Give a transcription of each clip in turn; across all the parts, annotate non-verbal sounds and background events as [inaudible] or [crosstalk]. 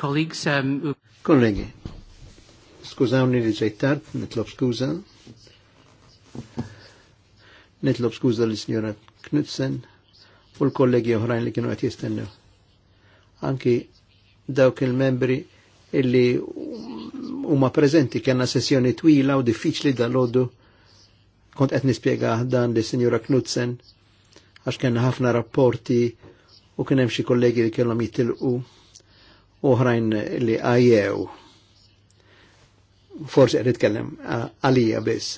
colleagues. Um... Kollegi, skużawni li ġejtart, nitlob skuża. Nitlob skuża li signora Knudsen u l-kollegi oħrajn li kienu għat jistennew. Anki dawk il-membri illi huma prezenti kena sessjoni twila u diffiċli dal-ħoddu kont qed nispjega dan li signora Knudsen għax kena ħafna rapporti u kien hemm xi kollegi li kellhom jitilqu uħrajn li għajew. Forse għed kellem għalija bis.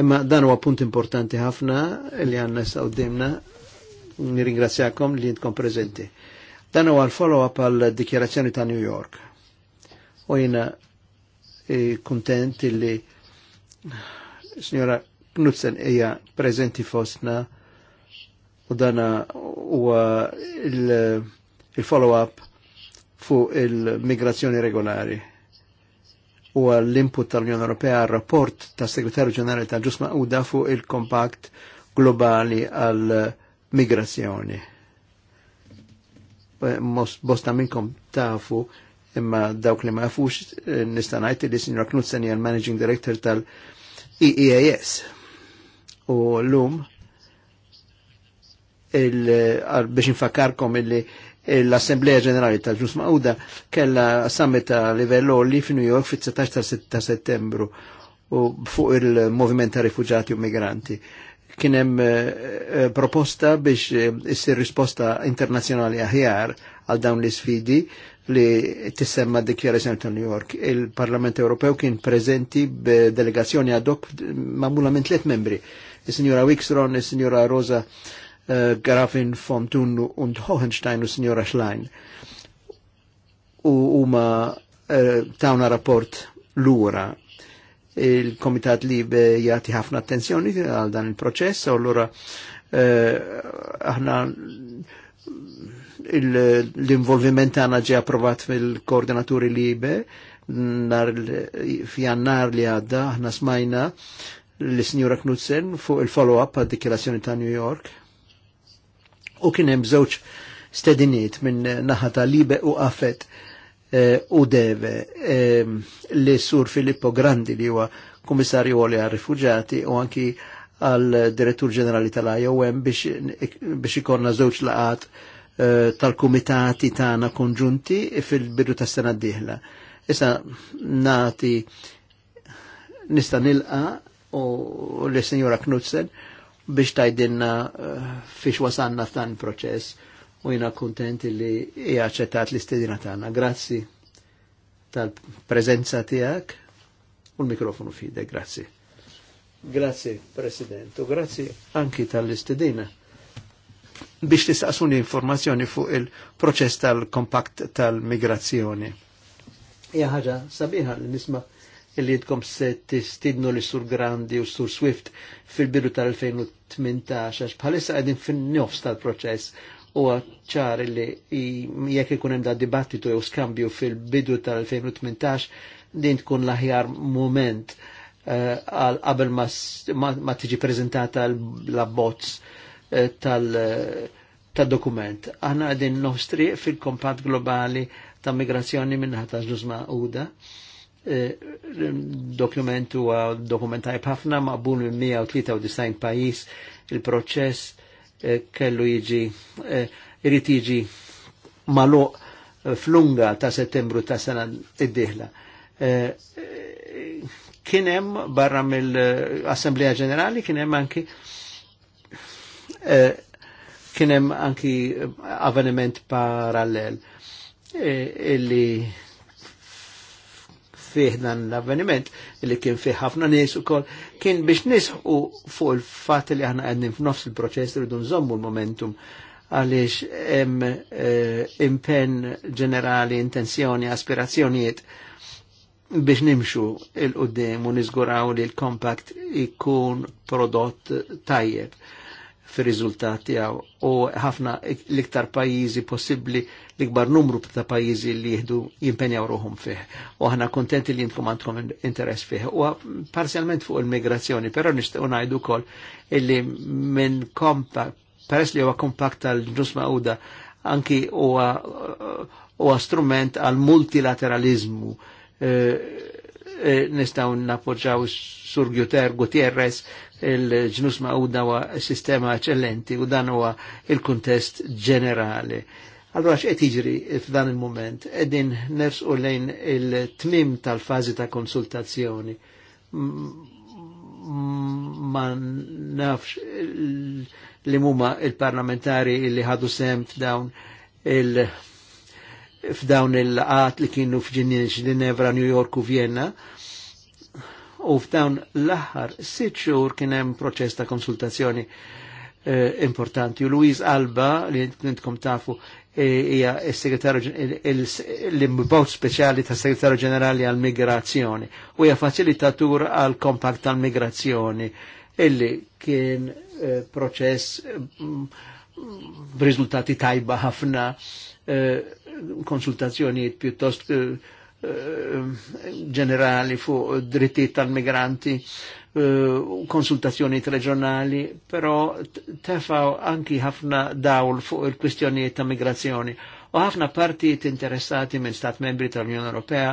Imma dan huwa punt importanti ħafna li għanna s għoddimna, nirringrazzjakom li jintkom prezenti. Dan huwa l-follow-up għal dikjerazzjoni ta' New York. U jina e, kontent li s-njora Knudsen hija prezenti fostna u dana u il-follow-up il-follow-up fuq il-migrazzjoni regolari u l-input tal-Unjoni Ewropea għal rapport ta' Segretarju Ġenerali ta' Ġusma Uda fuq il-kompakt globali għal migrazzjoni. Eh, bosta minnkom tafu imma dawk li ma jafux eh, nistanajt li Sinjora Knudsen hija managing Director tal-EEAS. U l-lum biex nfakarkom illi l-Assemblea Ġenerali tal-Ġus Mauda kella summit ta' livell li fi New York fit-16 ta' settembru u fuq il movimenta Rifugiati u migranti. Kienem eh, eh, proposta biex eh, issir risposta internazjonali aħjar għal dawn li sfidi li tissemma d ta' New York. Il-Parlament Ewropew kien prezenti b'delegazzjoni ad hoc mamula minn tliet membri. is signora Wikstron, is signora Rosa uh, eh, Grafin von Thun und Hohenstein u Signora Schlein. U huma uh, tawna rapport lura il-Komitat Libe jagħti ħafna attenzjoni għal dan il-proċess, u allura uh, eh, aħna l-involviment għana ġi approvat fil-koordinaturi libe nar fjannar li għadda ħna smajna l-Sinjura Knudsen fuq il-follow-up għad dikilazzjoni ta' New York u kien hemm żewġ stediniet minn naħa ta' Libe u Afet eh, u Deve eh, li sur Filippo Grandi li huwa kummissarju għolja rifugjati u anki għal direttur ġenerali tal-IOM biex ikonna żewġ laqat eh, tal-kumitati tagħna konġunti fil-bidu tas sena d-dieħla. Issa nati nista nilqa u l-Senjora Knudsen biex tajdinna eh, fiex wasanna tan proċess u jina kontent li hija ċettat l-istedina tana. Grazzi tal-prezenza tijak u l-mikrofonu fide, grazzi. Grazzi, President, u grazzi anki tal-istedina biex tistaqsuni informazzjoni fuq il-proċess tal-kompakt tal-migrazzjoni. Ja ħaġa sabiħa l nisma' illi jidkom se tistidnu li sur Grandi u sur Swift fil-bidu tal-2018, għax bħalissa għedin fin-nofs tal-proċess u ċar li jekk ikun hemm da dibattitu jew skambju fil-bidu tal-2018 din tkun laħjar moment eh, għal uh, qabel ma, ma, ma tiġi prezentata la bozz uh, tal- uh, ta' dokument. Aħna għedin nostri fil-kompat globali ta' migrazzjoni minna ta' ġużma' uda E, dokument huwa dokument tajb ħafna maqbul minn 193 pajjiż il-proċess e, kellu jiġi e, irid jiġi malu flunga ta' settembru ta' sena id-dieħla. Kien barra mill-Assemblea Ġenerali kien hemm anki kienem anki avveniment parallel illi fih dan l-avveniment li kien fih ħafna nies ukoll kien biex nisħu fuq il-fatt li aħna qegħdin f'nofs il-proċess rridu nżommu l-momentum għaliex hemm eh, impenn ġenerali, intenzjoni, aspirazzjonijiet biex nimxu il-qudiem u nizguraw li l-kompakt ikun prodott tajjeb fir rizultati għaw u ħafna liktar pajizi possibli possibbli l-ikbar numru ta' pajizi li jihdu jimpenjaw ruħum fih. U ħana kontenti li jintkom għandkom interess fih. U parzialment fuq il-migrazzjoni, pero nixtiequ ngħidu kol illi minn kompakt, peress li huwa kompakt tal-ġnus mawda anki huwa strument għal multilateralizmu. Eh, eh, nistaw napoġaw surgjuter nappoġġaw Gutierrez il-ġnus ma'uda huwa sistema eccellenti u dan huwa il-kuntest ġenerali. Allora x'qed jiġri f'dan il-mument? Qegħdin u lejn il-tmim tal-fażi ta' konsultazzjoni. Ma nafx li huma il-parlamentari li ħadu sem f'dawn il- f'dawn il-qat li kienu f'Ġinevra, New York u Vienna u f'dawn l-aħħar sitt xhur kien hemm proċess ta' konsultazzjoni eh, importanti. U Luiz Alba, li intkom tafu, eh, hija s-segretarju l-imbbaut speċjali ta' segretarju ġenerali għal migrazzjoni u hija faċilitatur għal kompakt tal migrazzjoni illi kien eh, proċess mm, b'riżultati tajba ħafna eh, konsultazzjonijiet pjuttost uh, Eh, ġenerali fuq drittijiet tal-migranti u eh, konsultazzjoni reġjonali, però tefaw anki ħafna dawl fuq il-kwistjonijiet ta' migrazzjoni u ħafna partijiet interessati minn stat membri tal-Unjoni Ewropea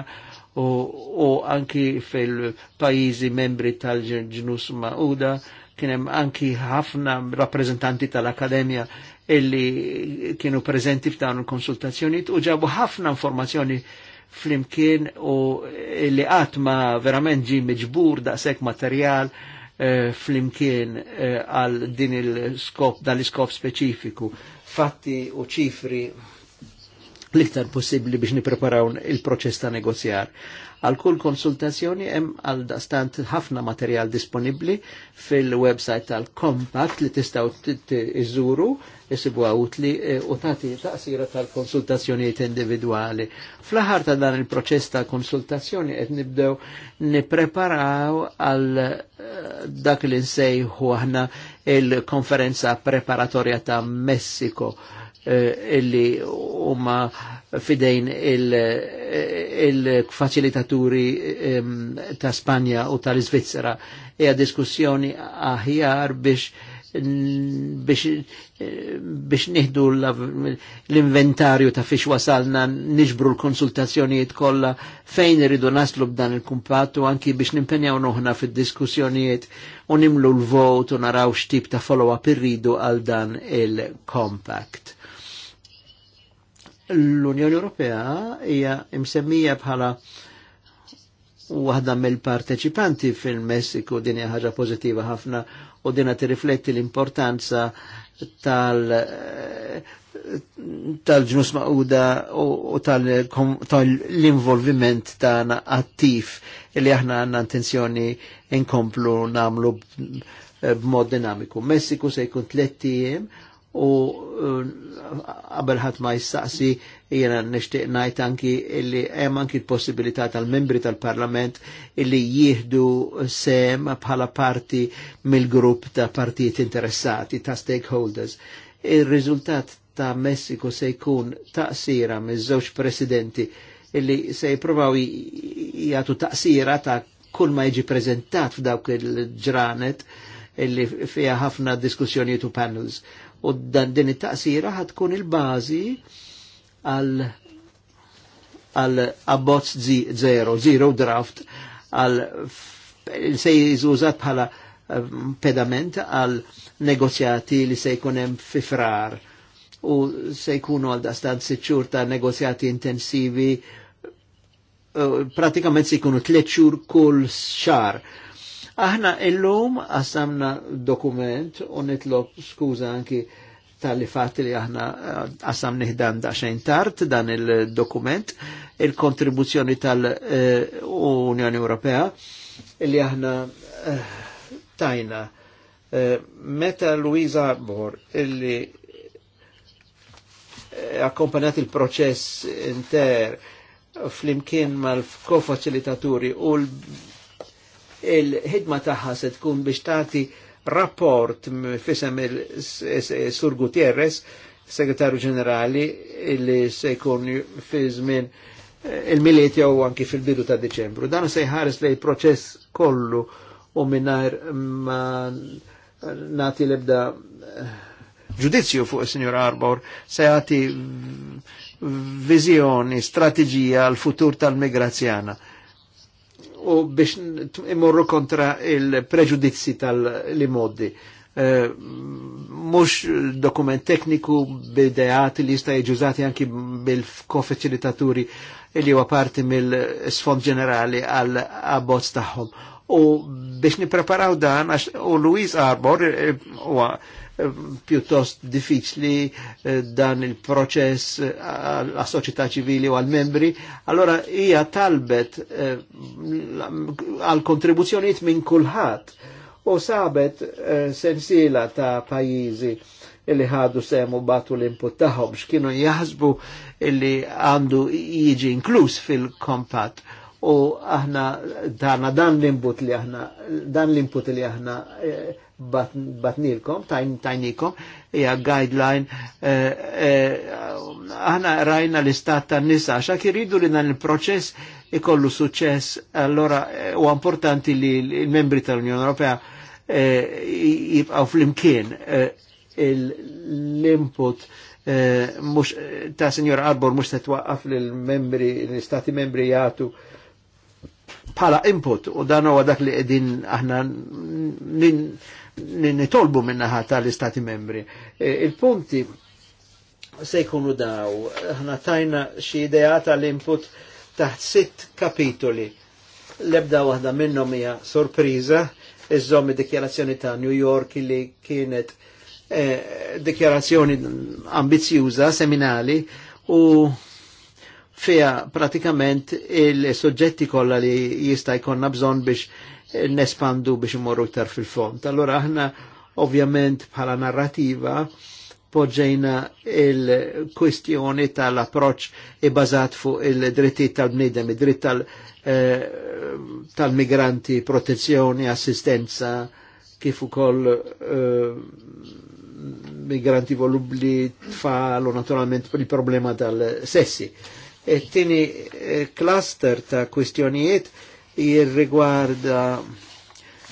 u, anki fil-pajizi membri tal-ġnus Mauda kienem anki ħafna rappresentanti tal-Akademja illi kienu prezenti f'dawn il-konsultazzjoniet u ġabu ħafna informazzjoni flimkien u li għatma verament ġi miġbur daqsek materjal eh, flimkien eh, għal din il-skop, dal-iskop speċifiku, fatti u ċifri l-iktar possibli biex nipreparaw il-proċess ta' negozjar. Għal kull konsultazzjoni hemm għal stant ħafna materjal disponibbli fil-website tal-Compact li tistgħu iżuru jisibuha utli e, u tagħti taqsira tal-konsultazzjonijiet individwali. fl ħar ta' dan il-proċess ta' konsultazzjoni qed nibdew nippreparaw għal e, dak li nsejħu aħna il-konferenza preparatorja ta' Messiko Eh, illi huma fidejn il-facilitaturi ta' Spanja u tal-Svizzera. Eja diskussjoni aħjar biex biex eh, biex nieħdu l-inventarju ta' fiex wasalna niġbru l-konsultazzjonijiet kollha fejn irridu naslu b'dan il-kumpat u anki biex nimpenjaw noħna fid-diskussjonijiet u nimlu l-vot u naraw xtib ta' follow-up irridu għal dan il-compact. L-Unjoni Ewropea hija imsemmija bħala waħda mill-parteċipanti fil-Messiku din hija ħaġa pożittiva ħafna u dina tirrifletti l-importanza tal tal-ġnus maquda u tal-involviment tagħna attiv li aħna għandna intenzjoni inkomplu namlu b'mod dinamiku. Messiku se jkun tliet u uh, qabel ħadd ma jistaqsi jiena nixtieq najt anki illi hemm anki l-possibilità tal-membri tal-Parlament illi jieħdu sem bħala parti mill-grupp ta' partijiet interessati ta' stakeholders. ir rizultat ta' Messiku se jkun ta' miż-żewġ presidenti illi se jgħatu ta' taqsira ta' kull ma jiġi prezentat f'dawk il-ġranet illi fija ħafna diskussjoni tu panels. U dan din it-taqsira ħatkun il bazi għal għal abbozz zero, zero draft għal se jizużat bħala eh, pedament għal negozjati li se jkunem fifrar u se jkunu għal dastan sitxur ta' negozjati intensivi eh, pratikament se jkunu tliet kull xar Aħna illum għasamna dokument u nitlob skuza anki tal-li fatt li aħna għasam eh, nihdan daċxajn tart dan il-dokument il-kontribuzzjoni tal-Unjoni Ewropea li aħna eh, tajna eh, meta Luisa Arbor illi akkompanjat il-proċess inter fl-imkien mal-kofacilitaturi u l il-ħidma taħħa se tkun biex tagħti rapport fisem il-Sur Gutierrez, segretarju ġenerali, li se jkun fizmin eh, il-miliet jew anki fil-bidu ta' Deċembru. Dan se jħares lej proċess kollu u minnar ma nati lebda eh, ġudizzju fuq il-Signor Arbor se jati vizjoni, strategija għal futur tal-migrazzjana u biex imorru kontra il-preġudizzi tal-li moddi. Uh, eh, mux dokument tekniku bideati li jista' jġużati anki bil-kofeċilitaturi li huwa parti mill-sfond ġenerali għal abbozz tagħhom. U biex nipreparaw dan, u Luis Arbor, eh, huwa uh, pjuttost diffiċli eh, dan il-proċess eh, għal soċjetà ċivili u għal-membri, allora hija talbet eh, għal-kontribuzzjoniet minn kulħadd u sabet sensiela ta' pajjiżi illi ħadu semu batu l-input tagħhom x'kienu jaħsbu illi għandu jiġi inkluż fil-kompat u aħna dana dan l-input li aħna dan l-input li aħna eh, batnilkom, tajnikom, hija guideline. Eh, eh, aħna rajna l-istat ta' nisa xa jiridu li dan il-proċess ikollu suċess, allora eh, u importanti li l-membri tal-Unjoni Ewropea jibqaw fl-imkien l-input ta' Signor Arbor mux tetwaqqaf l-membri, l-istati membri jgħatu bħala input u dan huwa dak li qegħdin aħna li nitolbu minnaħa tal-istati membri. E, il-punti se jkunu daw, ħna tajna xie idea tal-input taħt sitt kapitoli. Lebda waħda minnhom hija sorpriza iżżomm id-dikjarazzjoni ta' New York li kienet e, dikjarazzjoni ambizjuża, seminali, u fija pratikament il-soġġetti kollha li jista' jkollna bżonn biex nespandu biex imorru iktar fil-font. Allora aħna ovvjament bħala narrativa poġġejna il-kwistjoni tal-approċ bazat fuq il-drittijiet tal-bnidem, id-dritt eh, tal-migranti, eh, tal protezzjoni, assistenza, kif ukoll eh, migranti volubli tfal u naturalment il-problema tal-sessi. E tini eh, cluster ta' kwistjonijiet jirrigwarda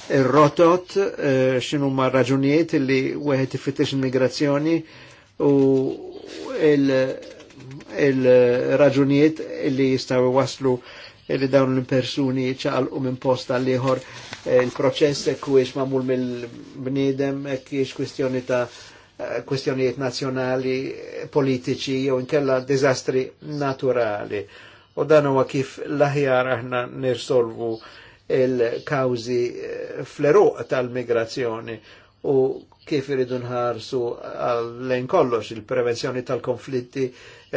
il-rotot, eh, xinu ma raġunijiet li wieħed ifittex immigrazzjoni u il-raġunijiet il li jistaw waslu li dawn l-persuni u minn posta liħor eh, il-proċess e kwiex mamul mill-bnidem, e kwiex kwistjoni ta' eh, kwistjonijiet nazjonali, politiċi, jew inkella dizastri naturali u dan huwa kif l-aħjar aħna nirsolvu il-kawzi eh, fl-eruq tal-migrazzjoni u kif iridu nħarsu eh, lejn kollox il-prevenzjoni tal-konflitti,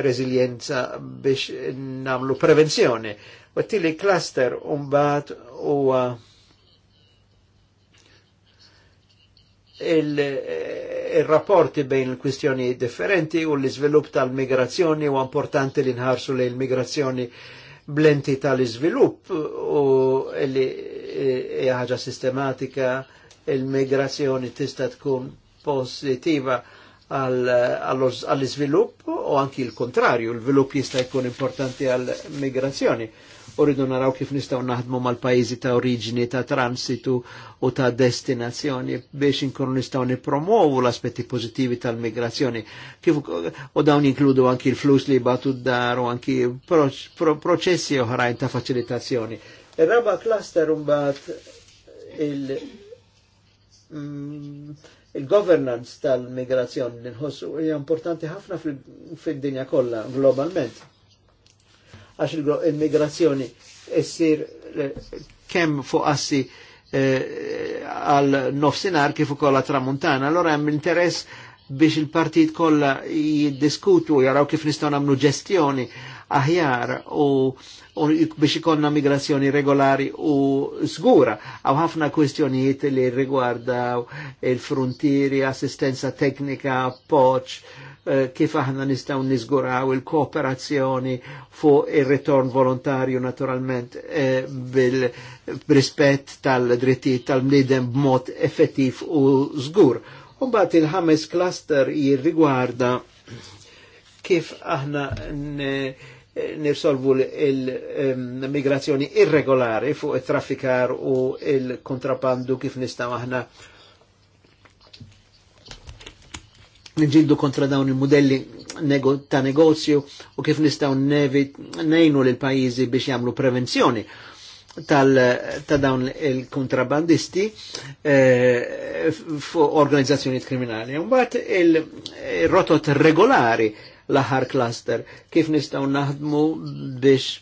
resilienza biex namlu prevenzjoni. U t-tili cluster umbat huwa uh, Eh, il-rapporti bejn il-kwistjoni differenti u l izvilup tal-migrazzjoni u importanti li nħarsu li l-migrazzjoni blenti tal izvilup u li eh, ħaġa sistematika il-migrazzjoni tista' tkun positiva għall izvilup u anki l-kontrarju, l izvilup jista' jkun importanti għall-migrazzjoni. Uridu naraw kif nistgħu naħdmu mal-pajjiżi ta' oriġini, ta' transitu u ta' destinazzjoni biex inkunu nistgħu nipromovu l-aspetti pożittivi tal-migrazzjoni. Kif u dawn inkludu anki l-flus li batu d-dar u anki proċessi pro, oħrajn ta' faċilitazzjoni. Ir-raba cluster mbagħad il- mm, il-governance tal-migrazzjoni li nħossu hija importanti ħafna fid-dinja kollha globalment għax il-migrazzjoni essir eh, kem fuq assi eh, għal nofsinar kif ukoll tramuntana, allora hemm interess biex il-partit kollha jiddiskutu jaraw kif nistgħu nagħmlu ġestjoni aħjar u, biex ikonna migrazzjoni regolari u sgura. Għaw ħafna kwestjonijiet li rigwardaw il-frontieri, assistenza teknika, poċ Eh, kif aħna nistaw nizguraw il-kooperazzjoni fuq il-ritorn volontarju naturalment eh, bil-rispett tal-drittijiet tal-mlidem b'mod effettiv u zgur. Umbat il-ħames cluster jirrigwarda kif aħna nirsolvu l-migrazzjoni irregolari fuq il-traffikar u il-kontrabandu kif nistaw aħna nġildu kontra dawn il-modelli nego ta' negozju u kif nistaw nejnu l-pajizi biex jamlu prevenzjoni tal, ta' dawn il-kontrabandisti eh, organizzazzjoni kriminali. Mbagħad il-rotot regolari l-aħar cluster, kif nistaw naħdmu biex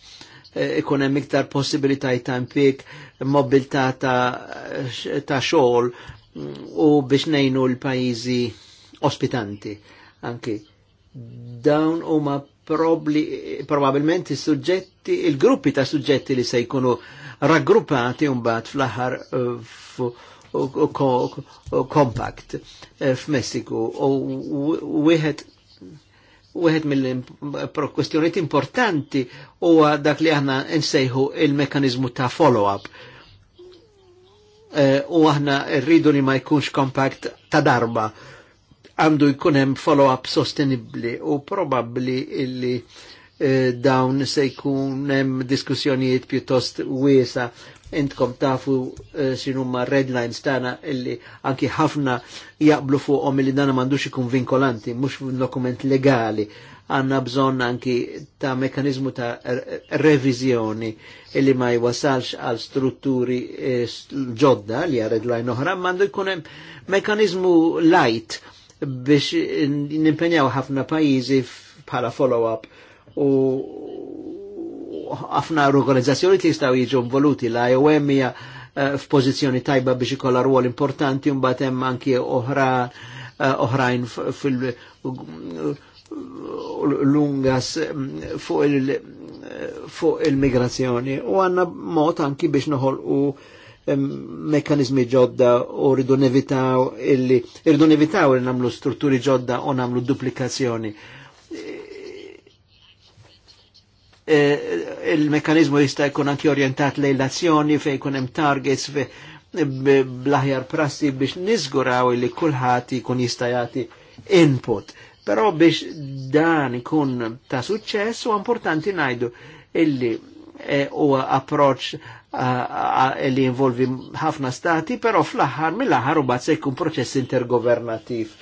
eh, ikun hemm iktar possibilitajiet ta' impjeg mobilità ta' xogħol mm, u biex nejnu l-pajjiżi ospitanti anki dawn huma probabilment is-suġġetti il-gruppi ta' suġġetti li se jkunu raggruppati mbagħad fl-aħħar eh, compact eh, f'Messiku u wieħed wieħed mill-kwestjonijiet importanti huwa dak li aħna nsejħu il-mekkaniżmu ta' follow-up. Eh, u aħna rridu li ma jkunx kompakt ta' darba għandu jkun hemm follow-up sostenibbli u probabbli illi eh, dawn se jkun hemm diskussjonijiet pjuttost wiesa intkom tafu eh, sinumma red lines tana illi anki ħafna jaqblu fuqhom illi dana mandux ikun vinkolanti, mux dokument legali. Għanna bżon anki ta' mekanizmu ta' revizjoni illi ma jwasalx għal strutturi eh, ġodda li għal red line oħra, mandu jkunem mekanizmu light biex nimpenjaw ħafna pajizi bħala follow-up u ħafna organizzazzjoni li jistaw jiġu involuti la IOM hija eh, f'pożizzjoni tajba biex ikolla rwol importanti mbagħad hemm anki oħra eh, oħrajn fil lungas eh, fuq il-migrazzjoni u għanna mod anki biex noħolqu mekanizmi ġodda u rridu nevitaw illi rridu nevitaw li namlu strutturi ġodda u namlu duplikazzjoni. E, il-mekanizmu jista' jkun anki orientat lejn l-azzjoni fejn jkun hemm targets fe blaħjar prassi biex nizguraw li kulħati jkun jista' jagħti input. Però biex dan ikun ta' suċċess u importanti ngħidu illi e, huwa approċċ li involvi ħafna stati, però fl-aħħar mill-aħħar u bat se jkun proċess intergovernativ.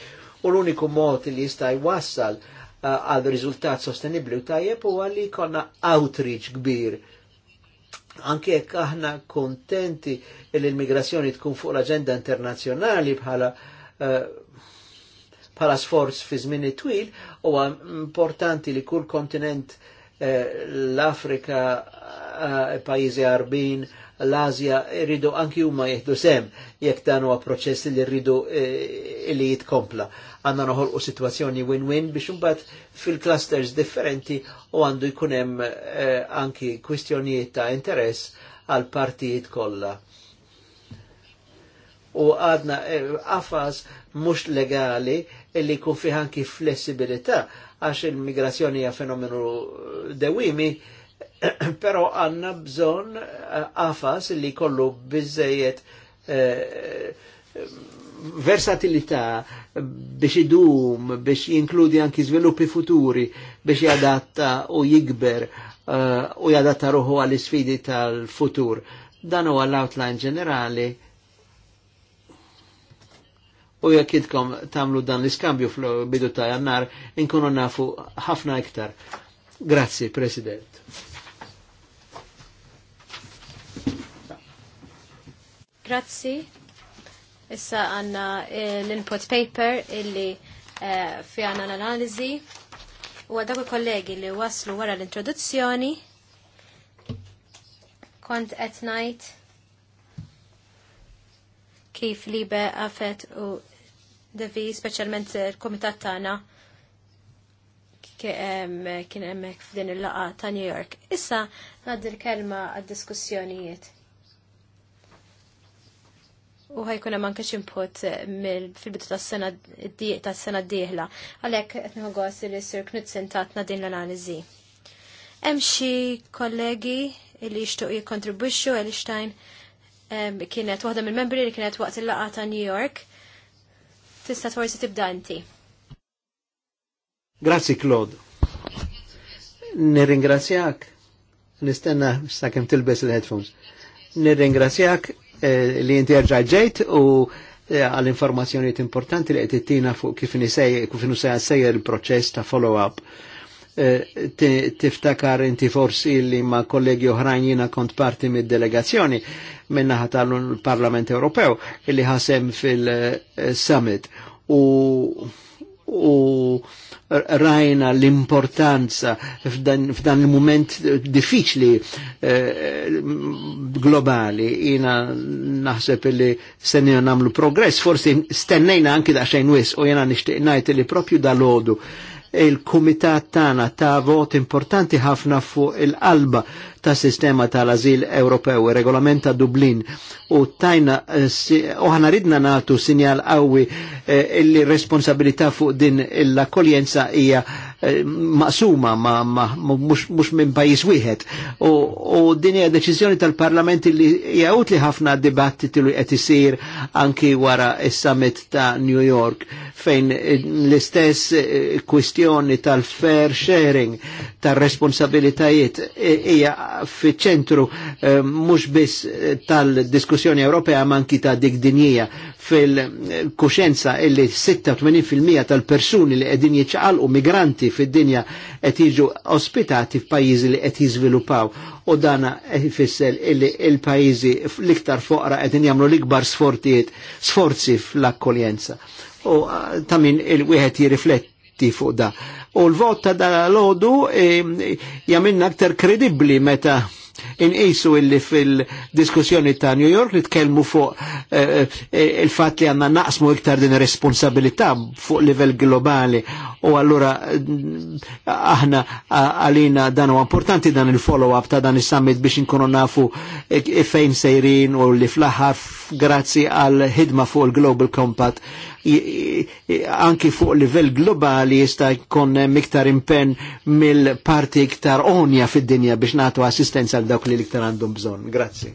U l-uniku mod li jista' jwassal għal riżultat sostenibli u tajjeb u għalli konna outreach kbir. Anke jekk aħna kontenti li l-migrazzjoni tkun fuq l-agenda internazzjonali bħala bħala sforz fi żmien twil, huwa importanti li kull kontinent l-Afrika Eh, pajizi arbin, l-Azja rridu anki huma jieħdu sem jekk dan huwa proċess li rridu eh, li jitkompla. Għandna noħolqu sitwazzjoni win-win biex imbagħad fil-clusters differenti u għandu jkun hemm eh, anki kwistjonijiet ta' interess għal partijiet kollha. U għadna għafas mhux legali illi kun fih anki flessibilità għax il migrazjoni hija fenomenu dewimi [clears throat] pero għanna bżon eh, għafas li kollu bizzejiet eh, versatilità biex idum, biex jinkludi anki sviluppi futuri, biex jadatta u jikber eh, u jadatta ruħu għall sfidi tal-futur. Dan huwa l-outline ġenerali u jekk idkom tamlu dan l-iskambju fl-bidu ta' jannar inkunu nafu ħafna iktar. Grazzi, President. Grazzi. Issa għanna eh, l-input paper illi eh, fi għanna l-analizi u għadak kollegi li waslu wara l-introduzzjoni kont at night kif libe għafet u devi specialment il-komitat tana kien emmek f'din il-laqa ta' New York. Issa ngħaddi l-kelma għad-diskussjonijiet u ħajkun hemm anke input eh, fil-bidu tas-sena tas-sena d-dieħla. Għalhekk qed nieħu gost li Sir Knudsen tatna din l-analiżi. Hemm xi kollegi li jixtuq jikkontribwixxu Einstein kienet waħda mill-membri li kienet waqt il-laqgħa ta' New York. Tista' forsi tibda inti. Grazzi Claude. Nirringrazzjak. Nistenna sa' tilbes il-headphones nirringrazzjak eh, li inti ġejt u eh, għall-informazzjoniet importanti li qed fuq kif nisejja sejjer il-proċess ta' follow-up. Eh, tiftakar inti forsi li ma' kollegi oħrajn jiena kont parti mid-delegazzjoni minnaħa tal-Parlament Ewropew illi ħasem fil-summit u u rajna l-importanza f'dan il-moment diffiċli eh, globali jina naħseb li stennejna namlu progress, forsi stennejna anki Xejn wis u jina nishtiq najt li propju dal-ħodu il-komitat tana ta' vot importanti ħafna fuq il-qalba ta' sistema tal-azil Ewropew, Regolamenta Dublin u tajna eh, uħana ridna natu sinjal għawi eh, illi responsabilità fuq din l-akkoljenza hija eh, maqsuma ma, ma, mux minn pajis wieħed u din hija deċiżjoni tal-Parlament li hija utli ħafna dibattiti li qed isir anki wara is-summit ta' New York fejn l-istess kwistjoni tal-fair sharing tal-responsabilitajiet hija fi ċentru eh, mhux biss tal-diskussjoni Ewropea anki ta' dik dinjija fil-kuxenza illi 86% tal-persuni li qegħdin jiċċaqalqu migranti fid-dinja qed jiġu ospitati f'pajjiżi li qed jiżviluppaw u dana ifisser illi l pajjiżi l-iktar foqra qegħdin jagħmlu l-ikbar sfortijiet sforzi fl-akkoljenza. U eh, ta' min il-wieħed jirrifletti fuq da u l-vot ta' dal lodu jamilna aktar kredibli meta inqisu illi fil-diskussjoni ta' New York li tkellmu fuq eh, eh, il-fat li għanna naqsmu iktar din responsabilità fuq livell globali u allura mm, aħna għalina dan u importanti dan il-follow-up ta' dan is-summit biex inkunu nafu eh, fejn sejrin u li fl-aħħar grazzi għal ħidma fuq il-Global Compact anki fuq livell globali jista' jkun miktar impenn mill-parti iktar onja fid-dinja biex nagħtu assistenza għal dawk li iktar għandhom bżonn. Grazzi.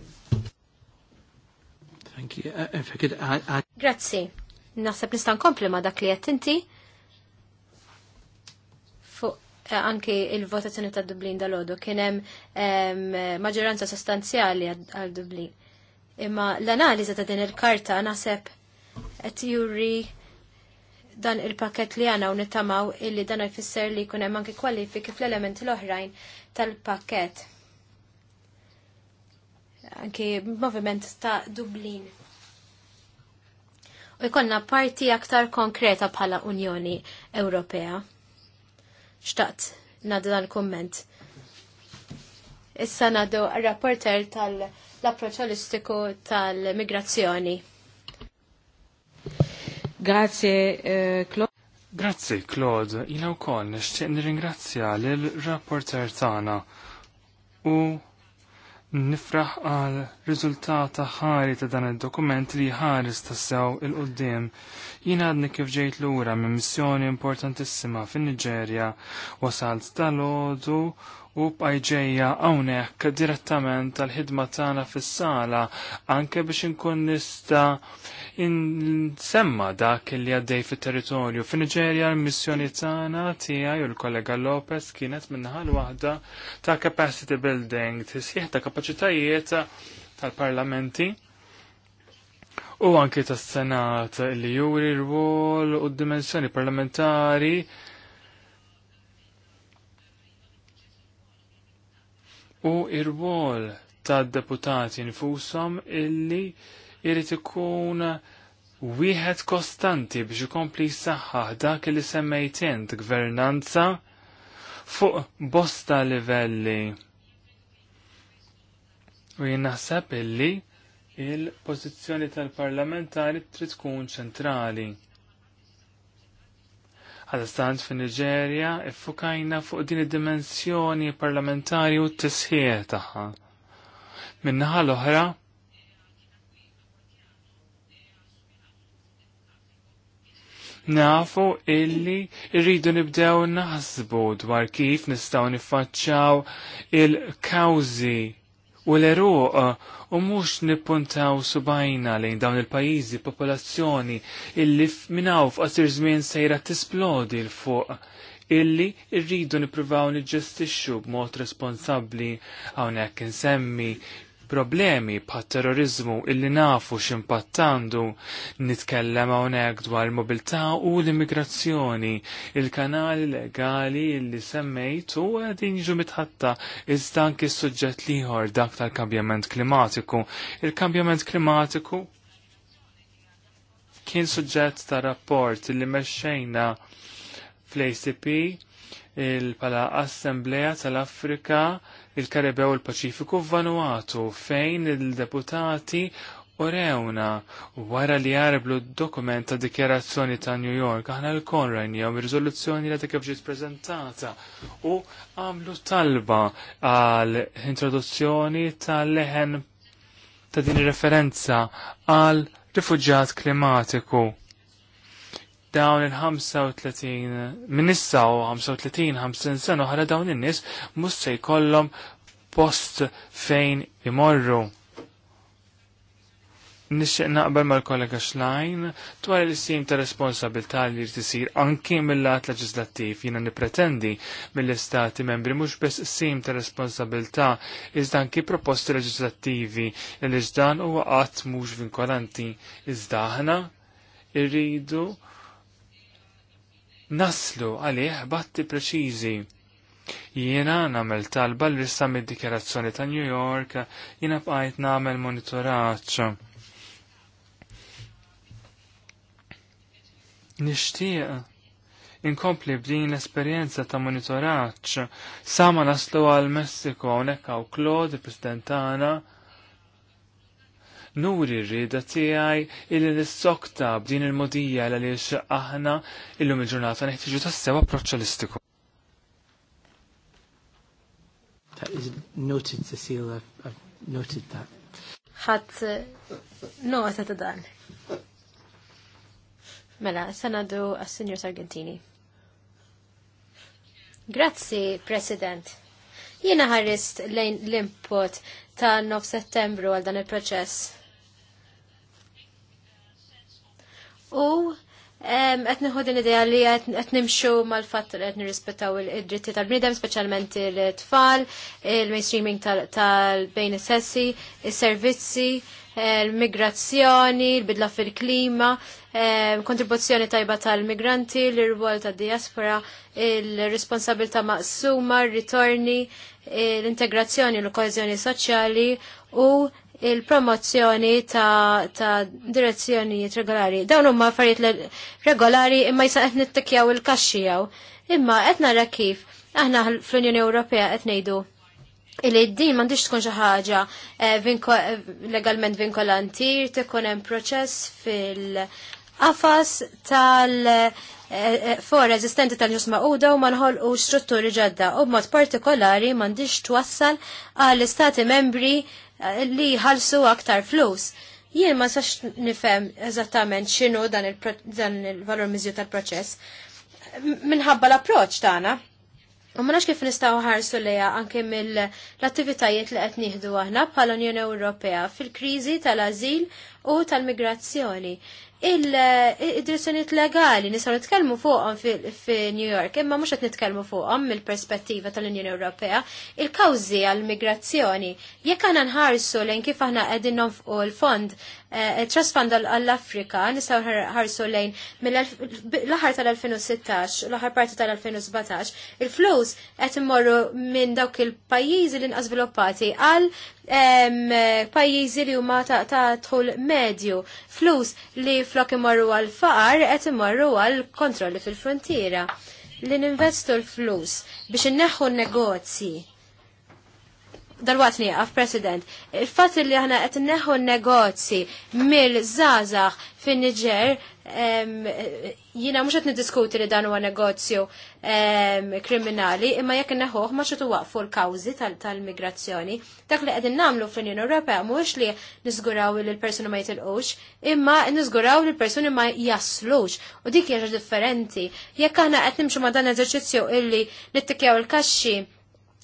Uh, Grazzi. Naħseb nista' nkompli ma' dak li qed inti eh, anki il-votazzjoni ta' Dublin dal-ħodu kien hemm maġġoranza sostanzjali għal Dublin. Imma l-analiża ta' din il-karta naħseb qed juri dan il-pakket li għana u illi dan jfisser li kunem anki kwalifiki fl-elementi l-oħrajn tal-pakket. Anki moviment ta' Dublin. U jkonna parti aktar konkreta bħala Unjoni Ewropea. Xtaqt, nadu dan komment. Issa nadu rapporter tal-approċ holistiku tal-migrazzjoni. Grazie, eh, Claude. Grazie, Claude. Jina u koll nishtiq nirringrazzja l-rapporter tana u nifraħ għal rizultata ħari ta' dan il-dokument li ta' sew il-qoddim. Jina għadni kif ġejt l-ura minn missjoni importantissima fin niġerja wasalt tal-ħodu u bħajġeja hawnhekk direttament tal-ħidma tagħna fis-sala anke biex inkun nista' insemma dak li għaddej fit-territorju. F'Niġerja l-missjoni tagħna tiegħi u l-kollega Lopez kienet minnaħal waħda ta' capacity building, tisjieħ ta' kapaċitajiet tal-parlamenti u anke tas-senat li juri r-wol u d-dimensjoni parlamentari u ir-wol tad-deputati nfushom illi jrid ikun wieħed kostanti biex ikompli jsaħħaħ dak li semmejt int gvernanza fuq bosta livelli. U jinnaħseb naħseb illi il-pożizzjoni tal-parlamentari trid tkun ċentrali. Għadastant fin Nigeria iffukajna fuq din id-dimensjoni parlamentari u t-tisħieħ taħħa. Minnaħa l-oħra, nafu illi rridu nibdew naħsbu dwar kif nistaw nifacċaw il-kawzi u l-eruq u mux nippuntaw subajna lejn dawn il-pajizi popolazzjoni illi minnaw f'qasir żmien sejra tisplodi l fuq illi rridu nippruvaw niġġestixxu b'mod responsabbli hawnhekk insemmi problemi bħat terrorizmu illi nafu x'impattandu nitkellem hawnhekk dwar mobilità u l-immigrazzjoni, il-kanali legali illi semmejt u qegħdin jiġu mitħatta iżda s suġġett liħor dak tal-kambjament klimatiku. Il-kambjament klimatiku kien suġġett ta' rapport illi mexxejna fl-ACP il-pala Assembleja tal-Afrika il-Karibew u l-Paċifiku f'Vanuatu fejn il-deputati Orewna, wara li jarblu dokument ta' dikjarazzjoni ta' New York, aħna l-kon rajnijom il-rizoluzzjoni li dak ġiet prezentata u għamlu talba għal introduzzjoni ta' leħen ta' din referenza għal rifugġat klimatiku dawn il-35 minissa u 35-50 sena oħra dawn in-nies mhux se jkollhom post fejn imorru. Nixxieq naqbel mal-kollega Schlein dwar il-sim ta' responsabilità li tisir anki mill-lat leġislattiv jiena nipretendi mill-istati membri mhux biss sim ta' responsabilità iżda anki proposti leġislattivi li ġdan huwa qatt mhux vinkolanti iżda aħna irridu naslu għalih batti preċiżi. Jiena namel talba l rissa mid dikjerazzjoni ta' New York, jiena bqajt namel monitoraċ. Nishtiq inkompli b'din l-esperienza ta' monitoraċ sama naslu għal Messiko unek għaw Claude, il-President nuri rrida tiegħi illi nissokta b'din il-modija l għaliex aħna illum il-ġurnata neħtieġu tassew approċċ holistiku. That Ħadd nota ta' dan. Mela, sanadu għas-Sinjor Sargentini. Grazzi, President. Jiena ħarrist lejn l-input ta' 9 settembru għal dan il-proċess. u qed nieħu din idea li qed nimxu mal-fatt li qed nirrispettaw id-dritti tal-bniedem, speċjalment il-tfal, il-mainstreaming tal-bejn is-sessi, is-servizzi, il-migrazzjoni, il-bidla fil-klima, kontribuzzjoni tajba tal-migranti, l-irwol tad diaspora, il-responsabilta maqsuma, il-ritorni, l-integrazzjoni, l-kohezjoni soċjali u il-promozzjoni ta', ta direzzjonijiet regolari. Dawn huma affarijiet regolari imma jisa qed nittikjaw il-kaxxijaw. Imma qed nara kif aħna fl-Unjoni Ewropea qed ngħidu li din m'għandix tkun xi ħaġa eh, legalment vinkolanti, tkun hemm proċess fil-qafas tal- eh, eh, for eżistenti tal ġus uda u manħol u strutturi ġadda u b'mod partikolari mandiġ twassal għall istati membri Eh, li ħalsu aktar flus. Jien ma sax nifhem eżattament x'inhu dan il-valur mizju miżju tal-proċess minħabba l-approċ tagħna. U ma nax kif nistgħu ħarsu lejha anke mill-attivitajiet li qed nieħdu aħna bħala Unjoni Ewropea fil-kriżi tal-ażil u tal-migrazzjoni il-direzzjoniet legali nisaw nitkellmu fuqhom fi-New York, imma mhux qed nitkellmu fuqhom mill-perspettiva tal-Unjoni Ewropea, il-kawżi għall-migrazzjoni. Jekk għandna nħarsu lejn kif aħna qegħdin nonfqu l-fond Eh, trust Fund għall-Afrika nistaw ħarsu lejn mill ħar tal-2016 l ħar parti tal-2017 il-flus qed immorru minn dawk il-pajjiżi li nqasviluppati għal pajjiżi li huma ta' tħul medju. Flus li flok imorru għal-faqar qed immorru għal-kontrolli fil-frontiera li ninvestu l-flus biex inneħħu n-negozji dal li għaf president, il-fat li għana qed neħu negozi mill-żazax fin niġer jina mux qed niddiskuti li dan huwa negozju kriminali, imma jekk neħuh ma xetu waqfu l-kawżi tal-migrazzjoni. Dak li qegħdin nagħmlu fin unjoni Europa, mux li niżguraw li l-persuni ma jitilqux, imma niżguraw li l-persuni ma jaslux. U dik hija differenti. Jekk aħna qed nimxu ma dan eżerċizzju illi nittikjaw il-kaxxi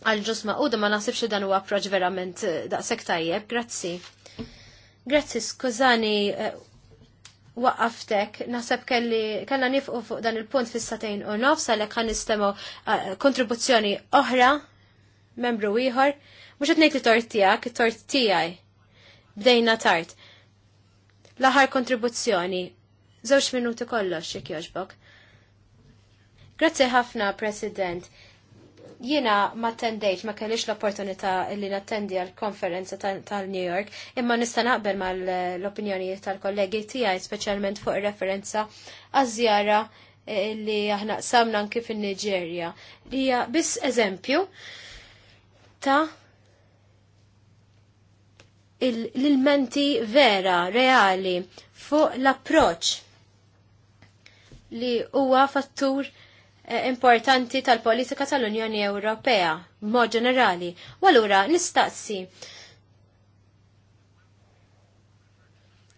għal ġus maquda ma naħsibx li dan huwa approċ verament eh, daqshekk tajjeb, grazzi. Grazzi, skużani, eh, waqqaftek, naħseb kelli kellna nifqu fuq dan il-punt fis u nofs għalhekk ħan nistemo eh, kontribuzzjoni oħra membru ieħor, mhux qed ngħid li tort tiegħek, tort tiegħi. Bdejna tard. L-aħħar kontribuzzjoni. Żewġ minuti kollox jekk jogħġbok. Grazzi ħafna, President. Jiena ma tendejt, ma kellix l-opportunità li nattendi għal konferenza tal-New York, imma nista' naqbel mal l-opinjonijiet tal-kollegi tiegħi speċjalment fuq ir-referenza għaż-żjara eh, li aħna samna anki fin-Niġerja. Li hija biss eżempju ta' l-ilmenti vera, reali, fuq l-approċ li huwa fattur Eh, importanti tal-politika tal-Unjoni Ewropea, mod ġenerali. U allura nistaqsi.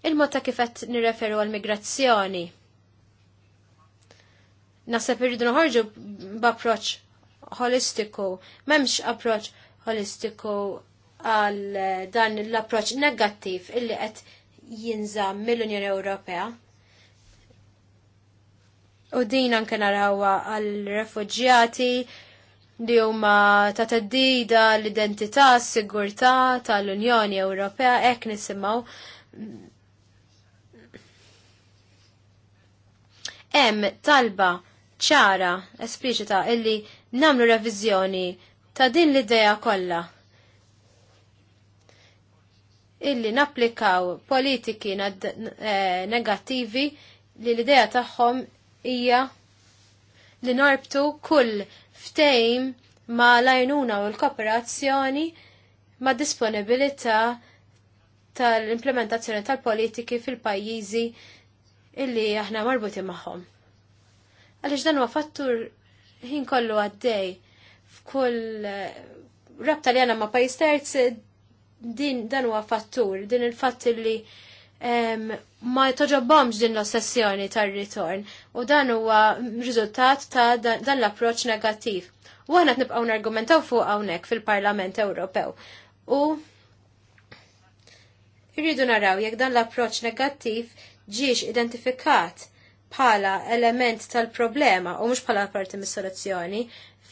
Il-mod ta' kif qed nirreferu għal-migrazzjoni. Nasab irridu noħorġu b'approċċ holistiku, m'hemmx approċċ holistiku għal eh, dan l-approċċ negattiv illi qed jinżamm mill-Unjoni Ewropea. U din anke narawha għal refugġjati li huma ta' teddida l-identità, s-sigurtà tal-Unjoni Ewropea, hekk nisimaw. hemm talba ċara espliċita illi namlu revizjoni ta' din l-idea kollha. Illi napplikaw politiki eh, negattivi li l-idea tagħhom hija li narbtu kull ftejm ma lajnuna u l-kooperazzjoni ma disponibilità tal-implementazzjoni tal-politiki fil-pajjiżi illi aħna marbuti magħhom. Għaliex dan huwa fattur ħin kollu għaddej f'kull eh, rabta li għana ma pajjiż terzi din dan huwa fattur, din il-fatt illi li ma toġobbomx din l-ossessjoni tar-ritorn u dan huwa riżultat ta' dan l-approċ negattiv. U għana nibqaw nargumentaw fuq hawnhekk fil-Parlament Ewropew. U irridu naraw jekk dan l-approċ negattiv ġiex identifikat bħala element tal-problema u mhux bħala parti mis-soluzzjoni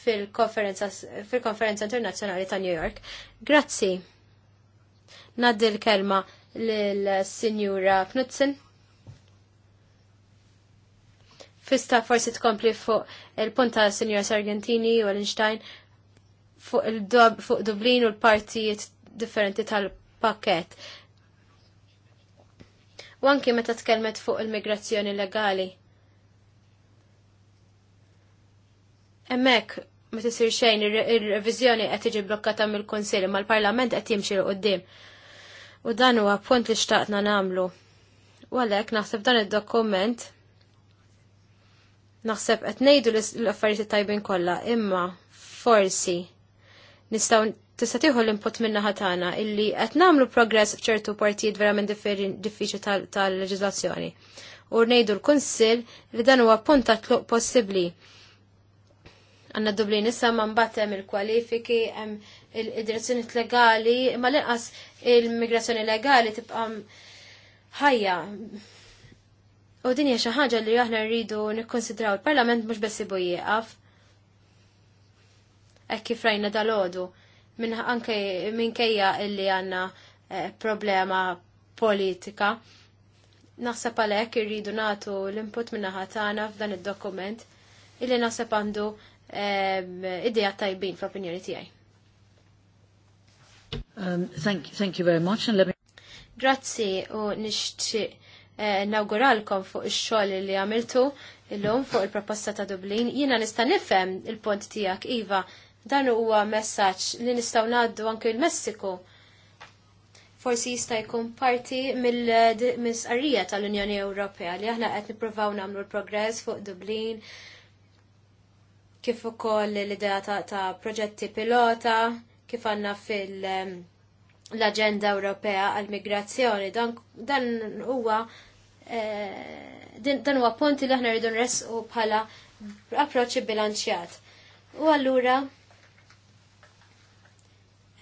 fil-konferenza fil internazzjonali ta' New York. Grazzi. Naddi l-kelma l-Sinjura Knudsen. Fista forsi tkompli fuq il-punta Sinjura Sargentini u l-Einstein fuq, fuq Dublin u l-partijiet differenti tal-pakket. U anki meta tkellmet fuq il-migrazzjoni legali. Emmek, ma tisir xejn ir-reviżjoni qed tiġi blokkata mill-Kunsill, ma l-Parlament qed jimxi l qudiem U dan huwa punt li xtaqna namlu. U għalhekk naħseb dan id-dokument naħseb qed ngħidu l-affarijiet tajbin kollha, imma forsi nistgħu tista' tieħu l-input minna ħatana illi qed nagħmlu progress f'ċertu partijiet verament diffiċli tal-leġiżlazzjoni. U ngħidu l-Kunsill li dan huwa punt ta' tluq possibbli. Għandna dublin issa ma mbagħad hemm il-kwalifiki, hemm il-direzzjoni legali, ma l-inqas il-migrazzjoni legali tibqa' ħajja. U din hija xi ħaġa li aħna rridu nikkonsidraw il-Parlament mhux biss ibu jieqaf. Hekk kif rajna dalodu, minn anke minkejja illi għandna eh, problema politika. Naħseb għalhekk irridu nagħtu l-input minn tagħna f'dan id-dokument illi naħseb għandu eh, idea tajbin fl-opinjoni tiegħi. Um, thank, thank you very much. And let me... Grazzi u nisht eh, nawguralkom fuq ix-xogħol li għamiltu illum fuq il-proposta ta' Dublin. Jiena nista' nifhem il-punt tiegħek iva dan huwa messaġġ li nistgħu ngħaddu anke l-Messiku. Forsi jista' jkun parti mill-misqarrija tal-Unjoni Ewropea li aħna qed nippruvaw nagħmlu l-progress fuq Dublin kif ukoll l-idea ta proġetti pilota kif għanna fil- ehm, l-Aġenda Ewropea għal-Migrazzjoni. Dan huwa eh, dan huwa punti li aħna rridu nresqu bħala approċċ bilanċjat. U allura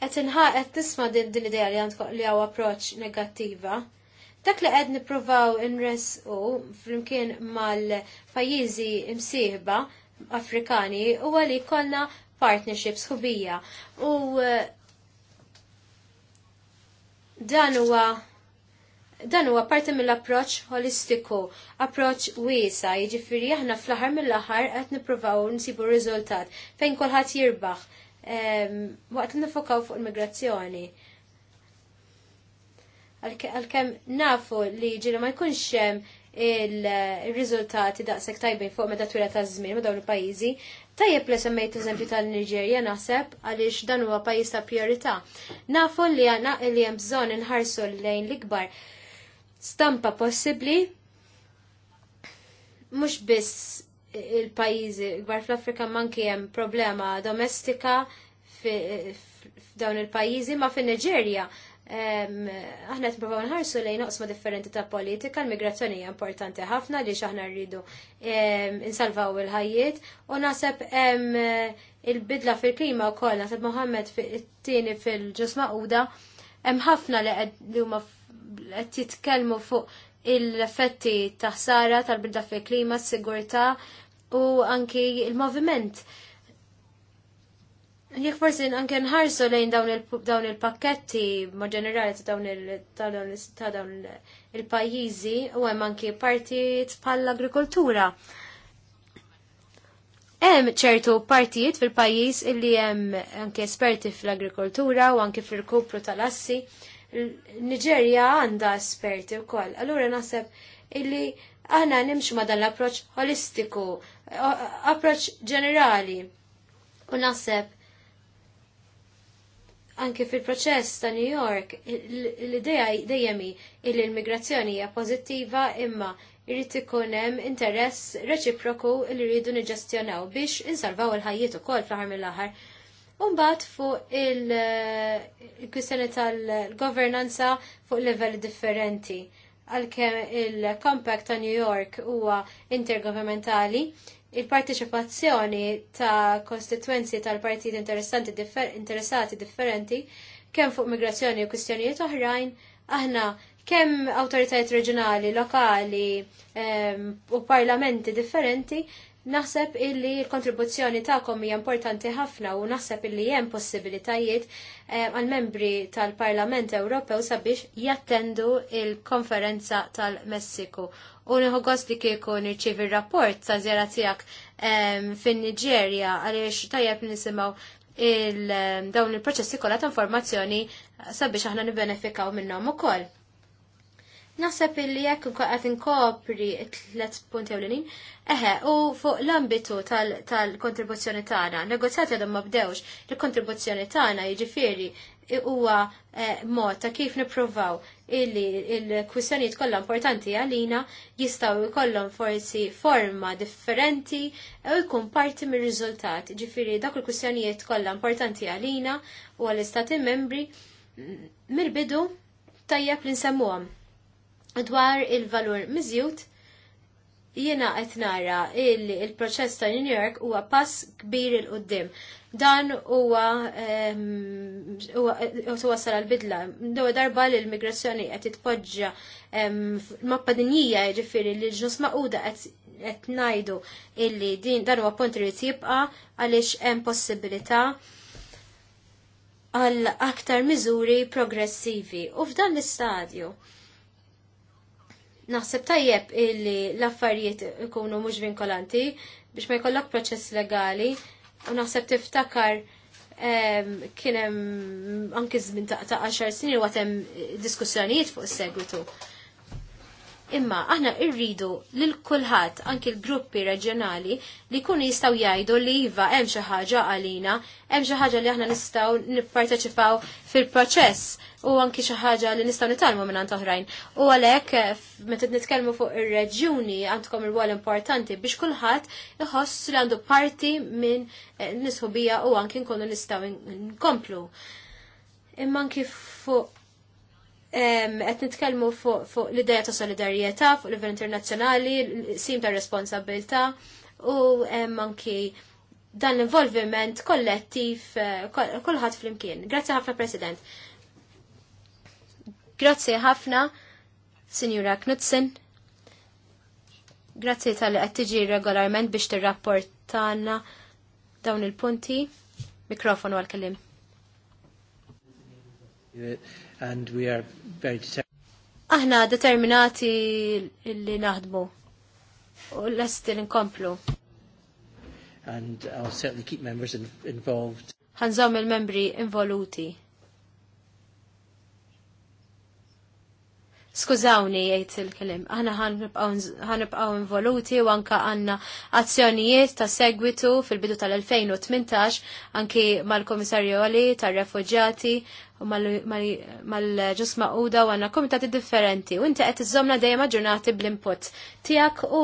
qed inħaq qed nisma' din l-idea li għandkom li hawn approċċ negattiva. Dak li qed nippruvaw inresqu flimkien mal-pajjiżi msieħba Afrikani huwa li kollna partnerships ħubija u eh, dan huwa dan huwa parti mill-approċ holistiku, approċ wiesa, jiġifieri aħna fl-aħħar mill-aħħar qed nippruvaw nsibu riżultat fejn kulħadd jirbaħ ehm, waqt li nifokaw fuq immigrazzjoni. Għalkemm nafu li ġiri ma jkunx hemm il-riżultati daqshekk tajbin fuq meta twila ta' żmien ma' dawn il-pajjiżi. Tajjeb li semmejt eżempju tal-Niġerja naħseb għaliex dan huwa pajjiż ta' priorità. Nafu li għana li hemm bżonn inħarsu lejn l-ikbar stampa possibbli mhux biss il-pajjiżi gbar fl-Afrika manki hemm problema domestika f'dawn il-pajjiżi ma fin-Niġerja aħna t-provaw nħarsu lejn oqsma differenti ta' politika, l-migrazzjoni hija importanti ħafna li xaħna rridu insalvaw il-ħajiet u nasab il-bidla fil-klima u koll, nasab Mohammed t-tini fil-ġusma uda, hemm ħafna li huma qed titkellmu fuq il-effetti ta' ħsara tal-bidla fil-klima, s-sigurtà u anki il-moviment. il il moviment Jek forsi anke nħarsu lejn dawn il-pakketti ma' ġenerali ta' dawn il-pajjiżi u hemm anke partijiet bħal agrikoltura. Hemm ċertu partijiet fil-pajjiż illi hemm anke esperti fl-agrikoltura u anke fil-kupru tal-assi. Niġerja għandha esperti wkoll. Allura naħseb illi aħna nimxu ma' dan l-approċċ holistiku, approċċ ġenerali. U naħseb Anke fil-proċess ta' New York, l-ideja dejjem hi l-migrazzjoni hija pożittiva imma jrid ikun hemm interess reċiproku li rridu niġġestjonaw biex insalvaw il-ħajjiet ukoll fl-aħħar mill-aħħar. Umbagħad fuq il-kwistjoni tal-governanza fuq livelli differenti għalkemm il-Compact ta' New York huwa intergovernmentali, il-partiċipazzjoni ta' konstituenzi tal-partijiet interessanti differ interessati differenti kemm fuq migrazzjoni u kwistjonijiet oħrajn, aħna kemm awtoritajiet reġjonali, lokali um, u parlamenti differenti, naħseb illi l-kontribuzzjoni ta'kom hija importanti ħafna u naħseb illi hemm possibilitajiet ehm, għal membri tal-Parlament Ewropew sabiex jattendu il-konferenza tal-Messiku u nieħu gost li kieku nirċievi rapport sa' zjara tiegħek fin Nigeria għaliex tajjeb nisimgħu il-dawn il-proċessi kollha ta' informazzjoni sabiex aħna nibbenefikaw minnhom ukoll. Naħseb li jekk qed inkopri tliet punti l-inin, eħe, u fuq l-ambitu tal-kontribuzzjoni tagħna, negozjati għadhom ma bdewx, il-kontribuzzjoni tagħna jiġifieri huwa eh, mod ta' kif niprovaw illi il-kwistjonijiet kollha importanti għalina jistgħu jkollhom forsi forma differenti u jkun parti mir-riżultat. Ġifieri dak il-kwistjonijiet kollha importanti għalina u għall-istati membri mm, mill-bidu tajjeb li nsemmuhom dwar il-valur miżjud jiena qed nara il-proċess ta' New York huwa pass kbir il qudiem Dan huwa huwa sara l-bidla. Dewa darba li l-migrazzjoni qed titpoġġa mappa dinjija jiġifieri li l-ġnus maquda qed ngħidu illi din dan huwa punt li jibqa' għaliex hemm possibilità għal aktar miżuri progressivi u f'dan l-istadju. Naħseb tajjeb illi l-affarijiet ikunu mhux vinkolanti biex ma jkollok proċess legali u naħseb tiftakar kien hemm anke żmien ta' 10 snin u għatem diskussjonijiet fuq is-segwitu imma aħna irridu lil kulħadd anki l-gruppi reġjonali li jkunu jistgħu jgħidu li iva hemm xi ħaġa għalina, hemm xi ħaġa li aħna nistgħu nipparteċipaw fil-proċess u anki xi ħaġa li nistgħu nitalmu minn oħrajn. U għalhekk eh, meta nitkellmu fuq ir-reġjuni għandkom ir-rwol importanti biex kulħadd iħoss li għandu parti minn eh, nisħu bija u anki nkunu nistgħu nkomplu. Imma anki fuq qed nitkellmu fuq l-idea ta' solidarjetà fuq livell internazzjonali, sim ta' responsabilità u anki dan l-involviment kollettiv eh, kulħadd flimkien. Grazzi ħafna President. Grazzi ħafna Sinjura Knudsen. Grazzi tal qed tiġi regolarment biex tirrapportana dawn il-punti. Mikrofon għal-kellim. Eh, and we are very determined. Aħna determinati li naħdmu u l-est li nkomplu. And I'll certainly keep members involved. Ħanżom il-membri involuti. Skużawni jgħid il-kelim, aħna ħanibqgħu involuti u anka għandna azzjonijiet ta' segwitu fil-bidu tal-2018 anki mal-Komissarju għali tar-Refuġjati u mal-ġusma uda u għanna komitati differenti u inti qed iżomna dejjem aġġurnati bl-input tiegħek u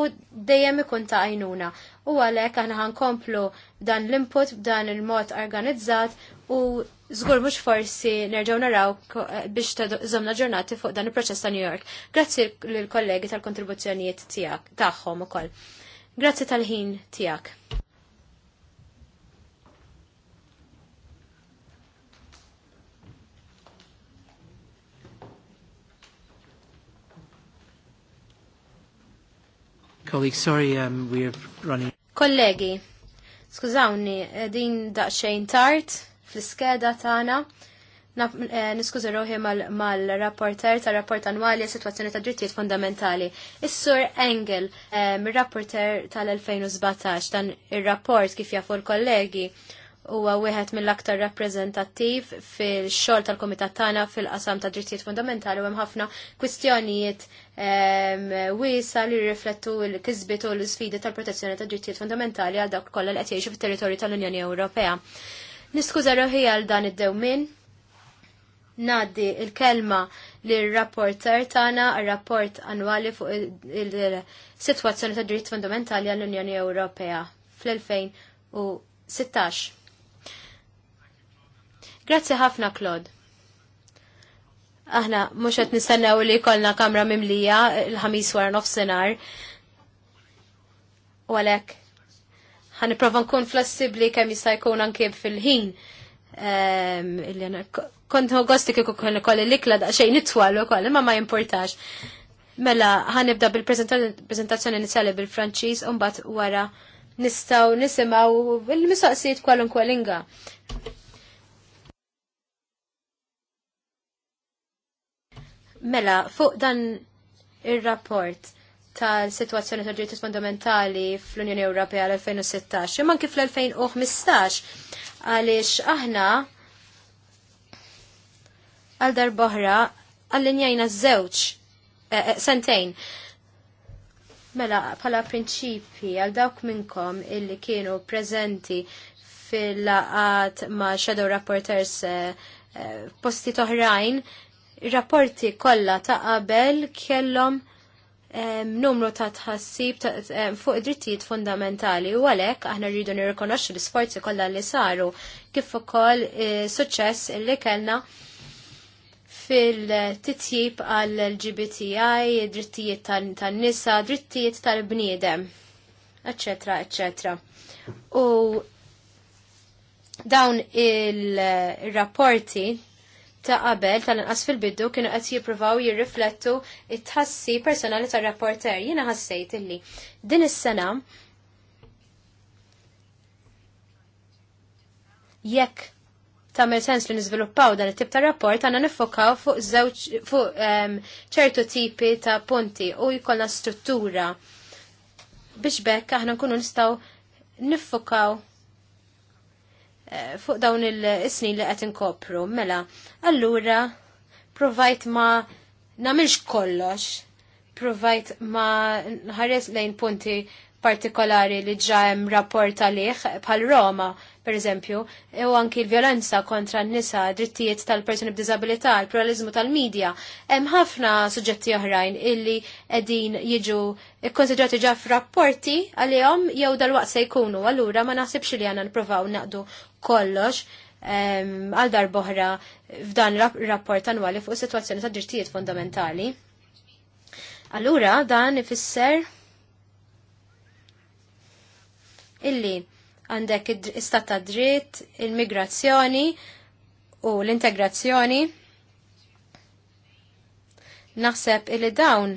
dejjem ikun ta' għajnuna. U għalhekk aħna ħankomplu dan l-input b'dan il-mod organizzat u Zgur mux forsi nerġaw naraw eh, biex ta' zomna ġurnati fuq dan il-proċess ta' New York. Grazzi l-kollegi tal-kontribuzzjonijiet tijak, taħħom u koll. Grazzi tal-ħin tijak. Colleagues, sorry, um, we're running. Kollegi, skużawni, eh, din daqxejn tart fl-iskeda tagħna. Eh, niskużi ruħi mal-rapporter ta' rapport annwali situazzjoni ta' drittijiet fundamentali. Is-sur Engel, eh, mir-rapporter tal-2017, dan ir-rapport kif jafu l-kollegi, huwa wieħed mill-aktar rappreżentattiv fil-xogħol tal-Kumitat tagħna fil-qasam ta' drittijiet fundamentali u hemm ħafna kwistjonijiet wiesa li riflettu l-kisbiet u l-sfidi tal-protezzjoni ta' drittijiet fundamentali għal dawk kollha li qed jgħixu fit-territorju tal-Unjoni Ewropea. Niskuża roħi għal dan id-dewmin. Naddi il-kelma l-rapporter tagħna rapport annwali fuq il-sitwazzjoni ta' dritt fundamentali għall-Unjoni Ewropea fl-2016. Grazzi ħafna, Claude. Aħna mhux qed nistennew li jkollna kamra mimlija il-ħamis wara nofsinhar. U għalhekk ħan nkun flessibli kemm jista' jkun anke fil-ħin. Ehm, kont għosti kieku kon kolli l-ikla daqsxejn itwal ukoll, imma ma jimportax. Mela ħan nibda bil-prezentazzjoni inizjali bil-Franċiż u mbagħad wara nistgħu nisimgħu il-mistoqsijiet kwalunkwe linga. Mela, fuq dan ir-rapport tal-situazzjoni tal drittijiet fundamentali fl-Unjoni Ewropea l-2016, imman kif l-2015, għaliex aħna għal darboħra għallinjajna z zewċ eh, eh, sentejn. Mela, pala prinċipi għal dawk minnkom illi kienu prezenti fil-laqat ma' Shadow Rapporters eh, posti toħrajn, rapporti kollha ta' qabel kellhom numru ta' tħassib fuq id-drittijiet fundamentali u għalhekk aħna rridu nirrikonoxxu l-isforzi kollha li saru kif ukoll e, suċċess li kellna fil-titjib għall lgbti drittijiet tan-nisa, drittijiet tal-bniedem, eċetera, eċetera. U dawn il-rapporti ta' qabel tal-inqas fil-biddu kienu qed jippruvaw jirriflettu it-tħassi personali tar-rapporter. Jiena ħassejt illi din is-sena jekk tagħmel sens li niżviluppaw dan it-tip ta' rapport għandna niffokaw fuq żewġ fuq ehm, ċertu tipi ta' punti u jkollna struttura biex bekk aħna nkunu nistgħu niffokaw fuq dawn il-snin li qed inkopru. Mela, allura provajt ma namilx kollox, provajt ma nħares lejn punti partikolari li ġa hemm rapport għalih bħal Roma, per eżempju, u anki l-violenza kontra n-nisa, drittijiet tal-persuni b'disabilità, il-pluralizmu tal-medja, hemm ħafna suġġetti oħrajn illi qegħdin jiġu ikkonsidrati ġa f'rapporti għalihom jew dal-waqt se jkunu, allura ma naħsibx li għandna nippruvaw naqdu kollox għal darboħra f'dan rapport annwali fuq is-sitwazzjoni tad drittijiet fundamentali. Allura dan ifisser illi għandek istat ta' dritt, il-migrazzjoni u l-integrazzjoni. Naħseb illi dawn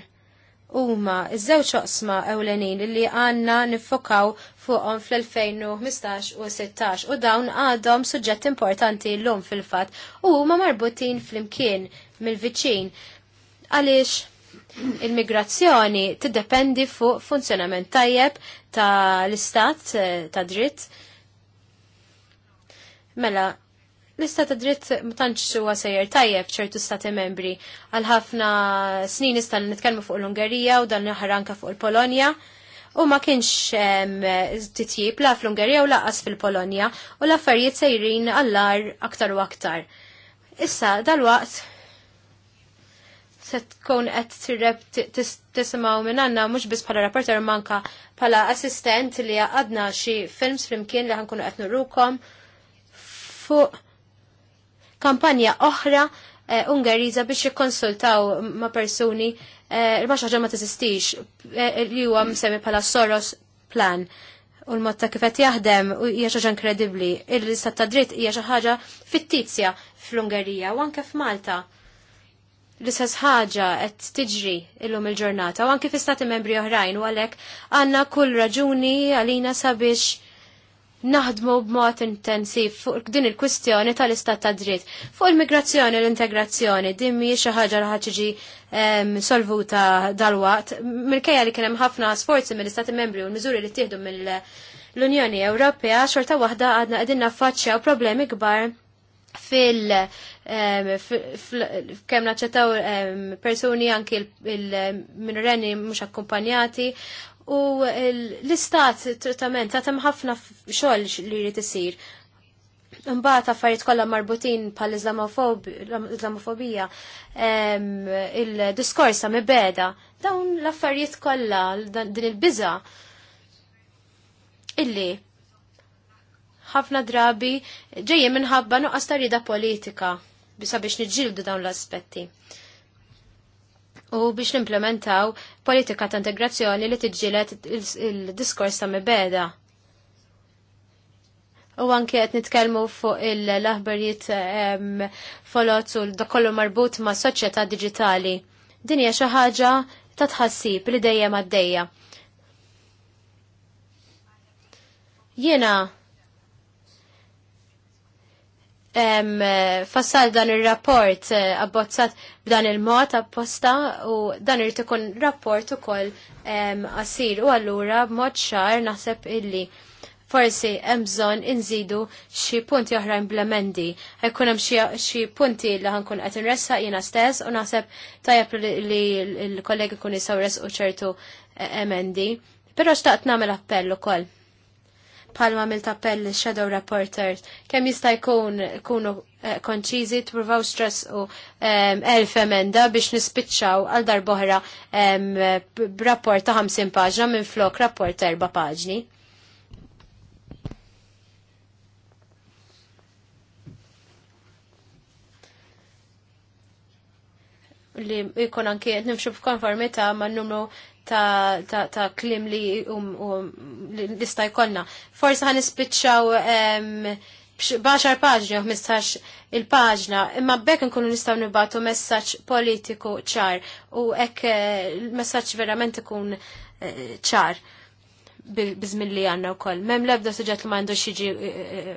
huma iż-żewġ oqsma ewlenin li għanna niffokaw fuqhom fl-2015 u 16 u dawn għadhom suġġett importanti l-lum fil-fatt u huma marbutin fl-imkien mill-viċin. Għaliex Il-migrazzjoni tiddependi fuq funzjonament tajjeb tal-istat eh, ta' dritt. Mela, l-istat ta' dritt mutanċ huwa sejjer tajjeb ċertu stati membri għal ħafna snin istan nitkellmu fuq l-Ungerija u dan ħaranka fuq il-Polonja u ma kienx titjib la fl-Ungerija u laqas fil-Polonja u l-affarijiet sejrin għallar aktar u aktar. Issa, dal-waqt se tkun qed tirreb tisimgħu minn għandna mhux biss bħala rapporter manka bħala assistent li għadna xi films flimkien li ħankunu qed nurukom fuq kampanja oħra eh, Ungeriża biex jikkonsultaw ma' persuni eh, ma ħaġa ma teżistix eh, li huwa msemmi bħala Soros plan u l-mod ta' kif qed jaħdem u hija xi ħaġa inkredibbli. Il-istat ta' dritt hija xi ħaġa fittizja fl-Ungerija u anke f'Malta l-istess ħaġa qed tiġri illum il-ġurnata u anke fi stati membri oħrajn u għalhekk għandna kull raġuni għalina sabiex naħdmu b'mod intensiv fuq din il-kwistjoni tal-istat ta' dritt. Fuq il-migrazzjoni l-integrazzjoni din mhijiex xi ħaġa li ħaġiġi solvuta dal-waqt. Mirkejja li kien hemm ħafna sforzi mill-istati membri u l-miżuri li ttieħdu mill- unjoni Ewropea xorta waħda għadna qegħdin naffaċċjaw problemi kbar fil kemm naċċettaw persuni anki il-minorenni mhux akkumpanjati u l-istat trattament hemm ħafna xogħol li jrid isir. Mbagħad affarijiet kollha marbutin pal islamofobija il-diskors ta' mibeda, dawn l-affarijiet kollha din il-biża illi ħafna drabi ġejjem minħabba nuqqas tarida politika bisa biex niġġieldu dawn l-aspetti. U biex nimplementaw politika ta' integrazzjoni li tiġġielet il-diskors ta' mibeda. U anke qed nitkellmu fuq il-laħbarijiet folot u dakollu marbut ma' soċjetà diġitali. Din hija xi ħaġa ta' tħassib li dejjem għaddejja. Jiena fassal dan il-rapport eh, abbozzat b'dan il-mod apposta u dan irid ikun rapport ukoll asir u allura b'mod xar naħseb illi forsi hemm bżonn inżidu xi punti oħra implementi. Ħajkun hemm xi punti li ħankun qed inressaq jiena stess u naħseb tajjeb li l-kollegi kun jistgħu u ċertu eh, emendi. Però xtaqt nagħmel appell ukoll palma mill tappell shadow reporters kemm jista' jkun kunu eh, konċiżi tpruvaw stress u elf emenda biex nispiċċaw għal darboħra b'rapport ta' 50 paġna minn flok rapport erba' paġni. li jkun anki nimxu f'konformità ma' numru ta', ta, ta klim li um, um, lista jkollna. Forse għan ispiċċaw um, baxar paġna, 15 il-paġna, imma bekk nkunu nistaw nibatu messaċ politiku ċar u ek eh, messaċ verament ikun eh, ċar bizmin li għanna u koll. Mem lebda suġġet li mandu xieġi eh,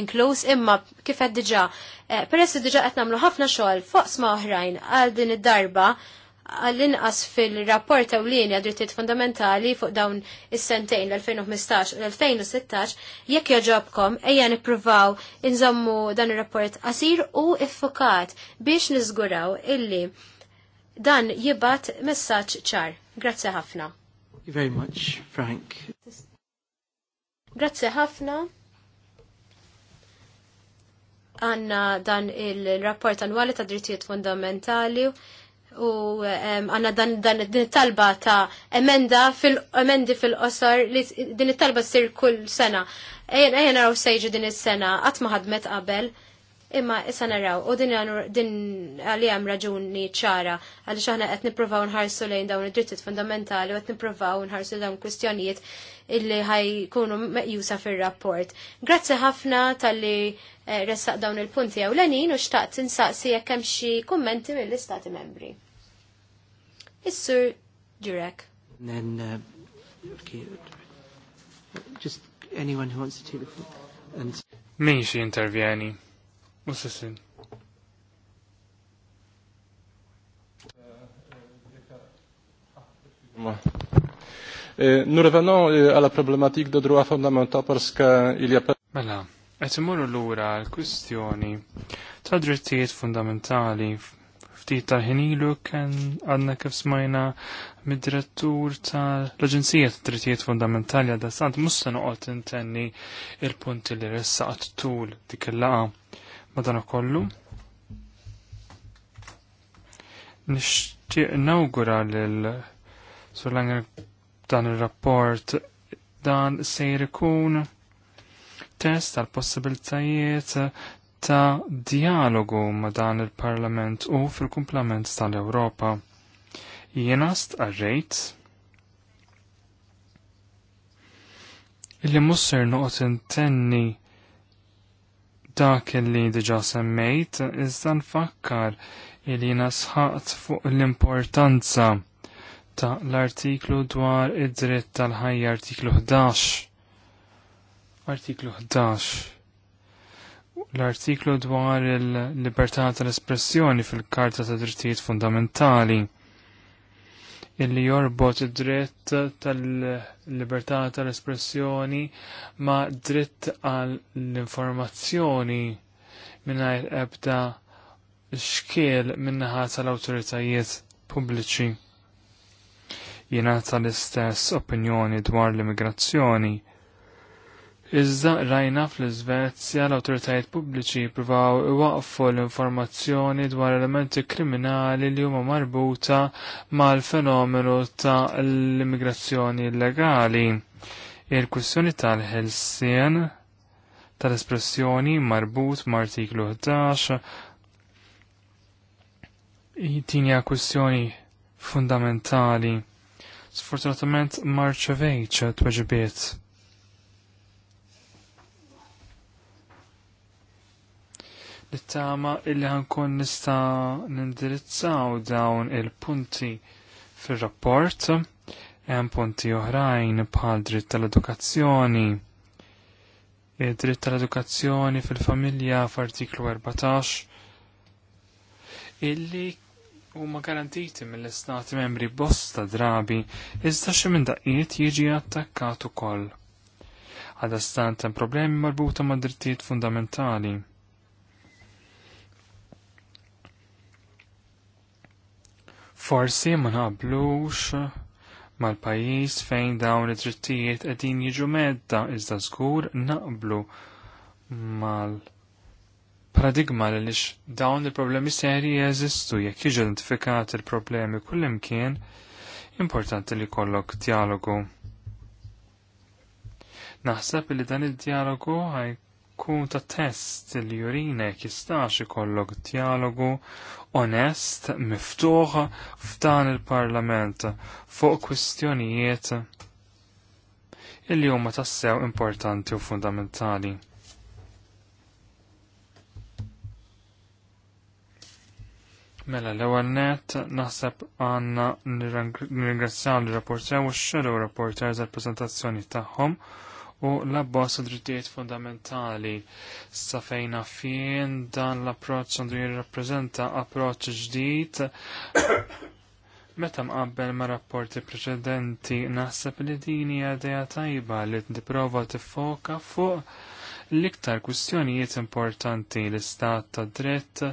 inkluż imma kif qed diġà peress diġà qed nagħmlu ħafna xogħol fuq sma oħrajn għal din id-darba għall-inqas fil-rapport ewlieni għad drittijiet fundamentali fuq dawn is-sentejn l-2015 u l-2016, jekk joġobkom ejja nippruvaw inżommu dan ir-rapport qasir u iffokat biex niżguraw illi dan jibat messaġġ ċar. Grazzi ħafna. you very much, Frank. Grazzi ħafna għanna dan il-rapport annwali ta' drittijiet fundamentali u għanna dan, dan din talba ta' emenda fil-emendi fil-qosor li din talba sir kull sena. Ejjen ejjen naraw sejġu din is-sena qatt ma ħadmet qabel. Imma issa naraw, u din din għalli għam raġuni ċara, għalli xaħna għet niprofaw nħarsu lejn dawn id drittit fundamentali u għet niprofaw nħarsu dawn kwistjonijiet illi ħajkunu meqjusa fil-rapport. Grazzi ħafna tal-li eh, ressaq dawn il-punti għaw l-għanin u xtaqt insaqsi jekk hemm xi kummenti mill-istati membri. Is-Sur Jurek. And Then, uh, okay, just anyone who wants to take the floor. And... Min xie intervjeni? Mussissin. Nous revenons għala euh, problematik problématique de droits fondamentaux parce qu'il Mela, għet l-ura l-kustjoni ta' drittijiet fundamentali ftit ta' ħinilu kien għadna kif smajna mid-direttur l aġenzija ta' Drittijiet Fundamentali għadha sant musta noqgħod intenni il-punti li ressaqt tul dik il-laqa madana kollu. Nixtieq nawgura lil Sur dan ir-rapport dan se jkun test tal-possibilitajiet ta' dialogu ma' dan il-Parlament u fil-kumplament tal-Europa. Jiena stqarrejt illi musser noqgħod intenni dak li diġa semmejt iżda nfakkar illi nasħaqt fuq l-importanza ta' l-artiklu dwar id-dritt tal-ħajja artiklu 11. Artiklu 11 l-artiklu dwar il-libertà tal-espressjoni fil-Karta ta' Drittijiet Fundamentali illi jorbot id-dritt tal-libertà tal-espressjoni ma' dritt għall-informazzjoni mingħajr ebda xkiel minnaħa tal-awtoritajiet pubbliċi. Jiena tal-istess opinjoni dwar l-immigrazzjoni Iżda rajna fl-Iżvezja l-awtoritajiet pubbliċi provaw iwaqfu l-informazzjoni dwar elementi kriminali li huma marbuta mal-fenomenu ta' l-immigrazzjoni illegali. Il-kwistjoni tal-ħelsien tal-espressjoni marbut ma' artiklu 11 tinja kwistjoni fundamentali. Sfortunatament marċevejċ tweġibiet nittama illi ħankun nista nindirizzaw dawn il-punti fil-rapport hemm punti oħrajn bħal dritt tal-edukazzjoni. Id-dritt tal-edukazzjoni fil-familja f'artiklu 14 illi huma garantiti mill-istati membri bosta drabi iżda xi minn daqqiet jiġi attakkat ukoll. Għadastant hemm problemi marbuta ma' drittijiet fundamentali Forsi ma naqblux mal-pajjiż fejn dawn id-drittijiet qegħdin jiġu medda iżda żgur naqblu mal paradigma li lix dawn il-problemi seri jeżistu jekk jiġu identifikat il-problemi kullimkien importanti li kollok dialogu. Naħseb li dan il-dialogu kun ta' test li jurina jekk jistax ikollok dialogu onest, miftuħ f'dan il-Parlament fuq kwistjonijiet illi huma tassew importanti u fundamentali. Mela l-ewwel net naħseb għandna nirringrazzjaw l-rapporter u x-xedew rapporter tal-preżentazzjoni tagħhom u l-abbozz drittijiet fundamentali. Safejna fien dan l-approċċ għandu jirrappreżenta approċċ ġdid [coughs] Meta mqabbel ma' rapporti preċedenti naħseb li din hija idea tajba li t tiffoka fuq l-iktar kwistjonijiet importanti l-istat ta' dritt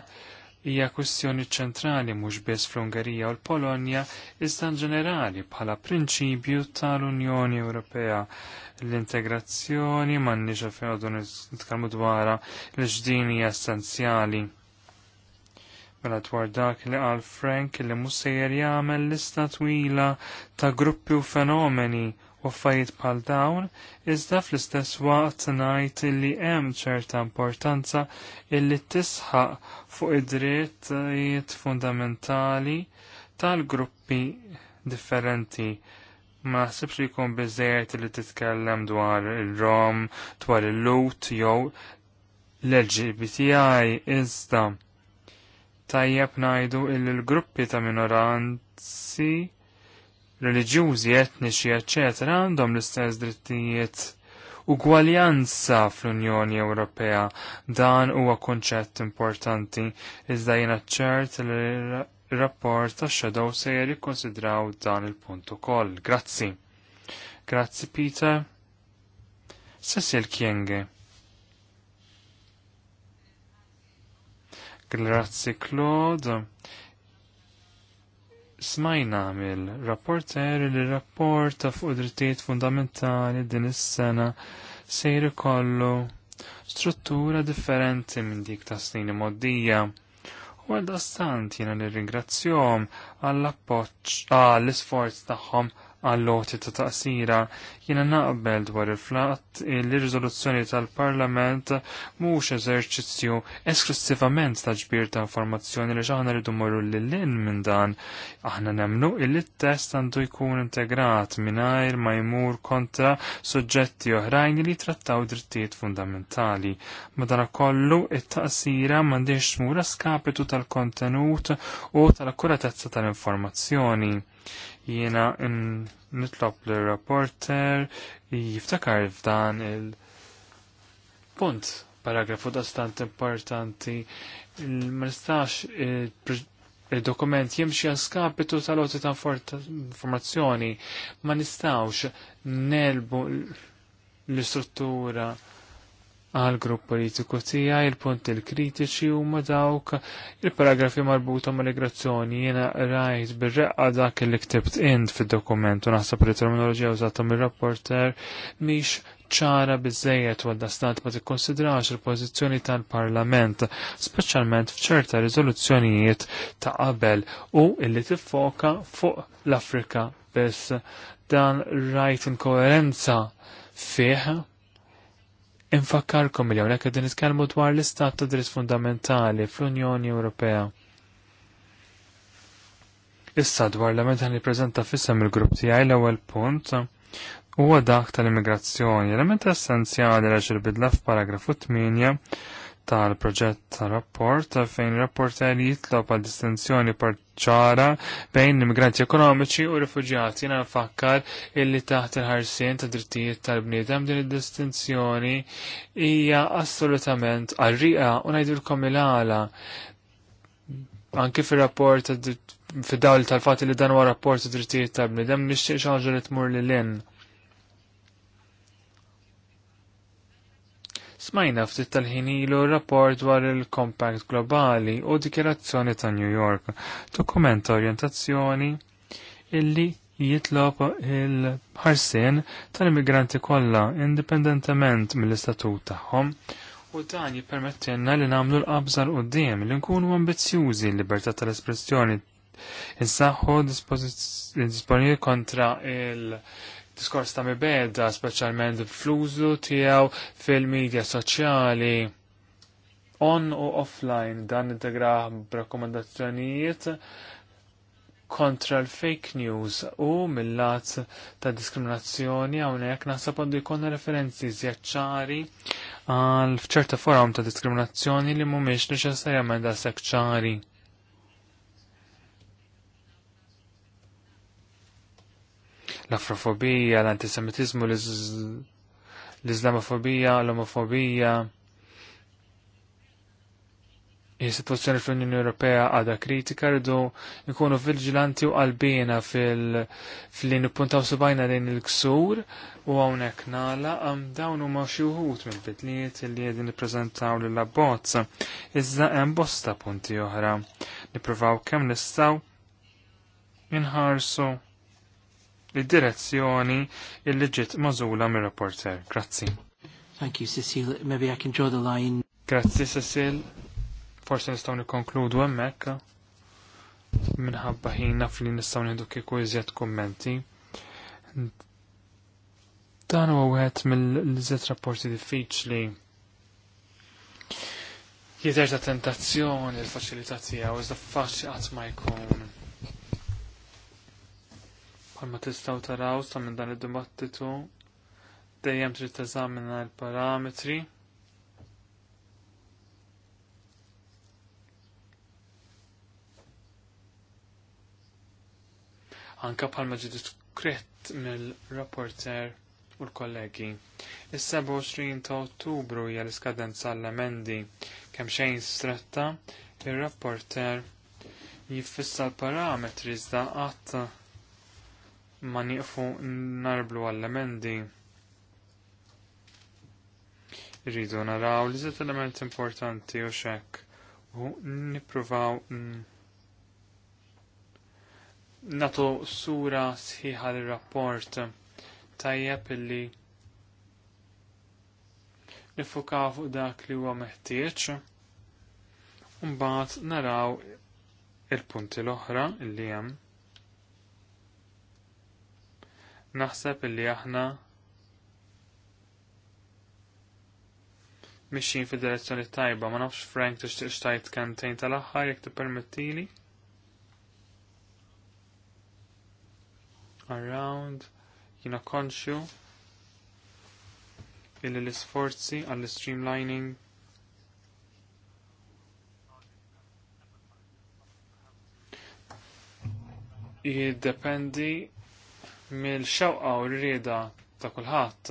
hija kwistjoni ċentrali mhux biss fl-Ungerija u l-Polonja iżda ġenerali bħala prinċipju tal-Unjoni Ewropea l-integrazzjoni n għalfejn għadu nitkellmu dwarha li l-ġdini essenzjali. Mela dwar dak li qal Frank li mhux sejjer jagħmel lista twila ta' gruppi u fenomeni u fajt bħal dawn, iżda fl-istess waqt ngħid li hemm ċerta importanza illi tisħaq fuq id-drittijiet fundamentali tal-gruppi differenti ma ħsibx li jkun biżejjed li titkellem dwar il-rom, dwar il-lut jew l-LGBTI iżda tajjeb ngħidu il l-gruppi ta' minoranzi reliġjużi, etniċi, eccetera, għandhom l-istess drittijiet ugwaljanza fl-Unjoni Ewropea dan huwa konċett importanti iżda jiena ċert li il-rapport ta' Shadow se konsidraw dan il-punt ukoll. Grazzi. Grazzi Peter. Cecil Kienge. Grazzi Claude. Smajna mill-rapporter li rapport ta' fuq drittijiet fundamentali din is-sena se jkollu struttura differenti minn dik ta' snin moddija U għal-dastant jena nir-ringrazzjom għall-appoċ, għall-isforz taħħom għall-loti ta' taqsira jiena naqbel dwar il-flat il-rizoluzzjoni tal-Parlament mhux eżerċizzju esklusivament ta' ġbir ta' informazzjoni li xaħna rridu morru lil-lin minn dan. Aħna nemmnu il-test għandu jkun integrat mingħajr ma jmur kontra suġġetti oħrajn li trattaw drittijiet fundamentali. Madanakollu it-taqsira m'għandix mura skapitu tal-kontenut u tal-akkuratezza tal-informazzjoni. Jiena nitlob l reporter jiftakar f'dan il-punt paragrafu dastant importanti ma nistax il-dokument jimxi għaskapitu tal-oti ta' informazzjoni ma nistawx nelbu l-istruttura għal grupp politiku tija il-punti l-kritiċi u madawk dawk il-paragrafi marbuta ma l-igrazzjoni jena rajt bil-reqqa dak li ktibt int fil-dokumentu naħseb li terminoloġija użata mir-rapporter miex ċara bizzejet u għaddastat ma tikkonsidrax il-pozizjoni tal-parlament, speċjalment fċerta riżoluzzjonijiet ta' qabel u illi tiffoka fuq l-Afrika biss dan rajt inkoerenza fih Infakkarkom li hawnhekk din nitkellmu dwar l-istat ta' dritt fundamentali fl-Unjoni Ewropea. Issa dwar l-element għan prezenta fissem il-grupp tijaj l-ewel punt huwa dak tal-immigrazzjoni, element essenzjali għax il-bidla f'paragrafu 8 tal-proġett tal-rapport fejn rapporter jitlob għal distinzjoni parċara bejn immigranti ekonomiċi u rifugjati jena nfakkar illi taħt il-ħarsien ta' drittijiet tal-bniedem din id-distinzjoni hija assolutament għarriqa u ngħidulkom il-għala anki fir-rapport fid-dawl tal fat li dan huwa rapport ta' drittijiet tal-bniedem nixtieq li tmur li tmur lil Smajna ftit tal-ħin ilu rapport dwar il-Compact Globali u Dikjerazzjoni ta' New York, dokument orientazzjoni illi jitlob il-ħarsien tal-immigranti kollha indipendentement mill-istatut tagħhom u dan jippermettilna li nagħmlu l-qabża quddiem li nkunu ambizzjużi l-libertà tal-espressjoni Insaħħu disponibli kontra il- diskors ta' mibeda, specialment fl-użu tiegħu fil-medja soċjali on u offline dan integra b'rakkomandazzjonijiet kontra l-fake news u mill-lat ta' diskriminazzjoni hawnhekk naħseb għandu jkollna referenzi zjaċċari għal f'ċerta forum ta' diskriminazzjoni li mhumiex neċessarjament da' sekċari. ċari l-afrofobija, l-antisemitizmu, l-islamofobija, l-omofobija. Il-situazzjoni fl-Unjoni Ewropea għadha kritika rridu nkunu vigilanti u qalbina fil-li nippuntaw subajna lejn il-ksur u hawnhekk nala dawn huma xi wħud mill-bidliet li qegħdin nippreżentaw lil abbozz. Iżda hemm bosta punti oħra. Nippruvaw kemm nistgħu inħarsu id-direzzjoni illi ġiet mażula mir-rapporter. Grazzi. Thank you, Cecil. Maybe I can draw the line. Grazzi, Cecil. Forse nistgħu nikkonkludu hemmhekk minħabba ħin naf li nistgħu nieħdu kieku iżjed kummenti. Dan huwa wieħed mill-iżjed rapporti diffiċli ta' tentazzjoni l-faċilità tiegħu iżda faċli qatt ma jkun Ma tistaw taraw sa minn dan id-dibattitu dejjem trid teżamina l-parametri. Anka palma ġi diskret mill-rapporter u l-kollegi. Is-27 ta' Ottubru hija l-iskadenza l-emendi kemm xejn stretta ir-rapporter jiffissa l-parametri iżda qatt ma nieqfu narblu għall-emendi. Irridu naraw li zet element importanti u xek u nipruvaw natu sura sħiħa l-rapport tajjeb illi nifukaw fuq dak li huwa meħtieġ u mbagħad naraw il-punti l-oħra illi hemm naħseb illi aħna mixin fi direzzjoni tajba, ma nafx Frank tixtieq xtajt kantejn tal-aħħar jekk tippermettili. Around jina konxju illi l-isforzi għall-streamlining jiddependi mill-xewqa u r-rida ta' kulħadd.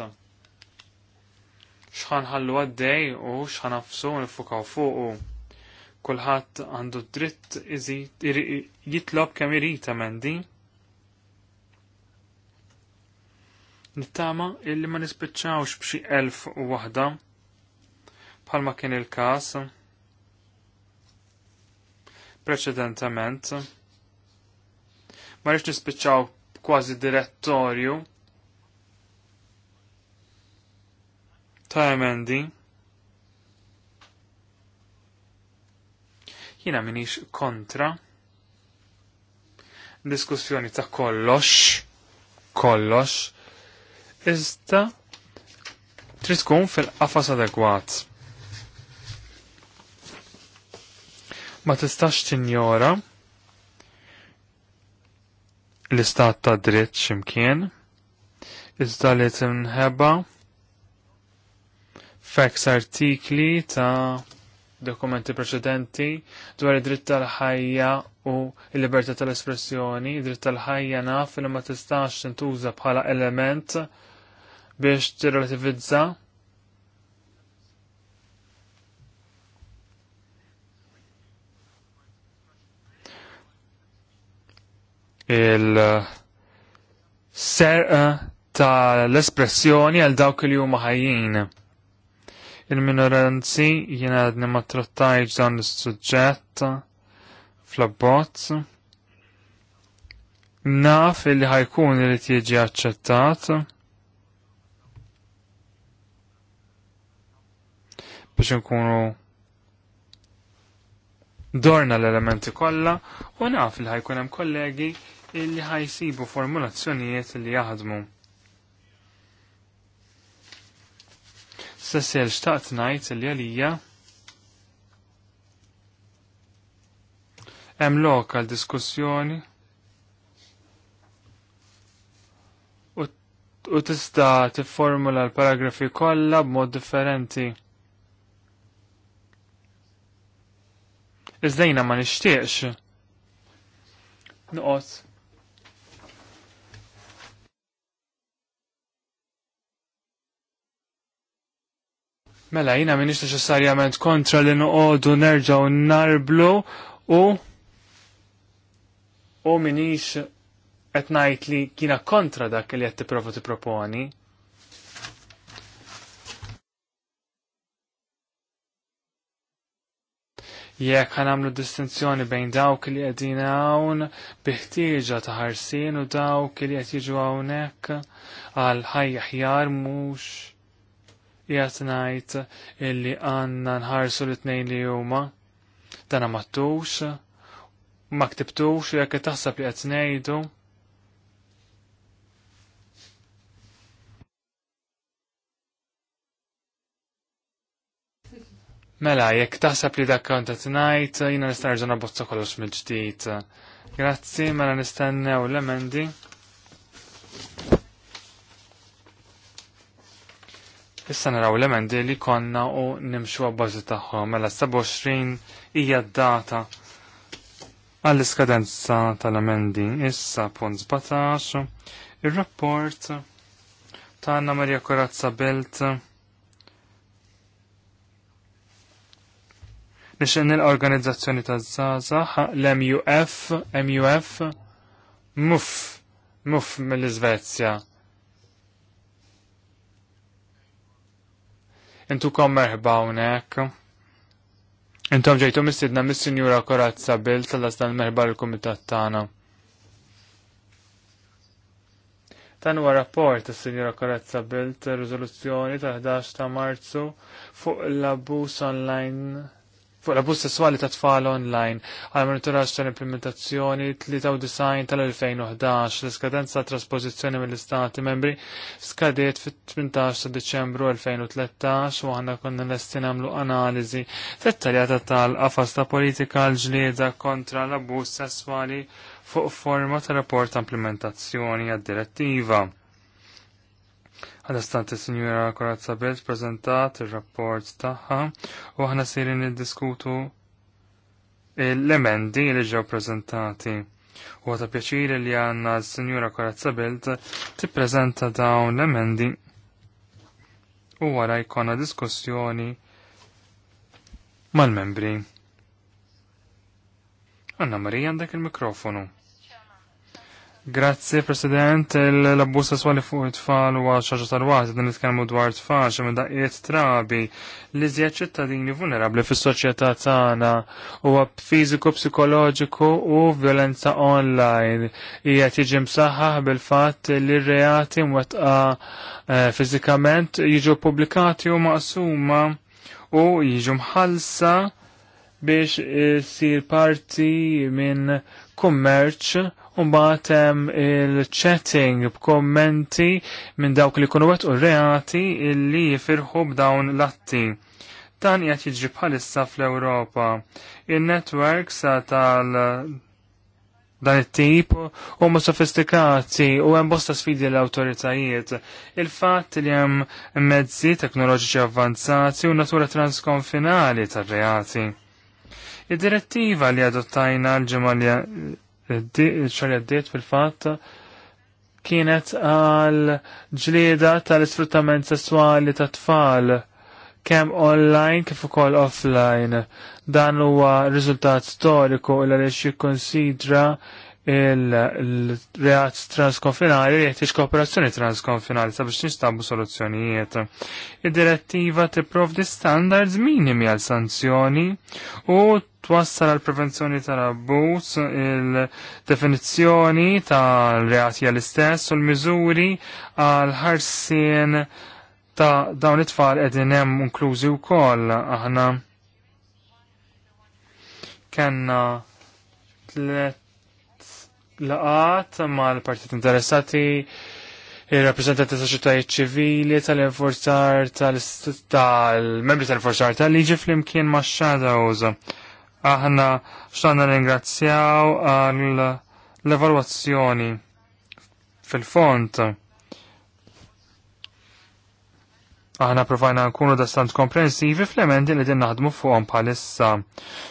X'ħan ħallu għaddej u x'ħan nafsu nifukaw u Kulħadd għandu dritt iżid jitlob kemm irid emendi. Nittama illi ma nispiċċawx b'xi elf u waħda bħalma kien il-każ preċedentement ma rridx nispiċċaw kważi direttorju ta' emendi. Jina minix kontra diskussjoni ta' kollox, kollox, iżda trid tkun fil-qafas adekwat. Ma tistax tinjora l-istat ta' dritt ximkien, iżda li t-nħeba feks artikli ta' dokumenti preċedenti dwar id-dritt tal-ħajja u l-libertà tal-espressjoni, id-dritt tal-ħajja naf li ma tistax tintuża bħala element biex tirrelativizza il-serqa tal-espressjoni għal dawk li huma ħajjin. Il-minoranzi jiena għadni ma trattajġ dan is-suġġett fl-abbozz. Naf li ħajkun li tiġi aċċettat. biex nkunu dorna l-elementi kollha u naf li ħajkun hemm kollegi illi ħajsibu formulazzjonijiet li jaħdmu. Sessel xtaqt najt li għalija hemm lokal diskussjoni u tista' tifformula l-paragrafi kollha b'mod differenti. Iżdejna ma nixtieqx. Noqgħod Mela, jina minix neċessarjament kontra li nuqodu nerġaw narblu u u minix etnajt li kina kontra dak li jett t-prova t-proponi. għan għamlu distinzjoni bejn dawk li qegħdin hawn biħtieġa ta' ħarsien u dawk li qed jiġu hawnhekk għal ħajja ħjar mhux jgħat illi għanna nħarsu l-tnejn li juma, dana mattux, ma ktibtux, jekk taħsab li qed ngħidu. Mela, jekk taħseb li dak kont qed ngħid, jiena nista' nerġa' nabbozza kollox mill-ġdid. Grazzi, mela nistennew l-emendi. Issa naraw l-emendi li konna u nimxu għabbażi tagħhom mela 27 hija data għall-iskadenza tal-emendi. Issa punt 17 ir-rapport ta' Anna Maria Korazza Belt nixen l-organizzazzjoni ta' Zazax l-MUF, MUF, MUF, MUF muf mill svezja intukom merħba hawnhekk. Intom ġejtu mistidna mis-Sinjura Korazza Bill tal-asdan merħba l-Kumitat tagħna. Dan huwa rapport is-Sinjura Korazza Bilt riżoluzzjoni ta' 11 ta' Marzu fuq l abus online fuq l-abbuż sessuali ta' tfal online għal monitoraġġ tal-implementazzjoni design tal-2011 l-iskadenza ta' trasposizzjoni mill-Istati membri skadiet fit-18 ta' Deċembru 2013 u għandna konna lesti nagħmlu analiżi dettaljata tal-qafas ta' politika l-ġlieda kontra l-abbuż sessuali fuq forma ta' rapport ta' implementazzjoni għad-direttiva. Għal-istant il-Sinjura Korazza Belt prezentat il-rapport taħħa u ħana sirin il diskutu l-emendi li ġew prezentati. U għata pjaċiri li għanna il sinjura Korazza Belt tippreżenta dawn l-emendi u wara jkonna diskussjoni mal-membri. Anna Marija għandek il-mikrofonu. Grazzi, President. L-abbuż sessuali fuq it-tfal għal xaġa tal dan it nitkellmu dwar tfal xi minn daqiet trabi li żjed ċittadini vulnerabbli fis-soċjetà tagħna huwa fiżiku, psikoloġiku u violenza online. Hija tiġi msaħħaħ bil-fatt li r-reati mwetqa eh, fiżikament jiġu publikati u maqsuma u jiġu mħallsa biex sir parti minn kummerċ un hemm il-chatting b'kommenti minn dawk li kunu u reati illi jifirħu b'dawn l-atti. Dan qed jiġri bħalissa fl-Ewropa. Il-networks tal dan it-tip huma sofistikati u hemm bosta sfidi l-awtoritajiet. Il-fatt li hemm mezzi teknoloġiċi avvanzati u natura transkonfinali tar-reati Id-direttiva li adottajna l-ġimgħa li xar fil-fatt kienet għal ġlieda tal-isfruttament sessuali ta' tfal kemm online kif ukoll offline. Dan huwa riżultat storiku l għaliex jikkonsidra il-reat transkonfinali li jeħtieġ kooperazzjoni transkonfinali sabiex nistabu soluzzjonijiet. Id-direttiva tipprovdi standards minimi għal sanzjoni u twassal għal prevenzjoni tal-abbuż, il-definizzjoni tal-reati għall-istess u l-miżuri għal ħarsien ta' dawn it-tfal qegħdin hemm inklużi wkoll aħna kenna tlet laqat mal-partit interessati il-rappresentanti soċjetajiet ċivili tal-enforzar tal-membri tal-enforzar tal-liġi fl-imkien ma' shadows Aħna xanna ringrazzjaw għal l-evaluazzjoni fil-font. Aħna provajna nkunu dastant komprensivi fl-elementi li din naħdmu fuqhom bħalissa.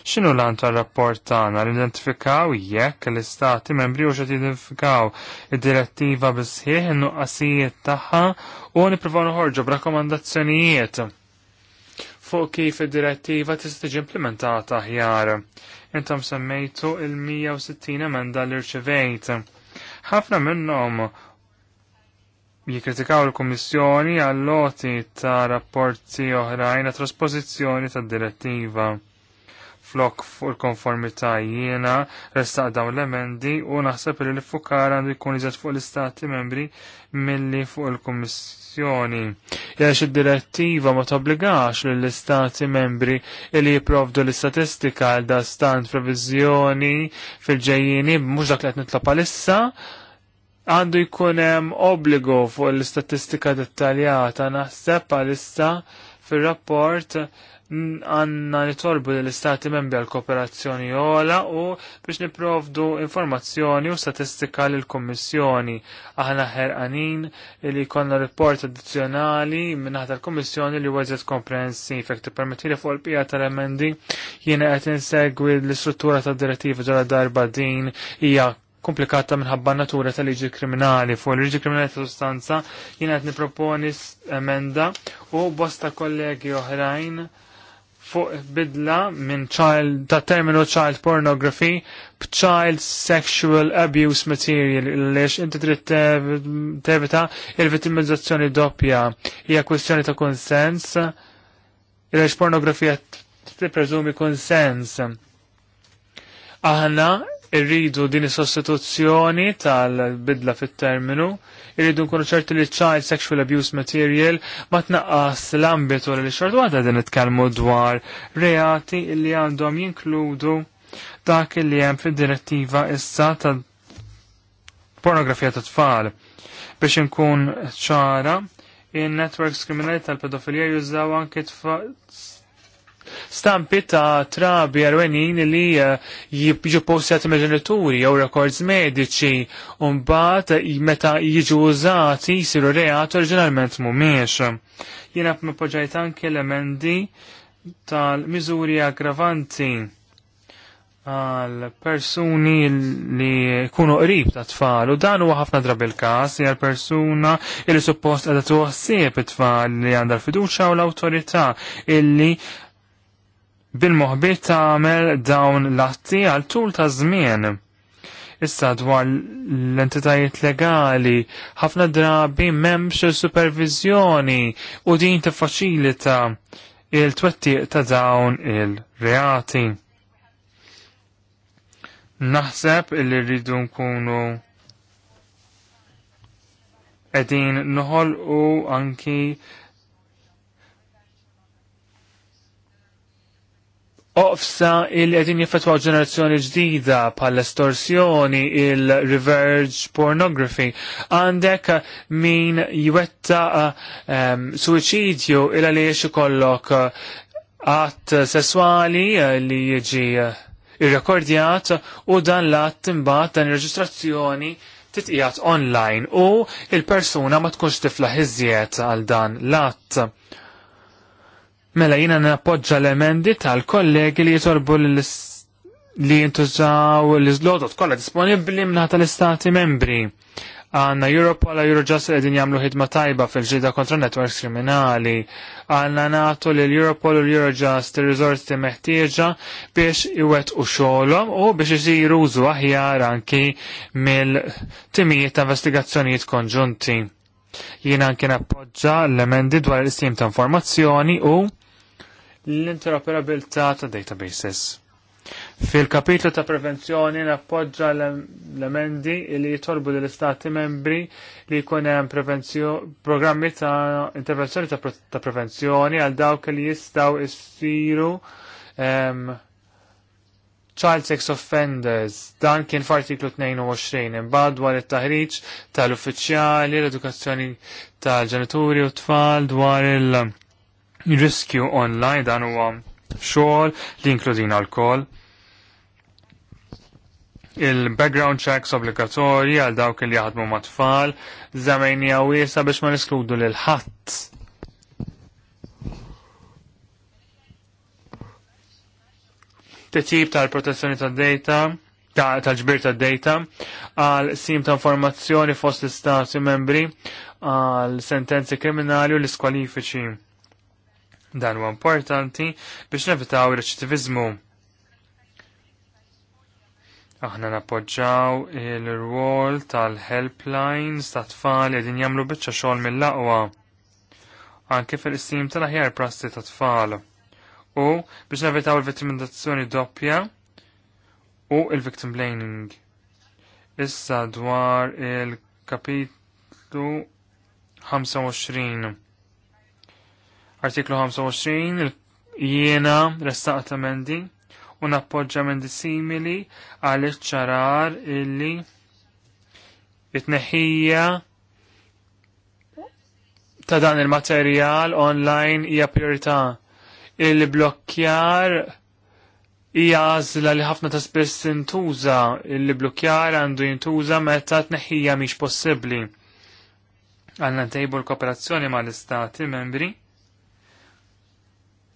X'inhu lan tar-rapport tagħna li identifikaw jekk l-istati membri u xed identifikaw id-direttiva bisħieħ in-nuqqasijiet tagħha u nippruvaw noħorġu b'rakkomandazzjonijiet fuq kif id-direttiva tista' tiġi implementata aħjar. Intom semmejtu il-160 emenda li rċevejt. Ħafna minnhom jikkritikaw il-Kummissjoni għall loti ta' rapporti oħrajn għat trasposizzjoni tad direttiva flok fuq il-konformità jiena restaq dawn l-emendi u naħseb li l-fukar għandu jkun iżgħat fuq l-istati membri milli fuq il-Kummissjoni kwistjoni. Jax id-direttiva ma tobbligax lill-istati membri li jiprovdu l-istatistika għal da stand previżjoni fil-ġejjini mhux dak li qed nitlob issa għandu jkun hemm fuq l-istatistika dettaljata naħseb għalissa fir-rapport għanna nitolbu l-istati membri għal kooperazzjoni jola u biex niprovdu informazzjoni u statistika l kommissjoni Aħna ħerqanin li konna report addizjonali minnaħt l-Kommissjoni li wazet komprensi fekti permetti li fuq il-pija tal-emendi jiena qed insegwi l-istruttura tad-direttiva ġara darba din hija komplikata minħabba natura tal-liġi kriminali. Fuq l-liġi kriminali ta' sostanza jiena qed niproponi emenda u bosta kollegi oħrajn fuq bidla minn child, ta' terminu child pornography b'child sexual abuse material lex inti trid tevita il-vittimizzazzjoni doppja hija kwestjoni ta' konsens il-lex pornografija tippreżumi konsens. Aħna irridu din is-sostituzzjoni tal-bidla fit-terminu irridu nkunu ċerti li child sexual abuse material ma tnaqqas l-ambitu li xortu għadha din itkellmu dwar reati li għandhom jinkludu dak li hemm fid-direttiva issa ta' pornografija ta' tfal. Biex inkun ċara, in-networks kriminali tal-pedofilija jużaw anke stampi ta' trabi arwenin li eh, jiġu postjati me jew rekords mediċi un bat eh, meta jiġu użati jisiru reat oriġinalment mumiex. Jena b'mipoġajt anki l-emendi tal-miżuri aggravanti għal persuni li kunu qrib ta' tfal u dan huwa ħafna drabi l-każ għal persuna li suppost qiegħda tuħsieb it-tfal li għandha l-fiduċja u l-awtorità illi bil ta' tagħmel dawn l-atti għal tul ta' żmien. Issa dwar l-entitajiet legali ħafna drabi m'hemmx supervizjoni u din tiffaċilita il-twettiq ta' dawn il-reati. Naħseb li rridu nkunu qegħdin noħolqu anki Ofsa il-edin jiffetwaw ġenerazzjoni ġdida pal estorsjoni il-reverge pornography. Għandek min jwetta um, suicidju il għaliex ikollok għat eh, sessuali eh, li jiġi irrekordjat u dan l-att imbat dan il-reġistrazzjoni titqijat online u il-persuna ma tkunx tifla hizziet għal dan l-att Mela jina nappoġġa l-emendi tal-kollegi li jitolbu li jintużaw l-izlodot kollha disponibbli minna tal-istati membri. Għanna Europa la Eurojust edin jamlu ħidma tajba fil-ġida kontra networks kriminali. Għanna natu li l-Europol u l-Eurojust il rizorti meħtieġa biex iwet u xolom u biex isiru użu aħjar anki mill-timijiet ta' investigazzjonijiet konġunti. Jina anki nappoġġa l-emendi dwar l-istim ta' informazzjoni u l-interoperabilità ta' databases. Fil-kapitlu ta' prevenzjoni nappoġġa l-emendi li jitolbu l-Istati membri li jkun hemm programmi ta' intervenzjoni ta', ta prevenzjoni għal dawk li jistgħu issiru um, child sex offenders. Dan kien f'artiklu 22 imbagħad dwar it-taħriġ tal-uffiċjali, l-edukazzjoni tal-ġenituri u tfal dwar il- riskju online dan huwa xogħol li inkludin alkohol. Il-background checks obbligatorji għal dawk li jaħdmu ma' tfal, żemmejn wiesa biex ma niskludu lil ħadd. Titjib tal-protezzjoni tad-data, tal-ġbir tad-data, għal sim ta' informazzjoni fost l-istati membri għal sentenzi kriminali u l-iskwalifiċi Dan huwa importanti biex nevitaw reċitivizmu. Aħna nappoġġaw il-rwol tal-helplines ta' tfal edin jamlu bieċa xogħol mill laqwa Anke fil-istim tal-aħjar prasti ta' tfal. U biex nevitaw il-vittimizzazzjoni doppja u il-victim blaming. Issa dwar il-kapitlu 25. Artiklu 25 jiena restaqt amendi u nappoġġa amendi simili għal ċarar illi it-neħija ta' dan il-materjal online hija priorità. Il-blokkjar hija għażla li ħafna ta' spiss intuża, il-blokkjar għandu jintuża meta tneħħija mhix possibbli. Għandna ntejbu l-kooperazzjoni mal istati membri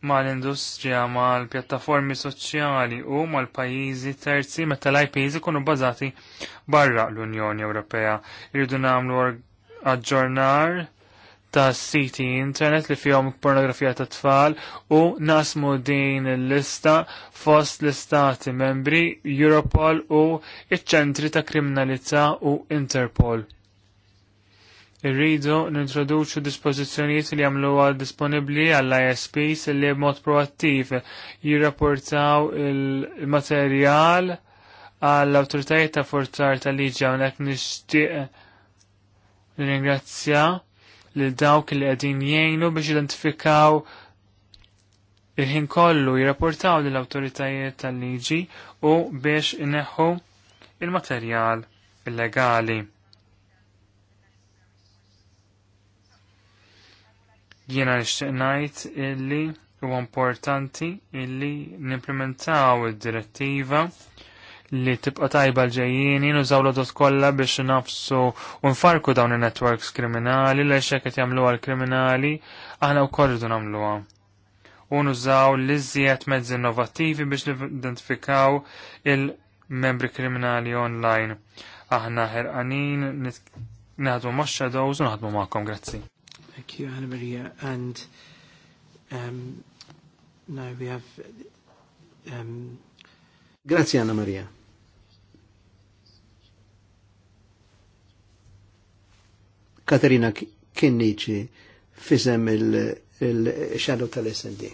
mal-industrija, mal-pjattaformi soċjali u mal-pajizi terzi meta l-IPs kunu bbażati barra l-Unjoni Ewropea. Irridu nagħmlu aġġornar ta' siti internet li fihom pornografija ta' tfal u nasmu din il-lista fost l-istati membri Europol u iċ-ċentri ta' kriminalità u Interpol irridu nintroduċu dispożizzjonijiet li jagħmluha disponibbli għall-ISPs li b'mod proattiv jirrapportaw il-materjal għall-awtoritajiet ta' forzar tal-liġi hawnhekk nixtieq nirringrazzja lil dawk li qegħdin jgħinu biex identifikaw il-ħin kollu jirrapportaw lill awtoritajiet tal-liġi u biex ineħħu il-materjal illegali. Jiena nixtieq ngħid illi huwa importanti illi nimplementaw id-direttiva li tibqa' tajba l-ġejjieni nużaw l-odot kollha biex nafsu u nfarku dawn in-networks kriminali li xeket jagħmluha l-kriminali aħna wkoll irdu nagħmluha. U nużaw l-iżjed mezzi innovattivi biex identifikaw il-membri kriminali online. Aħna ħerqanin naħdmu ma' shadows u naħdmu ma'kom, grazzi. Thank you, Anna Maria. And um, now we have. Um, Grazie, Anna Maria. Katerina Kinnici fizem il-xadu il tal-SND.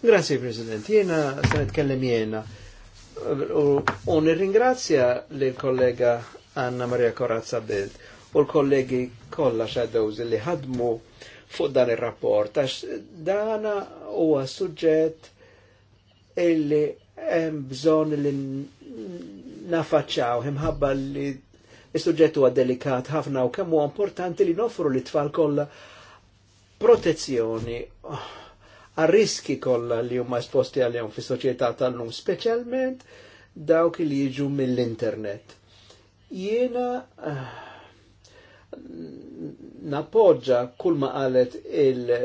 Grazie, President. Jena, sanet kellem jena. U nirringrazzja l-kollega Anna Maria Corazza Belt u l-kollegi kollha shadows li ħadmu fuq dan ir-rapport għax dana huwa suġġett illi hemm bżonn li nafaċċaw imħabba li is-suġġett huwa delikat ħafna u kemm huwa importanti li noffru li tfal kollha protezzjoni għar riski kollha li huma esposti għalihom fis-soċjetà tal-lum, speċjalment dawk li jiġu mill-internet. Jiena uh, Nappoġġa kull ma qalet eh,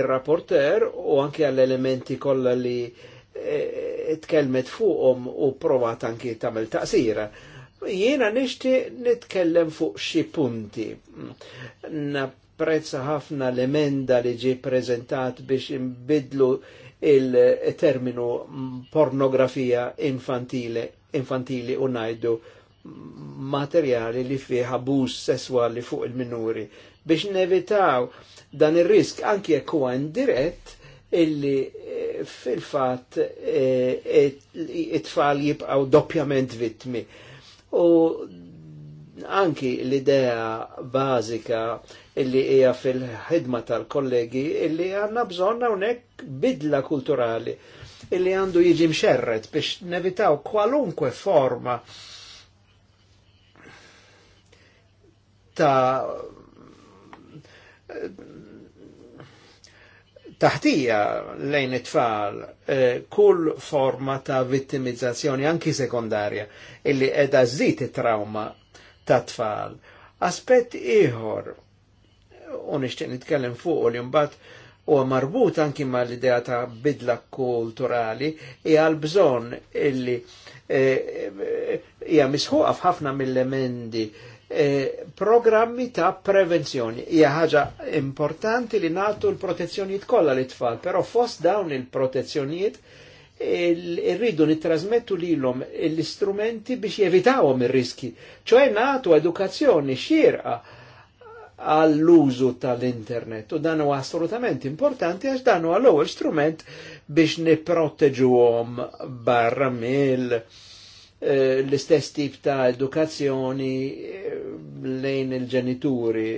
il-rapporter u anke għall-elementi kollha li eh, tkellmet fuqhom u provat anki tagħmel taqsira. Jiena nixti nitkellem fuq xi punti. Napprezza ħafna l-emenda li ġi preżentat biex imbidlu il-terminu pornografija infantile, infantili u najdu materjali li fih abuż sesswali fuq il-minuri biex nevitaw dan ir-risk anki jekk huwa indirett illi eh, fil-fatt eh, it-tfal jibqgħu doppjament vittmi. U anki l-idea bażika illi hija fil-ħidma tal-kollegi illi għandna bżonn hawnhekk bidla kulturali illi għandu jiġi mxerret biex nevitaw kwalunkwe forma ta' taħtija lejn it-tfal eh, kull forma ta' vittimizzazzjoni anki sekundarja illi edha żid it-trauma ta' tfal. Aspett ieħor u nixtieq nitkellem fuq li mbagħad u marbut anki ma l-idea ta' bidla kulturali i għal bżon illi eh, hija misħuqa f'ħafna mill-emendi Eh, programmi ta' prevenzjoni. Hija ħaġa importanti li natu l-protezzjonijiet kollha li tfal, però fost dawn il-protezzjonijiet irridu il nittrasmettu lilhom l-istrumenti biex jevitawhom ir-riski, ċoe natu edukazzjoni xirqa għall-użu tal-internet u dan huwa assolutament importanti għax dan huwa l-ewwel strument biex nipproteġuhom barra mill- Eh, l-istess tip ta' edukazzjoni eh, lejn il-ġenituri,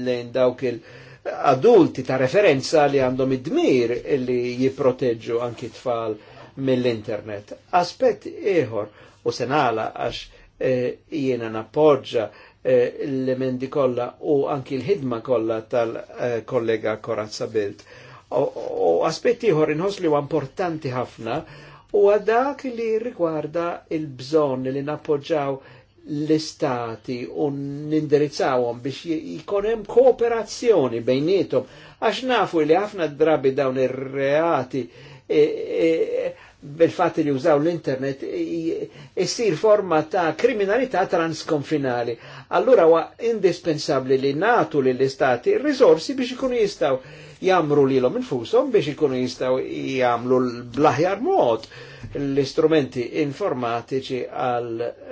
lejn dawk il-adulti ta' referenza li għandhom id-dmir li jiproteġu anki tfal mill-internet. Aspett ieħor u senala għax eh, jiena nappoġġa l-emendi kollha u anki l-ħidma kollha tal-kollega Korazza Bilt. U aspetti ieħor inħoss li huwa importanti ħafna u dak li rigwarda il-bżon li nappoġġaw l-istati u nindirizzawhom biex jikonem hemm kooperazzjoni bejnietom għax nafu li ħafna drabi dawn ir-reati e, e, bil-fat li użaw l-internet jissir forma ta' kriminalità transkonfinali allura huwa indispensabbli li natu li l-istati risorsi biex ikunu jistaw jamru li l-om infusom biex ikunu jistaw jamlu l-blaħjar mod l-istrumenti informatiċi għal,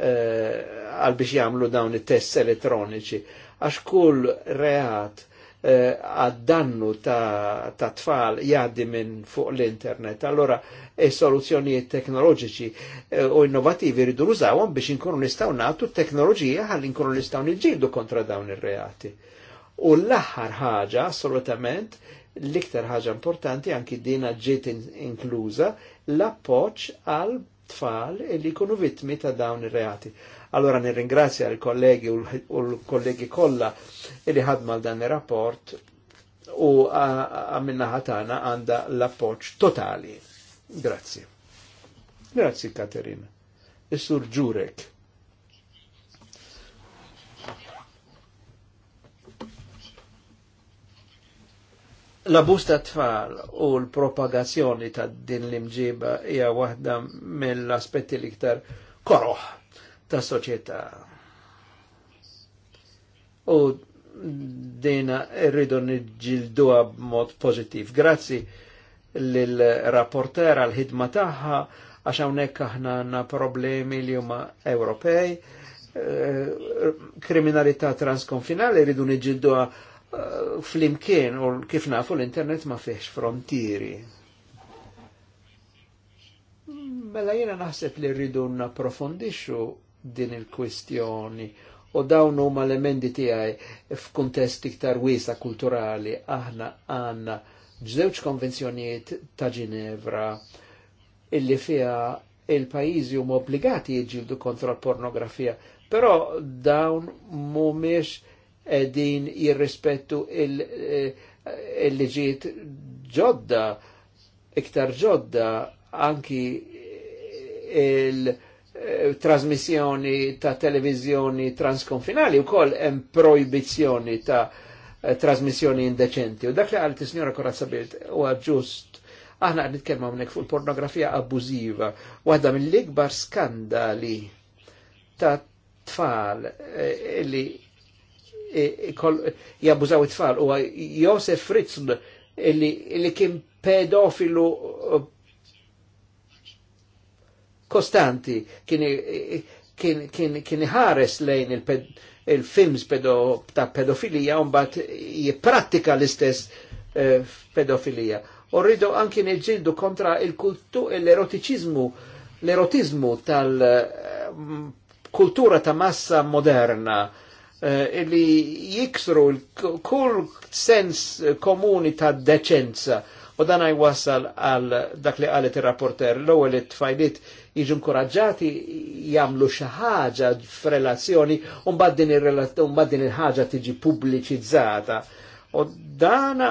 eh, għal biex jamlu dawn it-test elettroniċi għax kull reat Eh, għad-dannu ta', ta tfal jgħaddi minn fuq l-internet. Allora, il-soluzzjonijiet e teknoloġiċi eh, u innovativi rridu użawon biex inkunu nistgħu nagħtu teknoloġija ħalli nkunu nistgħu niġġieldu kontra dawn ir-reati. U l-aħħar ħaġa, assolutament, l-iktar ħaġa importanti anki dina ġiet inkluża l-appoġġ għal tfal li kunu vittmi ta' dawn ir-reati. Allora nirringrazzja l-kollegi u l-kollegi e li ħadma l dan ir-rapport u għamilna ħatana għanda l-appoċ totali. Grazie. Grazie Katerina. Is-sur Ġurek. La busta tfal u l-propagazzjoni ta' din l-imġiba hija waħda mill-aspetti l-iktar koroħ ta' soċjetà. U dina irridu nġilduha b'mod pożittiv. Grazzi lill-rapporter għal-ħidma tagħha għax hawnhekk aħna għandna problemi li huma Ewropej, eh, kriminalità transkonfinali rridu niġilduha eh, fl-imkien u kif nafu l-internet ma fiex frontieri. Mela jiena naħseb li rridu napprofondixxu din il-kwestjoni u dawn huma l-emendi tiegħi f'kuntest iktar wiesa kulturali aħna għandna żewġ konvenzjonijiet ta' Ginevra illi fiha il-pajjiżi huma obbligati jiġġieldu kontra l-pornografija, però dawn mhumiex qegħdin jirrispettu eh, il-liġijiet ġodda iktar ġodda anki il-, il, il, il, il, il, il, il, il Eh, trasmissjoni ta' televizjoni transkonfinali u koll hemm proibizzjoni ta' eh, trasmissjoni indeċenti. U dak li għalti signora Korazza Bilt u ġust aħna għad nitkellmu hawnhekk fuq pornografija abbużiva, waħda mill-ikbar skandali ta' tfal eh, li jabbużaw it-tfal u Josef Fritzl li kien pedofilu kostanti kien ħares lejn il-films il pedo, ta' pedofilija un bat jiprattika l-istess eh, pedofilija. U rridu anki neġildu kontra il-kultu, l-erotiċizmu, l-erotizmu tal-kultura eh, ta' massa moderna illi eh, li jiksru kull sens komuni ta' deċenza. U dan għaj wasal għal dak li għalet il-rapporter l-ewel it jiġu inkoraġġati jagħmlu xi ħaġa f'relazzjoni u mbagħad din il-ħaġa tiġi pubbliċizzata. U dan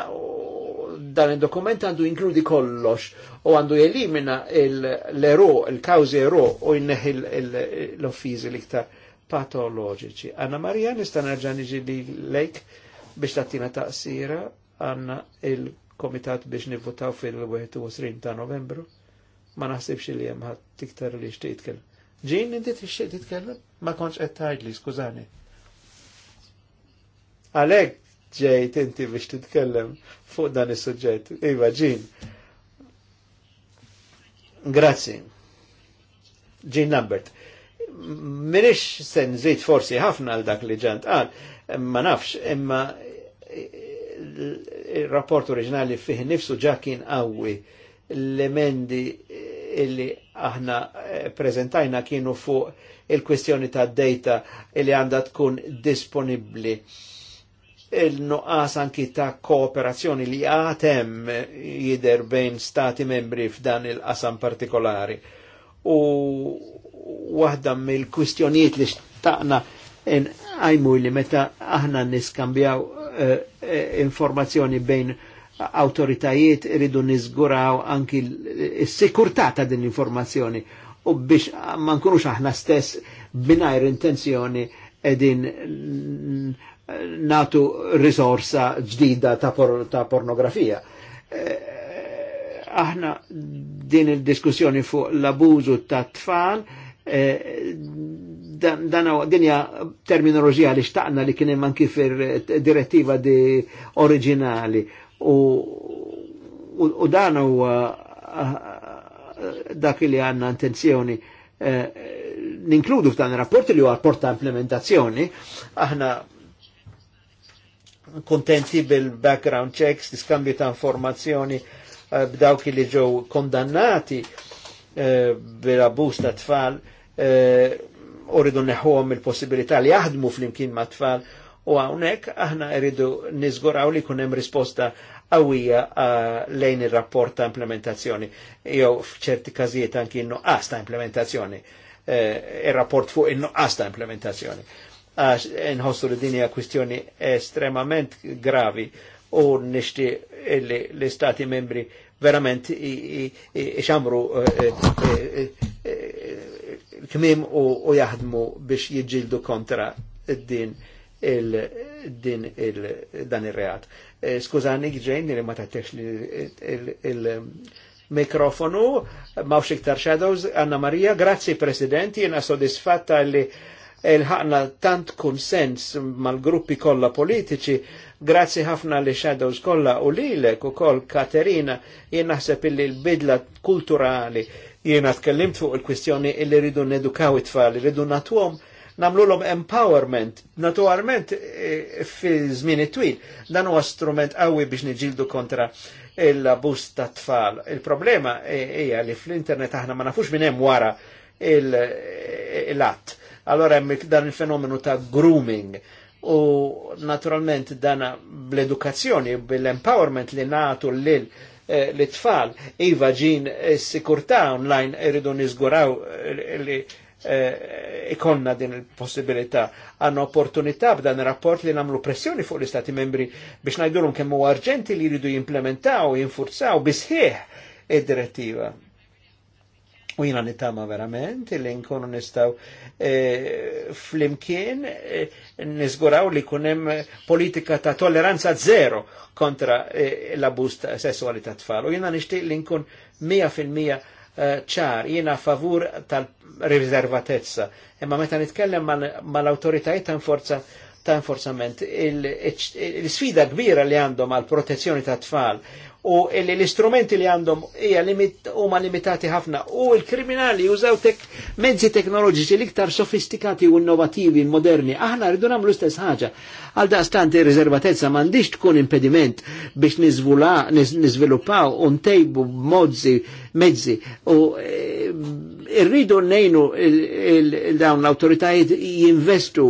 dan il-dokument għandu inkludi kollox u għandu jelimina l-ero, il-kawzi ero u jinneħi l-offizi liktar patoloġiċi. Anna Marija nista' nerġa' niġi li lejk biex tattina taqsira għanna il-komitat biex nivvutaw fil-21 ta' novembru ma naħsibx li hemm ħadd tiktar li xtieq tkellem. Ġin inti tixtieq titkellem? Ma kontx qed tgħidli, skużani. Għalhekk ġejt inti biex titkellem fuq dan is-suġġett. Iva, ġin. Grazzi. Ġin Lambert. Minix sen zid forsi ħafna għal dak li ġant qal, ma nafx, imma il-rapport oriġinali fih nifsu ġakin għawi l-emendi illi aħna eh, prezentajna kienu fuq il-kwestjoni ta' data illi għanda tkun disponibli il-nuqqas anki ta' kooperazzjoni li għatem jider bejn stati membri f'dan il-qasam partikolari. U waħda mill-kwistjonijiet li xtaqna għajmu li meta aħna niskambjaw eh, eh, informazzjoni bejn autoritajiet iridu nizguraw anki s sikurta ta' din l-informazzjoni u biex ma nkunux aħna stess binajr intenzjoni edin natu risorsa ġdida ta', por ta pornografija. Eh, aħna din il-diskussjoni fuq l-abużu ta' tfal eh, dan, dinja terminoloġija li xtaqna li kien manki fir direttiva di oriġinali u, u, u dan dak li għanna intenzjoni eh, ninkludu f'dan il-rapport li huwa porta implementazzjoni, aħna kontenti bil-background checks, diskambju ta' informazzjoni eh, b'dawk li ġew kondannati eh, bil-abus ta' tfal, eh, uridu neħuhom il-possibilità li jaħdmu fl-imkien ma' tfal U għawnek, aħna rridu nizguraw li kunem risposta għawija lejn il rapport ta' implementazzjoni Jow f'ċerti kazijiet anki innu għasta implementazzjoni. E, il rapport fuq innu għasta implementazzjoni. Għax nħossu li dinja kwistjoni estremament gravi u nishti l-istati membri verament iċamru e, e, kmim u jahdmu biex jġildu kontra din il-din il-dan il-reat. Eh, skużani ġejn li ma tattex li il-mikrofonu, mawx iktar shadows, Anna Maria, grazzi President, jena soddisfatta li il-ħakna tant konsens mal-gruppi kolla politiċi, grazzi ħafna li shadows kolla u lilek u kol Katerina, jena ħseb li l-bidla kulturali, jena tkellimt fuq il-kwistjoni illi rridu nedukaw it-tfal, rridu natwom, namlu empowerment, naturalment e, fi zmini twil. Dan huwa strument qawwi biex niġildu kontra l-abus ta' tfal. Il-problema e, hija li fl-internet aħna ma nafux minn hemm wara l-att. Allora hemm dan il-fenomenu ta' grooming u naturalment dan bl-edukazzjoni, bil-empowerment li natu lil e, li tfal iva ġin sikurta online irridu nizguraw li Eh, ikonna din il-possibilità. Għanna opportunità b'dan il-rapport li namlu pressjoni fuq l-Istati membri biex najdurum kemmu arġenti li jridu jimplementaw, jinfurzaw bisħieħ id-direttiva. U jina nitama verament li nkunu nistaw e, flimkien e, nizguraw li kunem politika ta' tolleranza zero kontra e, l abust sessualita ta' tfal. U jina nishtiq li nkun 100% ċar, jiena favur tal rizervatezza Imma meta nitkellem mal-autoritajiet ta' forza ta' enforzament, il-sfida kbira li għandhom għal protezzjoni ta' tfal u l-istrumenti li għandhom hija huma limitati ħafna u l-kriminali użaw tek mezzi teknoloġiċi l-iktar sofistikati u innovativi moderni. Aħna rridu nagħmlu stess ħaġa. Għal daqstant ir-riservatezza m'għandix tkun impediment biex niżviluppaw u ntejbu mozzi mezzi u eh, irridu nejnu dawn l-autoritajiet jinvestu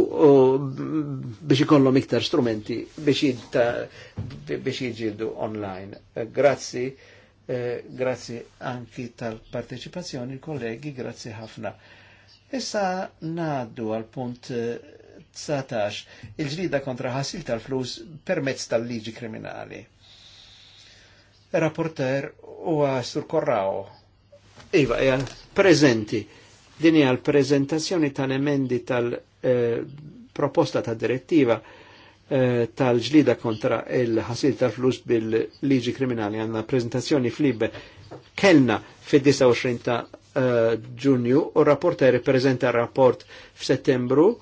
biex ikollhom iktar strumenti biex jiġildu online. Eh, grazzi. Eh, grazzi anki tal-parteċipazzjoni kollegi, grazzi ħafna. Issa naddu għal punt 19, il-ġlida kontra ħasil tal-flus permezz tal-liġi kriminali rapporter u għastur Korrao. Iva, e għal prezenti, din għal prezentazzjoni tal-emendi tal-proposta eh, ta' direttiva eh, tal-ġlida kontra il-ħasil tal-flus bil-liġi kriminali għanna prezentazzjoni flibbe kellna fil 29 ta' eh, ġunju u rapporter prezenta rapport f'settembru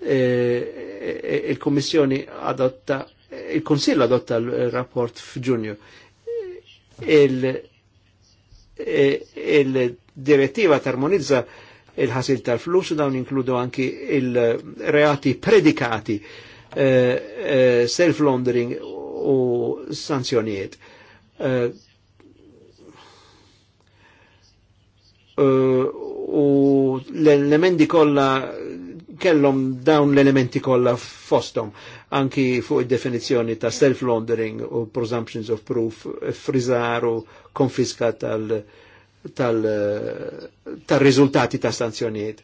il-Kommissjoni adotta il-Konsill adotta l-rapport f'Ġunju il-direttiva il termonizza il-ħasil tal-flus u dawn inkludu anki il-reati predikati eh, eh self-laundering u sanzjonijiet. Eh, eh u l-elementi kolla kellhom dawn l-elementi kollha fostom anki fuq id-definizzjoni ta' self-laundering u presumptions of proof, frizar u konfiska tal- tal-rizultati ta' sanzjoniet.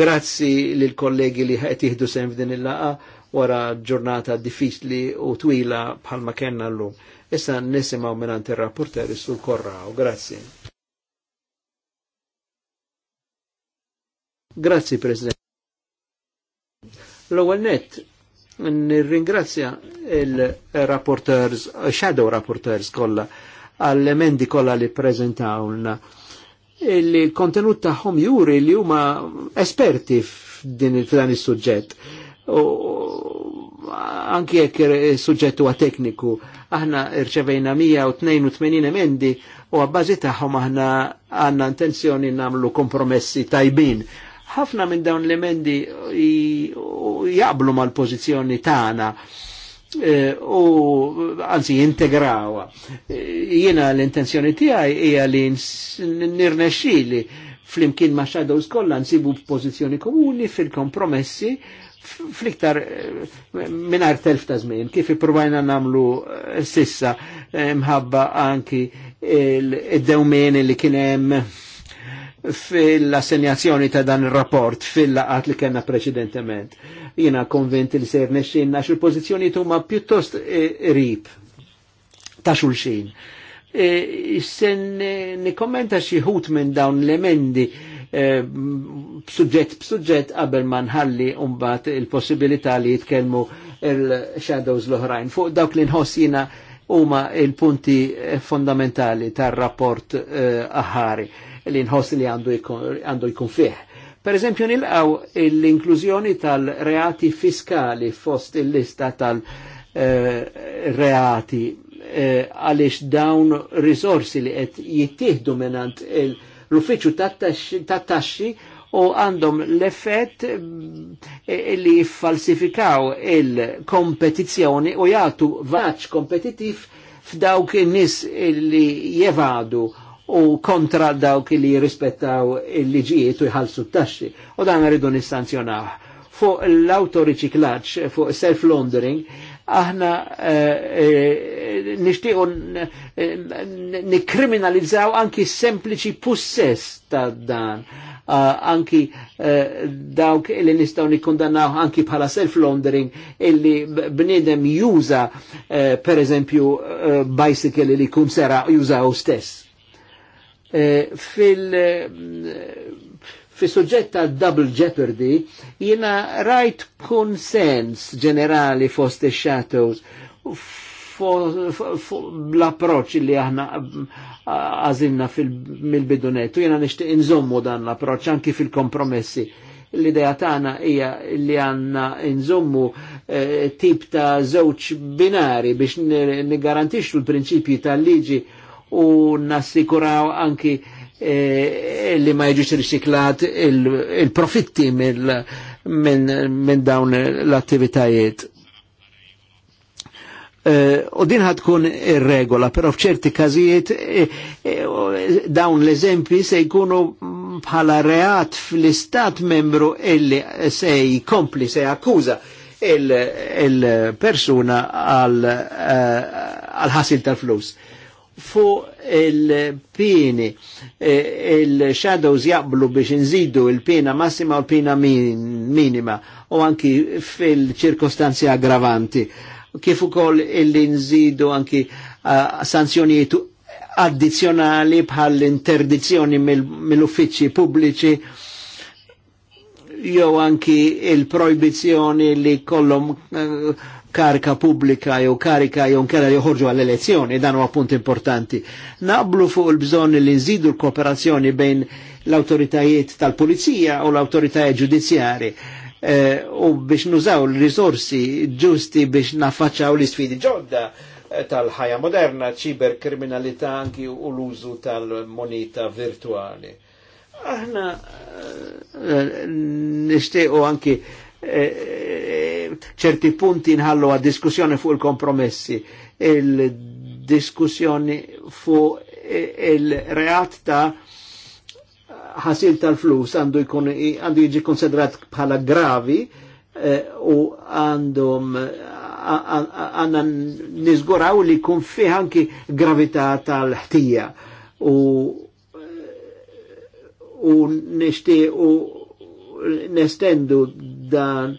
Grazzi lil kollegi li ħet jihdu sem f'din il-laqa wara ġurnata diffiċli u twila bħalma kenna l-lum. Issa nisimaw minnant ir rapporter sul korraw. Grazzi. Grazzi, President. L-ewwel net nirringrazzja il-rapporteurs, shadow rapporteurs kollha għall-emendi kollha li preżentawlna il-kontenut tagħhom juri li huma esperti f'din il-dan is-suġġett. Anki jekk suġġett huwa tekniku, aħna rċevejna 182 emendi u għabbażi tagħhom aħna għandna intenzjoni nagħmlu kompromessi tajbin ħafna minn dawn l-emendi jaqblu mal-pozizjoni tagħna e, u għanzi jintegrawa. E, jiena l-intenzjoni tiegħi hija li nirnexxili flimkien ma' shadows kollha nsibu pożizzjoni komuni fil-kompromessi fliktar e, minar telf ta' żmien kif ippruvajna namlu sissa mħabba anki il dewmeni li kien hemm fil-assenjazzjoni ta' dan il-rapport fil-laqat li kena preċedentement. Jina konvent li ser nexxin għax il-pozizjoni tuma pjuttost eh, rip ta' xulxin. E, Sen eh, nikommenta xieħut minn dawn l-emendi b'suġġett b'suġġett qabel ma nħalli umbat il-possibilità li jitkellmu il-shadows l-oħrajn. Fuq dawk li nħoss jina huma il-punti fondamentali tar-rapport aħari. Uh, li nħoss li għandu jkun fih. Per eżempju, nilqaw l-inklużjoni tal-reati fiskali fost il-lista tal-reati eh, għaliex dawn risorsi li qed jittieħdu menant l-uffiċċju tat-taxxi u għandhom l-effett eh, li falsifikaw il-kompetizzjoni u jgħatu vaċ kompetitiv f'dawk in nis li jevadu u kontra dawk li rispettaw il-liġijiet u jħalsu t-taxxi. U dan rridu nissanzjonaw. Fuq l-autoriċiklaċ, fuq self-laundering, aħna eh, eh, nishtiqu nikriminalizzaw anki sempliċi possess ta' dan. Eh, anki dawk li nistaw nikkondannaw anki bħala self-laundering illi bnidem juża per eżempju bicycle li kun sera u stess fil fi suġġett double jeopardy jina rajt consens ġenerali fost ix-shadows l-approċ li aħna għazinna fil bidunet u jena nishtiq inżommu dan l-approċ anki fil-kompromessi l-ideja tagħna hija li għandna nżommu tip ta' żewġ binari biex nigarantixxu l-prinċipji tal-liġi u nassikuraw anki eh, li ma jġiġ riċiklat il-profitti il minn min dawn l-attivitajiet. Eh, u din ħad tkun ir-regola, però f'ċerti każijiet eh, eh, dawn l-eżempji se jkunu bħala reat fl-istat membru illi se jkompli, se akkuża il-persuna il għal ħasil tal-flus fuq il-pini, e, il-shadows jaqblu biex nżidu il-pina massima u l-pina minima u anki fil-ċirkostanzi aggravanti. Kif ukoll illi nżidu anki uh, sanzjonijiet addizjonali bħal l interdizzjoni mill-uffiċċji pubbliċi jew anki il-projbizzjoni li kollhom uh, karika pubblika jew karika jew nkella li joħorġu għall-elezzjoni, dan huwa punt importanti. Naqblu fuq il-bżonn li nżidu l-kooperazzjoni bejn l-autoritajiet tal-pulizija u l-autoritajiet ġudizzjari eh, u biex nużaw l-risorsi ġusti biex naffaċċaw l-isfidi ġodda eh, tal-ħajja moderna, ċiberkriminalità anki u l-użu tal-moneta virtuali. Aħna eh, nishtiqu anki Eh, eh, ċerti punti nħallu għad diskussjoni fuq il-kompromessi, il-diskussjoni fuq eh, il-reat ta' ħasil tal-flus għandu jkun għandu jiġi konsidrat bħala gravi u għandhom għanna nizguraw li kun fih anki gravità tal-ħtija u u nishti u nestendu dan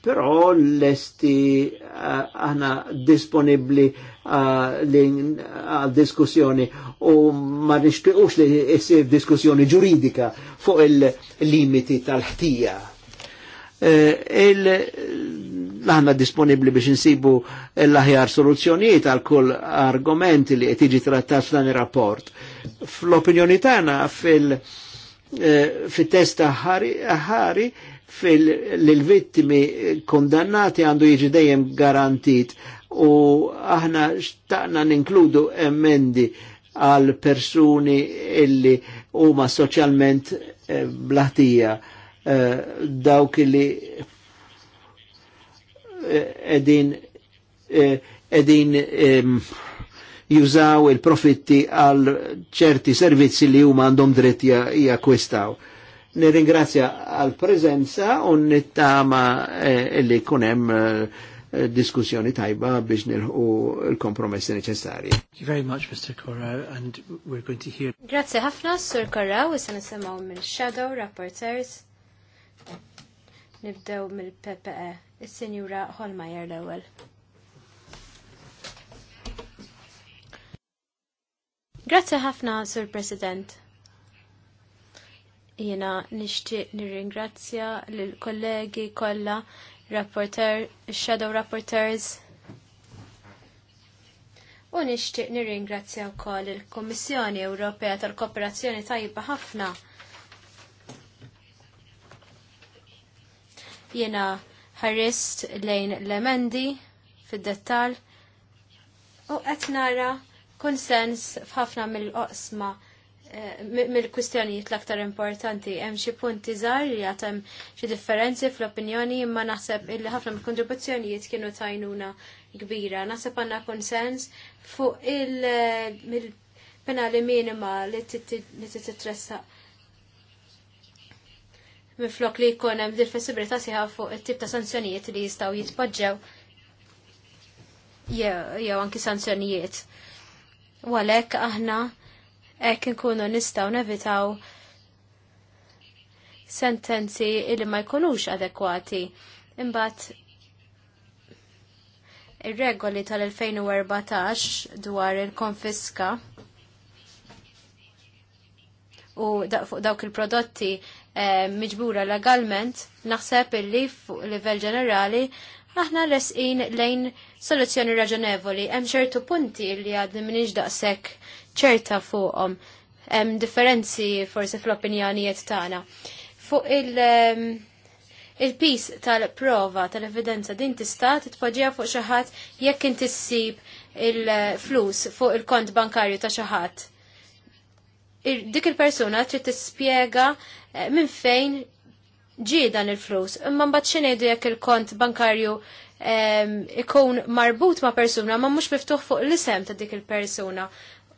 però l-esti għana eh, disponibli eh, eh, għal diskussjoni u ma nishtiqux li jessir diskussjoni ġuridika fuq il-limiti tal-ħtija. Għana disponibli biex nsibu l-aħjar soluzzjonijiet għal kull argumenti li jtiġi trattat f'dan il-rapport. Fl-opinjoni tagħna fil- Eh, fit-testa ħari fil-vittimi kondannati għandu jiġi dejjem garantit u aħna xtaqna ninkludu emmendi għal persuni illi huma soċjalment eh, blaħtija eh, dawk li edin edin ehm, jużaw il-profitti għal ċerti servizzi li huma għandhom dritt jakkwistaw. Nirringrazzja għal prezenza u nittama eh, li kunem eh, diskussjoni tajba biex nilħu l-kompromessi neċessarji. Thank you very much, Mr. Corrao, and we're going to hear... Grazie ħafna, Sur Corrao, issa nisimaw mill-Shadow Rapporteurs. Nibdew mill-PPE, il-Sinjura Holmajer l-ewel. Grazzi ħafna, Sur President. Jena nishtiq nirringrazzja l-kollegi kolla, rapporter, shadow rapporters. U nishtiq nirringrazzja wkoll il-Kommissjoni Ewropea tal-Kooperazzjoni tajba ħafna. Jena ħarrist lejn l-emendi fid-dettal u qed nara konsens f'ħafna mill-qosma eh, mill-kwistjonijiet l-aktar importanti hemm xi punti żgħar li għad hemm xi differenzi fl-opinjoni imma naħseb illi ħafna mill-kontribuzzjonijiet kienu tajnuna kbira. Naħseb għandna konsens fuq eh, il-penali minima li titressaq minflok li jkun hemm dil-flessibilità sieħa fuq it-tip ta' sanzjonijiet li jistgħu jitpoġġew jew anki sanzjonijiet Walek aħna hekk inkunu nistgħu nevitaw sentenzi illi ma jkunux adekwati. Imbagħad ir-regoli tal-2014 dwar il-konfiska u fuq dawk il-prodotti eh, miġbura legalment, naħseb illi fuq livell ġenerali aħna resqin lejn soluzzjoni raġonevoli. Hemm ċertu punti li għadni minix daqshekk ċerta fuqhom. Hemm differenzi forsi fl-opinjonijiet tagħna. Fuq il- ehm, il-pis tal-prova tal-evidenza din tista' titpoġġiha fuq xi ħadd jekk inti ssib il-flus fuq il-kont bankarju ta' xi ħadd. Dik il-persuna trid tispjega eh, minn fejn ġi dan il-flus. Imma mbagħad xi ngħidu jekk il-kont bankarju ikun marbut ma' persuna ma' mhux miftuħ fuq l-isem ta' dik il-persuna.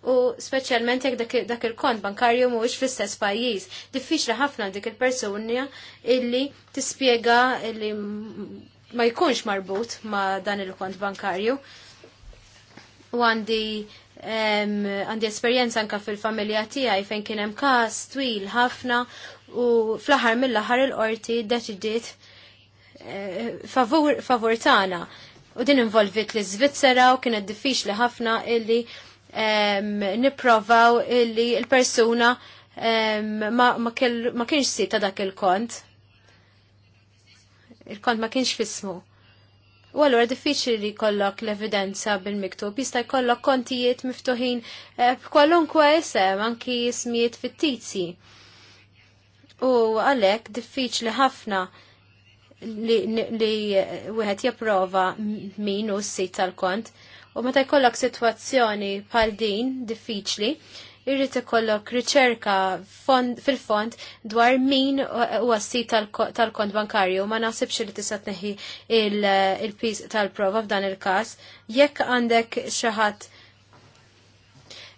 U speċjalment jekk dak il-kont bankarju mhuwiex fl-istess pajjiż. Diffiċli ħafna dik il-persuna illi tispjega illi ma jkunx marbut ma' dan il-kont bankarju. U għandi għandi esperjenza anka fil-familja tiegħi fejn kien hemm każ twil ħafna u fl-aħħar mill-aħħar il-qorti deċidiet eh, favur tagħna. U din involvit li Zvizzera u kienet diffiċli ħafna illi nipprovaw illi il-persuna ma kienx ta' dak il-kont. Il-kont ma kienx fismu. U għallura diffiċli li kollok l-evidenza bil-miktub, jista' jkollok kontijiet miftuħin eh, b'kwalunkwe isem, anki ismijiet fittizji. U għalhekk diffiċli ħafna li, wieħed japprova min u s-sit tal-kont. U meta jkollok sitwazzjoni bħal din diffiċli, irrid ikollok riċerka fil-fond dwar min huwa s-sit tal-kont bankarju ma naħsibx li tista' tneħħi il-piż tal-prova f'dan il-każ jekk għandek xi ħadd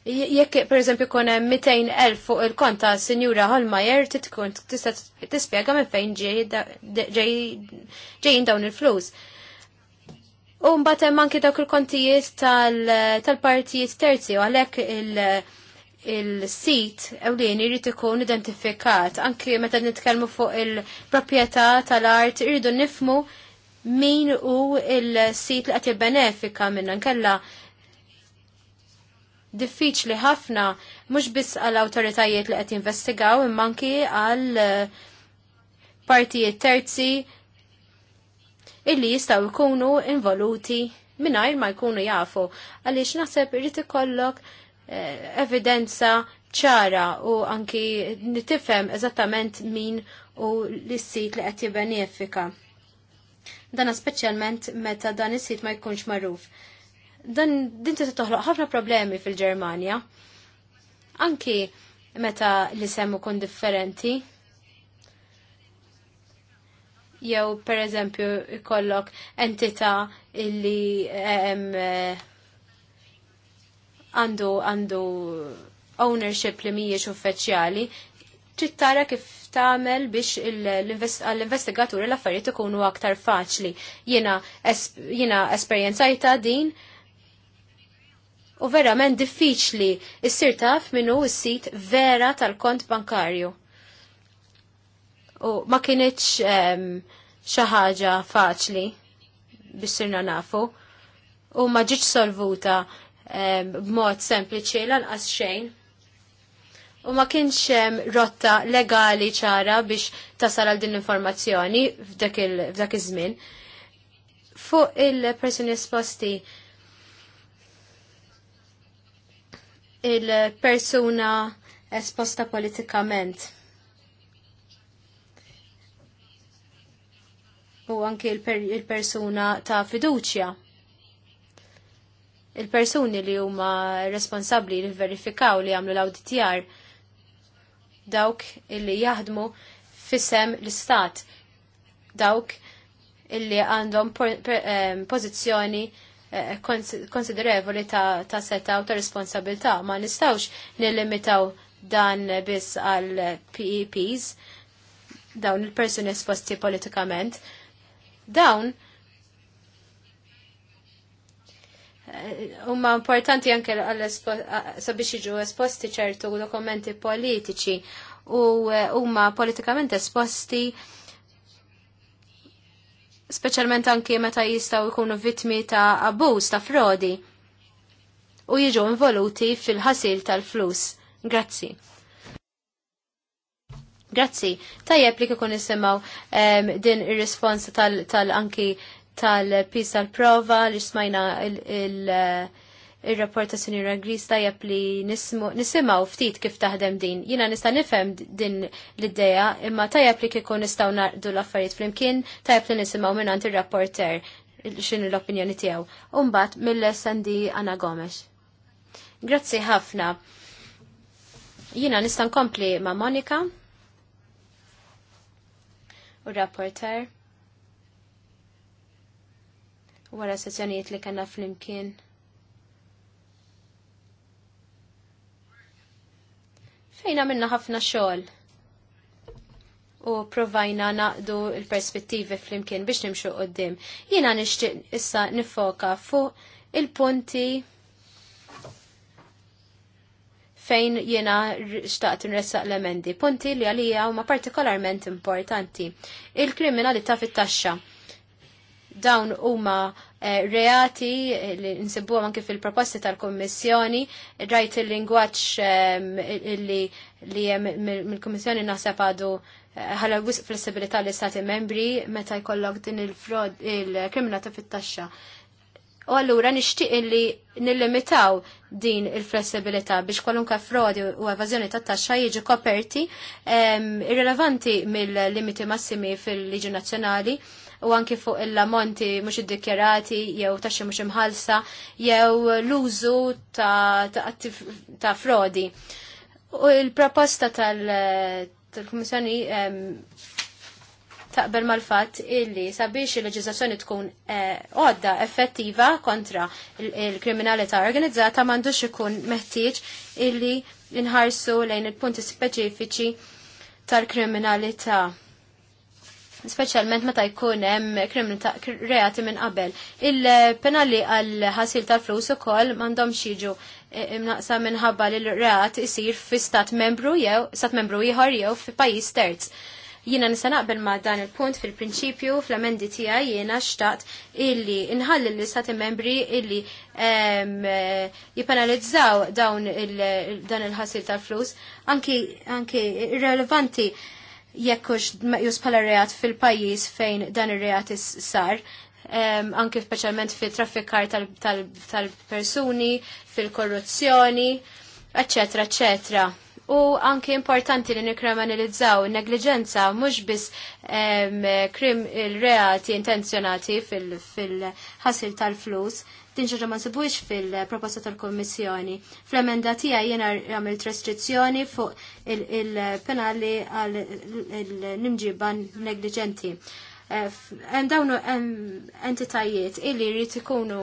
Jekk per eżempju kun hemm 200,000 fuq il-kont ta' Sinjura Holmajer titkun tista' tispjega minn fejn ġejjin dawn il-flus. U mbagħad hemm anke dawk il-kontijiet tal-partijiet terzi u għalhekk il- sit ewlien jrid ikun identifikat anki meta nitkellmu fuq il-proprjetà tal-art irridu nifmu min u il-sit li qed jibbenefika minn kella diffiċli ħafna mhux biss għal awtoritajiet li qed jinvestigaw imma anki għal eh, partijiet terzi illi jistgħu jkunu involuti mingħajr ma jkunu jafu għaliex naħseb irid ikollok eh, evidenza ċara u anki nitifhem eżattament min u l-sit li qed jibbenefika. Dana speċjalment meta dan is-sit ma jkunx magħruf dan din se toħloq ħafna problemi fil-Ġermanja. Anki meta li semmu kun differenti. Jew per eżempju ikollok entità illi għandu għandu ownership li mhijiex uffiċjali, trid tara kif tagħmel biex l-investigaturi l-affarijiet ikunu aktar faċli. Jiena jiena esperjenzajta din u verament diffiċli issir taf minnu s-sit vera tal-kont bankarju. U ma kienieċ um, ehm, xaħġa faċli biex sirna nafu u ma ġiċ solvuta um, b'mod sempliċi lanqas xejn. U ma kienx ehm, rotta legali ċara biex tasal għal din l-informazzjoni f'dak iż-żmien. Fuq il-persuni esposti il-persuna esposta politikament. U anki il-persuna ta' fiduċja. Il-persuni li huma responsabli li verifikaw li għamlu l-auditjar dawk illi jaħdmu fissem l-istat dawk illi għandhom pozizjoni Eh, konsiderevoli ta', ta seta u ta' responsabilta' ma' nistawx nillimitaw dan biss għal PEPs dawn il-persuni esposti politikament dawn eh, Umma importanti anke sabiex jiġu esposti ċertu dokumenti politiċi u eh, huma politikament esposti speċjalment anki meta jistgħu jkunu vittmi ta' abbuż ta' frodi u jiġu involuti fil-ħasil tal-flus. Grazzi. Grazzi. Tajjeb li kikun nisimaw um, din ir-responsa respons tal anki tal pisa tal pis prova li smajna il-, il, il il rapporta ta' Sinjura Gris tajab li nisimaw ftit kif taħdem din. Jina nista' nifhem din l-idea, imma tajab li kieku nistaw naqdu l-affarijiet flimkien, tajab li nisimaw minn għand il-rapporter xin l-opinjoni tiegħu. Umbat mille sandi Anna Gomes. Grazzi ħafna. Jina nista' nkompli ma' Monika u rapporter wara sezzjonijiet li kellna flimkien. fejna minna ħafna xogħol u provajna naqdu il-perspettivi flimkien biex nimxu qoddim. Jiena nixtieq issa nifoka fuq il-punti fejn jiena xtaqt nressaq l-emendi. Punti li għalija huma partikolarment importanti. Il-kriminalità fit-taxxa. Dawn huma Eh, reati eh, li nsibu anke fil-proposti tal-Kommissjoni, rajt il-lingwaċ ehm, li mill-Kommissjoni naħseb għadu eh, ħala għus flessibilità li stati membri meta jkollok din il-frod il-kriminata fit-taxxa. U allura nixtieq li nillimitaw din il-flessibilità biex kwalunkwe frodi u evażjoni ta' taxxa jiġi koperti ehm, irrelevanti mill-limiti massimi fil-liġi nazzjonali u anki fuq il-lamonti mhux iddikjarati jew taxxi mhux imħalsa jew l-użu ta', ta, ta frodi. U il-proposta tal komissjoni taqbel mal-fatt illi sabiex il-leġizazzjoni tkun eh, għodda eh, effettiva kontra il-kriminalità organizzata mandux ikun meħtieġ illi inħarsu lejn il-punti speċifiċi tal-kriminalità specialment meta jkun hemm reati minn qabel. Il-penali għal ħasil tal-flus ukoll m'għandhomx jiġu e, imnaqsa minħabba li l-reat isir fi stat membru jew stat membru ieħor jew fi pajjiż terz. Jiena nista' naqbel ma' dan il-punt fil-prinċipju fl-amendi tiegħi jiena xtaqt illi inħalli l-istati membri illi e, jipenalizzaw dawn il-dan il-ħasil tal-flus anki irrelevanti jekkux meqjus pala reat fil-pajis fejn dan ir-reat sar, um, anki specialment fil traffikar tal-persuni, tal, tal fil-korruzzjoni, eccetera, eccetera. U anki importanti li nikriminalizzaw negliġenza mhux biss krim il-reati intenzjonati fil-ħasil fil tal-flus, tinġaġa ma nsibux fil-proposta tal-Kommissjoni. Fl-emenda tiegħi jiena għamilt restrizzjoni fuq il-penali għal l negliġenti. Eh, hemm dawn entitajiet illi jrid ikunu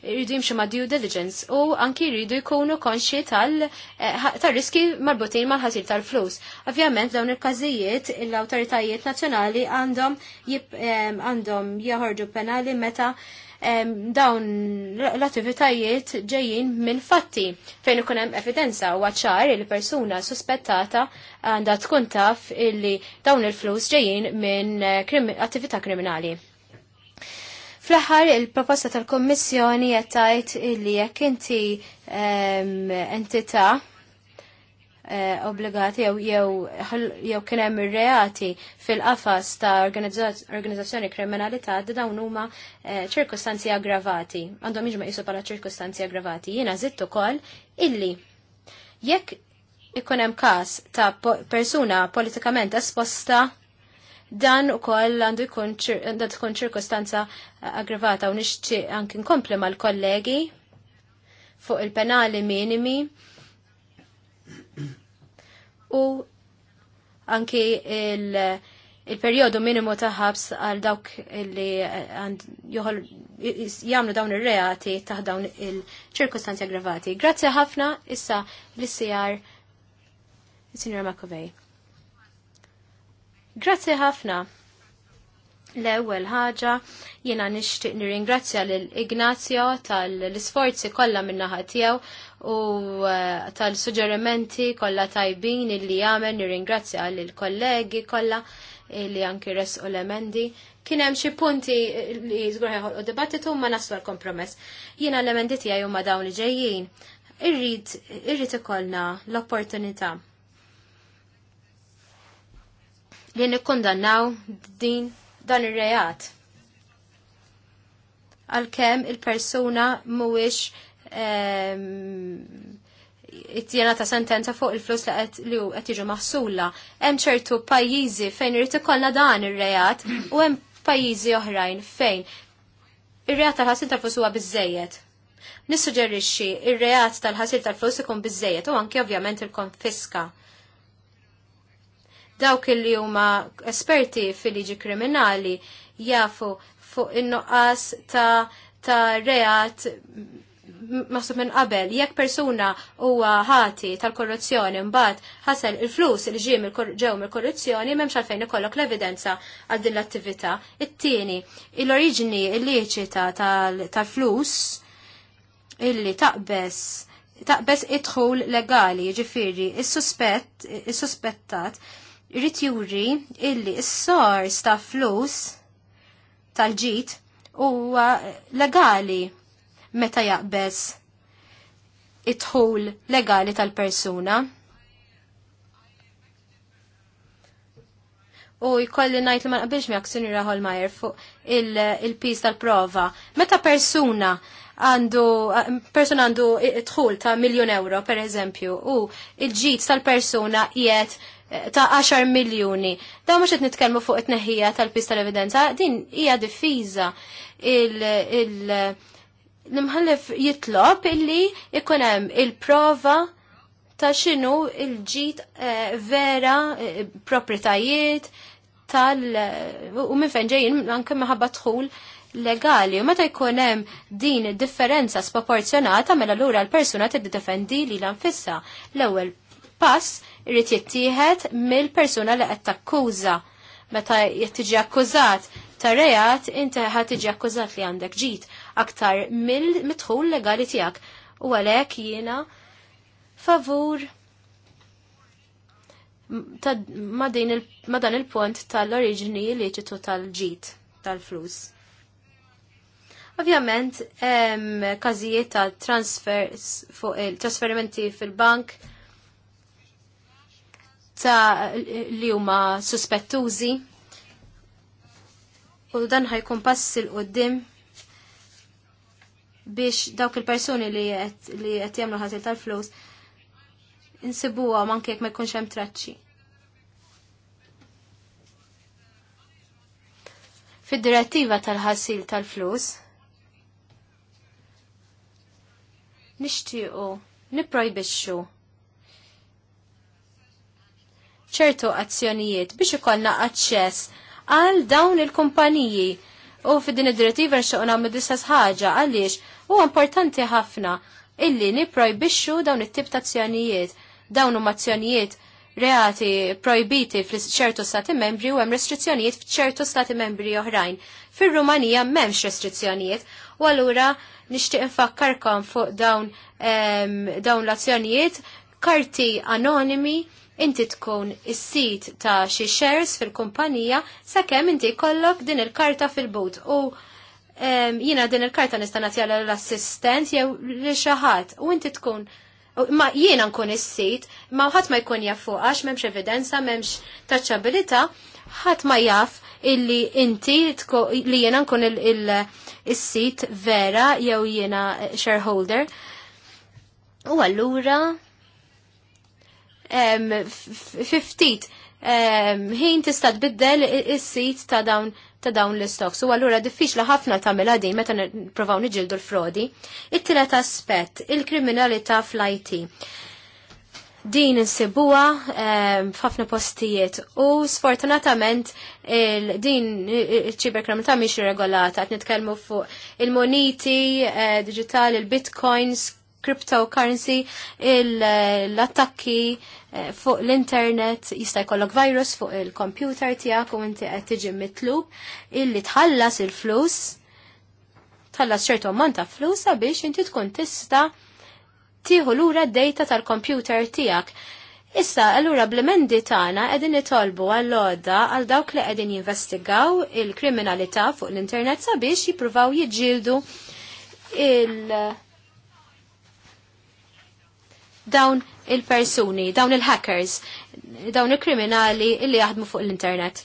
jridu jimxu ma' due diligence u anki jridu jkunu konxi tal-riski eh, marbutin mal ħasir tal-flus. Ovvjament dawn il-każijiet l-awtoritajiet nazzjonali għandhom eh, għandhom jeħorġu penali meta dawn l-attivitajiet ġejjin minn fatti fejn ikun hemm evidenza u ċar li persuna suspettata għandha tkun taf illi dawn il-flus ġejjin minn eh, attività kriminali. Fl-aħħar il-proposta tal-Kommissjoni qed tgħid illi jekk inti entità Eh, obbligati jew jew kien hemm ir-reati fil-qafas ta' organizzazzjoni kriminalità dawn huma eh, ċirkustanzi aggravati. Għandhom jiġma qisu bħala ċirkustanzi aggravati. Jiena żitt ukoll illi jekk ikun hemm każ ta' persuna politikament esposta dan u koll għandu tkun ċirkostanza aggravata u nixċi anki nkompli mal-kollegi fuq il-penali minimi u anki il- il-periodu minimu ta' ħabs għal dawk li joħol jamlu dawn ir-reati ta' dawn il-ċirkustanzi aggravati. Grazzi ħafna issa l-sijar il-Sinjora Makovej. Grazzi ħafna. L-ewwel ħaġa jiena nixtieq nirringrazzja lil Ignazio tal-isforzi kollha min-naħa tiegħu u eh, tal-suġġerimenti kollha tajbin illi jagħmel nirringrazzja lil kollegi kollha li anki res u l-emendi. Kien hemm xi punti li żgurħeħol u dibattitu ma naslu l-kompromess. Jiena l-emendi tiegħi huma dawn li ġejjin. Irrid irrid ikollna l-opportunità li nikkondannaw din dan ir-reat. Għalkemm il-persuna mhuwiex ehm, it-tjena ta' sentenza fuq il-flus li għet li qed jiġu maħsula. Hemm ċertu pajjiżi fejn irid ikollna dan ir-reat u hemm pajjiżi oħrajn fejn ir-reat tal-ħasil tal-flus huwa biżejjed. Nissuġġerixxi ir-reat tal-ħasil tal-flus ikun biżejjed u anke ovvjament il-konfiska. Dawk li huma esperti fil-liġi kriminali jafu fuq in-nuqqas ta' ta' reat maħsub minn qabel, jekk persuna huwa ħati tal-korruzzjoni mbagħad ħasel il-flus il ġim ġew mill-korruzzjoni m'hemmx għalfejn ikollok l-evidenza għal din l-attività. It-tieni, l-oriġini illiċita tal-flus illi taqbes taqbes idħul legali, ġifiri, is-suspett, is-suspettat, is suspett is suspettat irrit juri illi s-sors ta' flus tal-ġit huwa legali meta jaqbess it-ħul legali tal-persuna. U jkolli najt li ma naqbilx miegħek raħol Holmajer fuq il-pis tal-prova. Meta persuna għandu persuna għandu tħul ta' miljon euro per eżempju u il-ġit tal-persuna qiegħed ta' 10 miljuni. Da mhux qed nitkellmu fuq it-neħija tal-pista tal-evidenza, din hija diffiża l-imħallef jitlob illi ikun hemm il-prova ta' xinu il-ġit eh, vera eh, proprietajiet tal u minn fejn ġejjin anke meħabba dħul legali u meta jkun hemm din id differenza sproporzjonata mela lura l-persuna tiddefendi li l-anfissa l-ewwel pass irrit jittieħed mill-persuna li qed takkuża. Meta jittiġi akkużat ta' reat, inti ħad tiġi akkużat li għandek ġid aktar mill mitħul legali tiegħek. U għalhekk jiena favur ma dan il-punt tal-oriġini li ċitu tal-ġit tal-flus. Ovvjament, kazijiet każijiet ta' transfer fuq il-trasferimenti fil-bank, ta' li huma suspettużi u dan ħajkun pass il qoddim biex dawk il-persuni li qed jagħmlu ħażil tal-flus insibuha manke jekk ma jkunx hemm traċċi. Fid-direttiva tal-ħasil tal-flus nixtiequ nipprojbixxu ċertu azzjonijiet biex ikollna aċċess għal dawn il-kumpaniji u fid-din id-direttiva nxaqqa nagħmlu l ħaġa għaliex huwa importanti ħafna illi niprojbixxu dawn it-tip ta' azzjonijiet. Dawn huma mazzjonijiet reati projbiti fl-ċertu stati membri u hemm restrizzjonijiet f'ċertu stati membri oħrajn. Fir-Rumanija m'hemmx restrizzjonijiet u allura nixtieq infakkarkom fuq dawn dawn l-azzjonijiet karti anonimi inti tkun is-sit ta' xi shares fil-kumpanija sakemm inti jkollok din il-karta fil-but u um, jina din il-karta nista' nagħtiha l-assistent jew li xi ħadd u inti tkun ma jiena nkun is-sit, ma ħadd ma jkun jaf fuqax, m'hemmx evidenza, m'hemmx taċċabilità, ħadd ma jaf illi inti li jiena nkun is-sit vera jew jiena shareholder. U allura fiftit ħin tista' tbiddel is-sit ta' dawn ta' dawn l-istoks. U allura diffiċli ħafna tagħmilha din meta nippruvaw niġildu l-frodi. It-tielet aspett, il-kriminalità fl-IT. Din insibuha f'ħafna postijiet u sfortunatament din il-ċiberkriminalità mhix regolata qed nitkellmu fuq il-moniti eh, digitali, il-bitcoins, il-cryptocurrency, l-attakki eh, fuq l-internet, jista' jkollok virus fuq il-computer tiegħek u inti qed tiġi mitlub illi tħallas il-flus, tħallas ċertu ammont ta' flus sabiex inti tkun tista' tieħu lura d-data tal-computer tiegħek. Issa, allura bl-emendi tagħna qegħdin nitolbu għall odda għal dawk li qegħdin jinvestigaw il-kriminalità fuq l-internet sabiex jippruvaw jiġġieldu il- dawn il-persuni, dawn il-hackers, dawn il-kriminali illi jaħdmu fuq l-internet.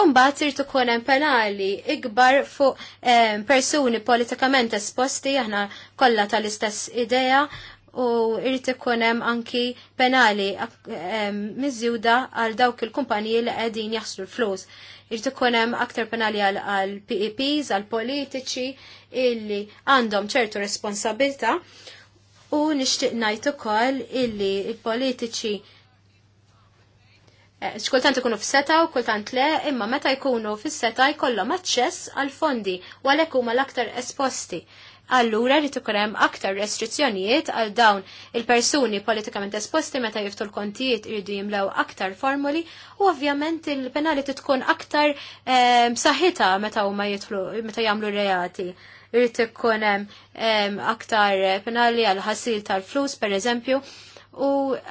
Umbat irtu kunem penali ikbar fuq eh, persuni politikament esposti, aħna kollha tal-istess idea, u irrit ikonem anki penali eh, miżjuda għal dawk il-kumpaniji li qegħdin jaħslu l-flus. Irrit ikonem aktar penali għal PEPs, għal politiċi illi għandhom ċertu responsabilta u nixtieq ngħid ukoll illi il-politiċi eh, xkultant ikunu f'seta u kultant le, imma meta jkunu fis-seta jkollhom aċċess għal fondi u għalhekk huma l-aktar esposti. Allura rrid ikun hemm aktar restrizzjonijiet għal dawn il-persuni politikament esposti meta jiftu l-kontijiet irridu jimlew aktar formuli u ovvjament il penali tkun aktar eh, msaħita meta huma jidħlu meta jagħmlu reati irrid ikun hemm aktar penali għal ħasil tal-flus pereżempju u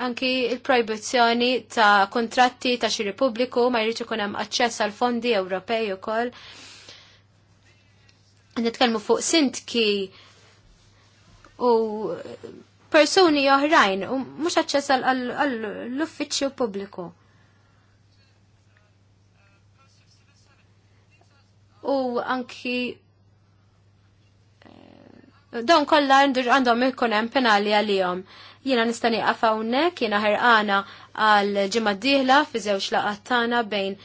anki il-proibizzjoni ta' kontratti ta' xi pubbliku ma jrid ikun hemm aċċess għal fondi Ewropej ukoll. Nitkellmu fuq sintki u persuni oħrajn u mhux aċċess għall-uffiċċju pubbliku. U anki dawn kollha għandhom ikun hemm penali għalihom. Jiena nista' nieqaf hawnhekk, jiena ħerqana għal ġimgħa dieħla fi żewġ laqattana tagħna bejn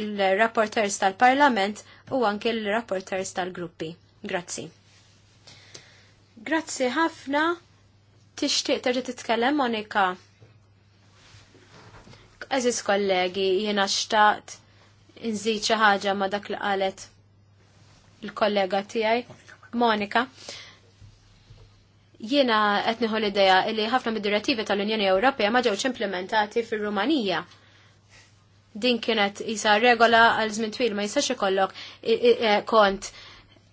il-rapporters il tal-Parlament u anke il-rapporters tal-gruppi. Grazzi. Grazzi ħafna. Tixtieq terġa' titkellem Monika. Eżis kollegi, jiena xtaqt nżid xi ħaġa ma dak li qalet il-kollega tiegħi. Monika. Jiena qed nieħol l-idea li ħafna mid-direttivi tal-Unjoni Ewropea ma ġewx implementati fir-Rumanija. Din kienet isa regola għal żmien twil ma jistax ikollok e, kont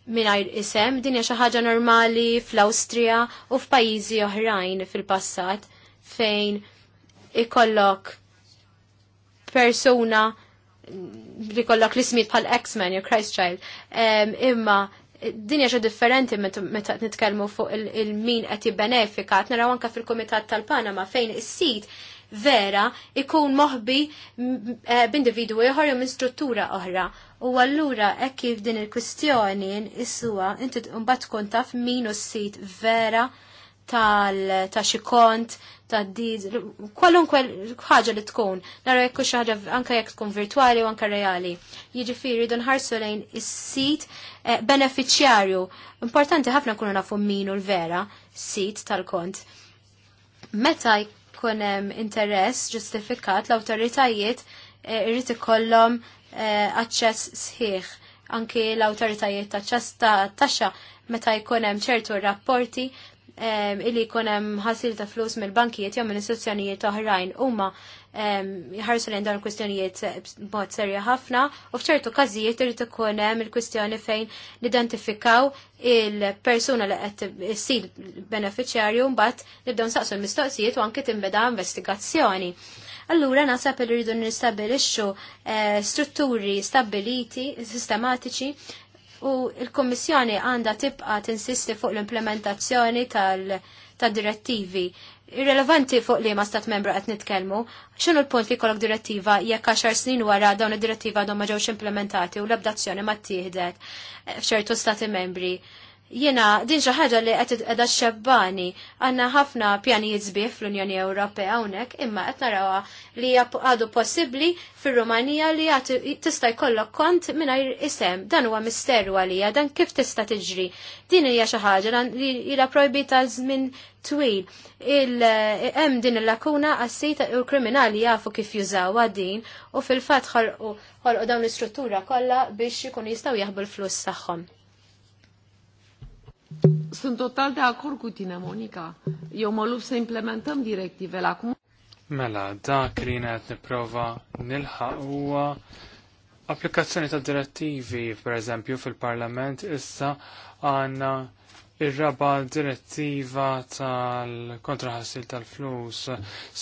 mingħajr isem, din hija xi ħaġa normali fl-Awstrija u f'pajjiżi oħrajn fil-passat fejn ikollok persuna li kollok l-ismiet bħal X-Men, jew Christ Child, imma dinja xo differenti meta nitkellmu fuq il-min qed jibbenefika, qed naraw anke fil-Kumitat tal-Panama fejn is-sit vera ikun moħbi eh, b'individwi oħra minn struttura oħra. U allura hekk kif din il-kwistjoni issuwa, inti mbagħad tkun taf min u s-sit vera tal ta' xi kont ta' did, kwalunkwe ħaġa li tkun, nara jekk xi ħaġa anke jekk tkun virtwali u anke reali. Jiġifieri don ħarsu lejn is-sit eh, beneficjarju. Importanti ħafna nkunu nafu minu l-vera sit tal-kont. Meta jkun hemm interess ġustifikat l-awtoritajiet eh, irrid ikollhom eh, aċċess sħiħ anki l-awtoritajiet ta' taxxa meta jkun hemm ċertu rapporti illi jkun hemm ħasil ta' flus mill-bankijiet jew minn istituzzjonijiet oħrajn huma jħarsu lejn dawn il-kwistjonijiet b'mod serja ħafna u f'ċertu każijiet irid ikun hemm il-kwistjoni fejn nidentifikaw il-persuna li qed issir beneficjarju mbagħad nibdew nsaqsu l-mistoqsijiet u anke tinbeda investigazzjoni. Allura nasab rridu nistabilixxu eh, strutturi stabiliti, sistematiċi u il-Kommissjoni għanda tibqa tinsisti fuq l-implementazzjoni tal-direttivi. Irrelevanti fuq li ma stat membru qed nitkellmu, x'inhu l-punt li kollok direttiva jekk għaxar snin wara dawn id-direttiva għadhom ma ġewx implementati u l-abdazzjoni ma ttieħdet f'ċertu stati membri. Jena, din xi ħaġa li qed qiegħda xebbani, għandna ħafna pjani jizbif fl-Unjoni Ewropea hawnhekk, imma qed narawha li għadu possibbli fir-Rumanija li tista' jkollok kont mingħajr isem. Dan huwa misteru għalija, dan kif tista' tiġri. Din hija xi ħaġa li ilha projbita żmien twil. Il-em din il-lakuna għassita u kriminali jafu kif jużawha din u fil-fatt ħolqu dawn l-istruttura kollha biex ikunu jistgħu jaħbu l-flus tagħhom. Sunt total de acord cu tine, Monica. Eu mă lupt să implementăm directivele acum. Mela, da, krinet prova, nilħaq huwa applikazzjoni ta' direttivi, per eżempju, fil-Parlament issa għanna ir-raba direttiva tal-kontraħassil tal-flus.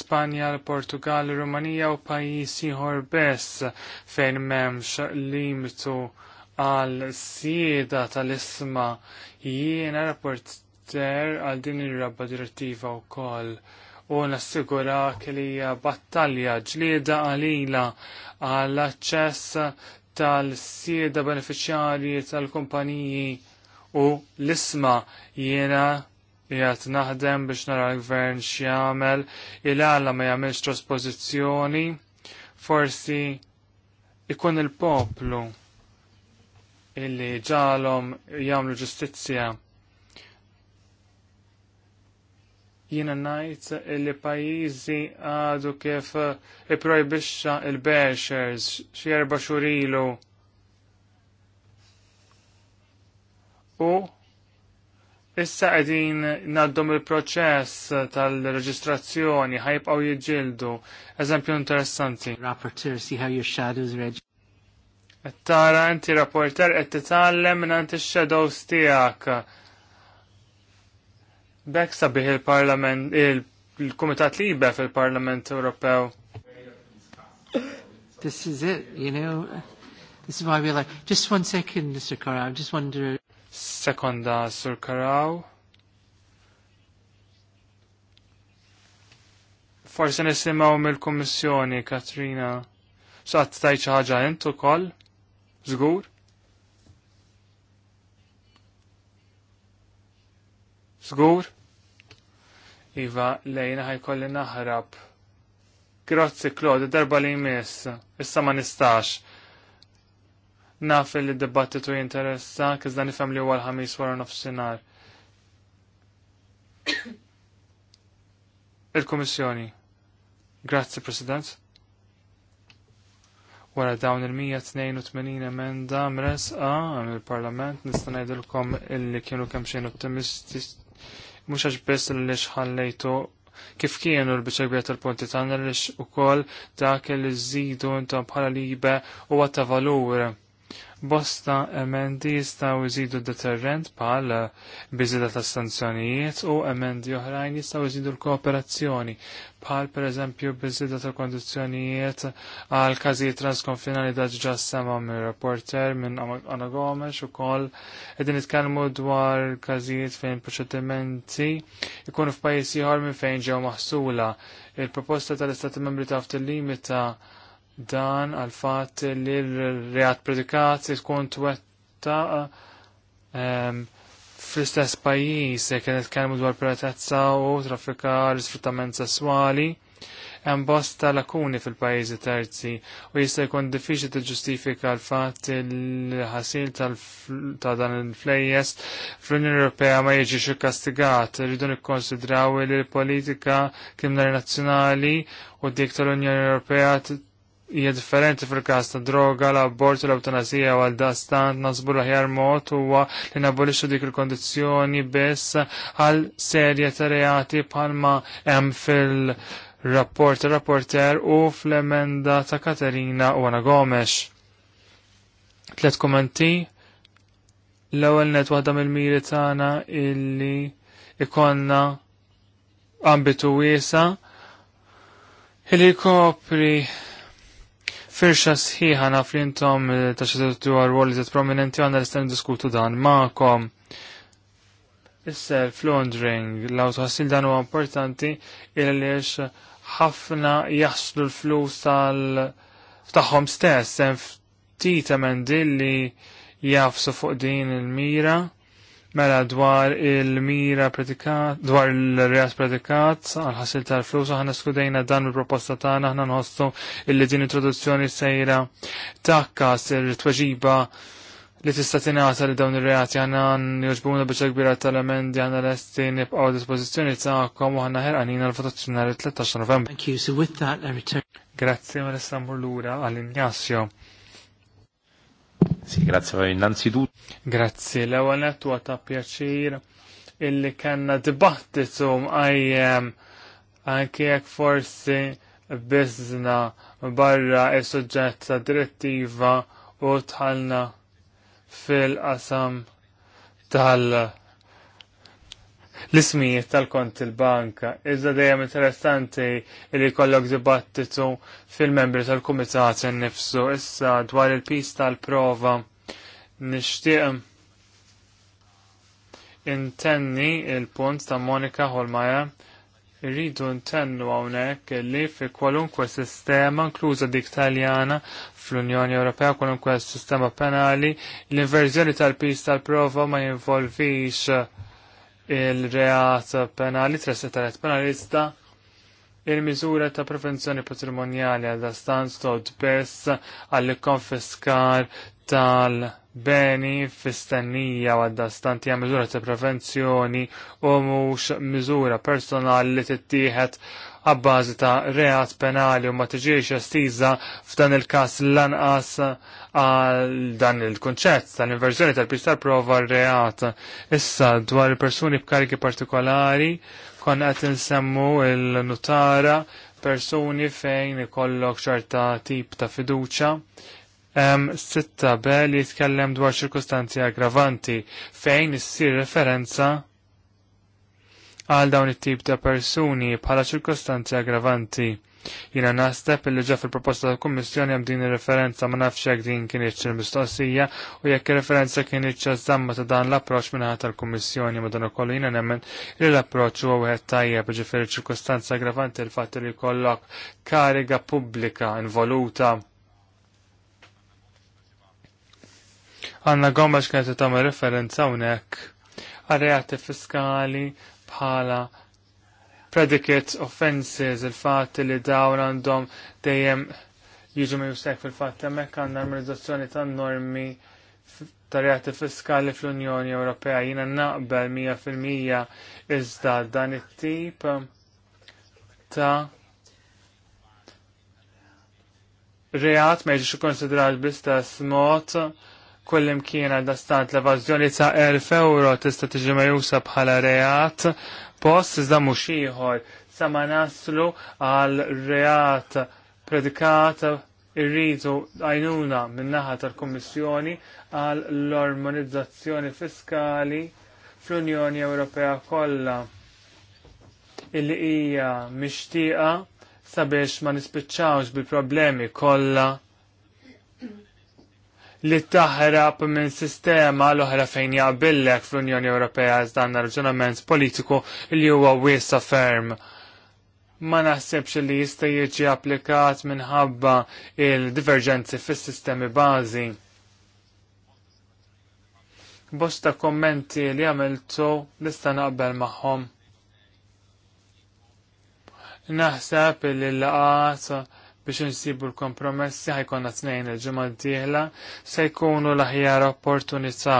Spanja, Portugal, Rumanija u pajjiż ieħor bess fejn m'hemmx limitu għal sieda tal-isma jiena rapporter għal din ir-rabba direttiva wkoll u nassigura li hija battalja ġlieda għalila għall aċċess tal-sieda beneficjarji tal-kumpaniji u l-isma jiena jgħat naħdem biex nara l-gvern x'jamel il-għalla ma jgħamilx trasposizjoni forsi ikun il-poplu illi ġalhom jagħmlu ġustizzja. Jiena ngħid illi pajjiżi għadu kif iprojbixxa il beċers xi xurilu. U issa qegħdin ngħaddhom il-proċess tal-reġistrazzjoni ħajbqgħu jiġġieldu. Eżempju interessanti. Rapporteur, see how your shadows register tara anti rapporter qed titgħallem minn anti shadows tiegħek. Bek sabiħ il-Parlament il-Kumitat Libe fil-Parlament Ewropew. This is it, you know. This is why we like. Just one second, Mr. Karau, Just wonder. Sekonda, Sir Karau. Forse nisimaw mill-Kummissjoni, Katrina. Saqt tajċa ħaġa jentu koll? Zgur? Zgur? Iva, lejna ħajkolli naħrab. Grazzi, Claude, darba li jmiss. Issa ma nistax. Naf li d-dibattitu jinteressa, kizda nifem li huwa l-ħamis wara nofsinhar. [coughs] Il-Kummissjoni. Grazzi, President. Wara dawn il-182 emenda mresqa il parlament nista' ngħidilkom illi kienu kemm xejn ottimisti mhux għax biss li xħallejtu kif kienu l-biċegbija tal-punti tagħna lix ukoll dak li żidu intom bħala libe huwa ta' valur Bosta emendi jistaw iżidu deterrent pal biżida ta' sanzjonijiet u emendi oħrajn jistaw iżidu l-kooperazzjoni pal per eżempju biżida ta' kondizjonijiet għal każijiet transkonfinali da' ġa sema minn reporter minn Anna Gomes u kol edin itkellmu dwar każijiet fejn proċedimenti ikunu f'pajjiż ieħor minn fejn ġew maħsula. Il-proposta tal-Istati Membri ta' limita ta' dan għal fatt li l-reat predikat tkun twetta ehm, fl-istess pajjiż se kienet kelmu dwar pretezza u l sfruttament sessuali hemm bosta lakuni fil-pajjiżi terzi u jista' jkun diffiċli tiġġustifika l-fatt li ħasil ta' dan il-flejjes fl-Unjoni Ewropea ma jiġix ikkastigat. Irridu nikkonsidraw li l-politika kriminali nazzjonali u dik tal-Unjoni Ewropea hija differenti fil-każ ta' droga, l-abort u l-eutanasija għal dastant nasbu l-ħjar mod huwa li nabolixxu dik il-kondizzjoni biss għal serje ta' reati bħalma hemm fil-rapport rapporter u fl-emenda ta' Katerina u għana Gomes. Tlet kommenti l-ewwel net waħda mill-miri tagħna illi ikonna ambitu wiesa illi kopri firxa sħiħa naf li intom eh, ta' xitettu għal li prominenti għanna l-istan diskutu dan ma'kom. Is-self laundering, l-autoħassil dan huwa importanti il-liex ħafna jaħslu l-flus tal tagħhom stess, hemm ftit emendi li jafsu fuq din il-mira Mela dwar il-mira predikat, dwar il-reas predikat, għal-ħasil tal-flus, ħana skudejna dan il-proposta tagħna ħna nħostu illi din introduzzjoni sejra takkas il-tweġiba li tista' tingħata li dawn ir-reati għandna njoġbuna bieċa gbira tal-emendi għandna lesti nibqgħu dispożizzjoni tagħkom u għandna ħerqanin għall l nhar 13 Novembru. Grazie, you. So with that I return. Grazzi lura għall-Injasjo. Sì, grazie innanzitutto. Grazie, l-ewwel tua ta' pjaċir illi kanna dibattitu għajjem anke jekk forsi bizna barra is-suġġett e ta' direttiva u tħallna fil-qasam tal- l-ismijiet tal-kont il-banka. Iżda dejjem interessanti li jkollok dibattitu fil-membri tal-kumitat nnifsu issa dwar il-pis tal-prova nixtieq intenni il-punt ta' Monika Holmaja irridu ntennu hawnhekk li fi kwalunkwe sistema inkluża dik Taljana fl-Unjoni Ewropea kwalunkwe sistema penali l-inverżjoni tal-pis tal-prova ma jinvolvix il-reat penali, tres penali, Penalista. il-miżura ta' prevenzjoni patrimonjali għal stan stod bess għall-konfiskar tal- beni fistennija għadda stanti għam miżura ta' prevenzjoni u mux miżura personali li tittieħed għabbażi ta' reat penali u ma tiġiex estiza f'dan il-kas lanqas għal dan il-konċett tal-inverżjoni tal-pistar prova reat. Issa dwar il-persuni b'karigi partikolari kon qed insemmu il-nutara persuni fejn ikollok ċerta tip ta' fiduċa sitta b li jitkellem dwar ċirkustanzi aggravanti fejn issir referenza għal dawn it-tip ta' persuni bħala ċirkustanzi aggravanti. Jina nastep il ġa fil-proposta tal kommissjoni għam din referenza ma nafx jek din kienieċ il-mistoqsija u jekk referenza referenza iċċa zamma ta' dan l-approċ minnaħat tal-kommissjoni ma dan kollu jina nemmen li l-approċ u tajja tajjeb ġifir ċirkustanza aggravanti il-fat li kollok kariga pubblika involuta Għanna għombax kienet tagħmel referenza hawnhekk għal fiskali bħala predicate offenses il fat li dawn għandhom dejjem jiġu jussek fil-fatt hemmhekk għandna armonizzazzjoni ta' normi tarjati fiskali fl-Unjoni Ewropea jina naqbel 100% iżda dan it-tip ta' reat ma jiġu konsidrat bl mod kullim kien għal dastant l-evazjoni ta' 1000 euro tista' tiġi mejusa bħala reat post iżda mhux ieħor sa ma naslu għal reat predikat irridu għajnuna minnaħa tal kummissjoni għal l-ormonizzazzjoni fiskali fl-Unjoni Ewropea kollha illi hija mixtieqa sabiex ma nispiċċawx bil-problemi kollha li taħrab minn sistema l-oħra fejn jaqbillek fl-Unjoni Ewropea dan raġunament politiku li huwa wiesa ferm. Ma naħsebx li jista' jiġi applikat minħabba il-diverġenzi fis-sistemi bażi. Bosta kommenti li għamiltu nista' naqbel magħhom. Naħseb li l-laqat biex insibu l-kompromessi ħajkonna tnejn il-ġimgħa d-dieħla se jkunu l-aħjar opportunità.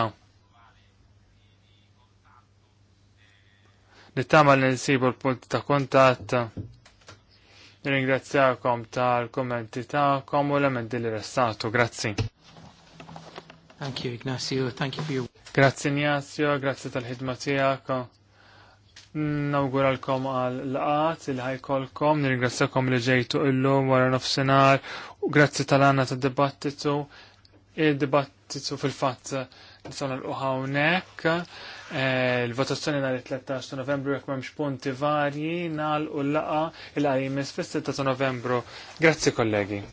Nittama li nsibu l-punt ta' kuntatt. Ringrazzjakom tal-kommenti ta'kom u l-emendi li restatu. Grazzi. Thank you, Ignacio. Thank you for your... Grazzi, Ignacio. Grazzi tal-ħidma tiegħek. Nawguralkom għal laqat il ħajkolkom, nirgrazzakom li ġejtu illum wara nofsinhar u grazzi tal-għanna tad dibattitu il-dibattitu fil-fatt nisawna l-uħawnek, eh, il-votazzjoni nhar 13 ta' novembru jekk m'hemmx punti varji u l-laqa il-qarimis fis-6 ta' novembru. Grazzi kollegi.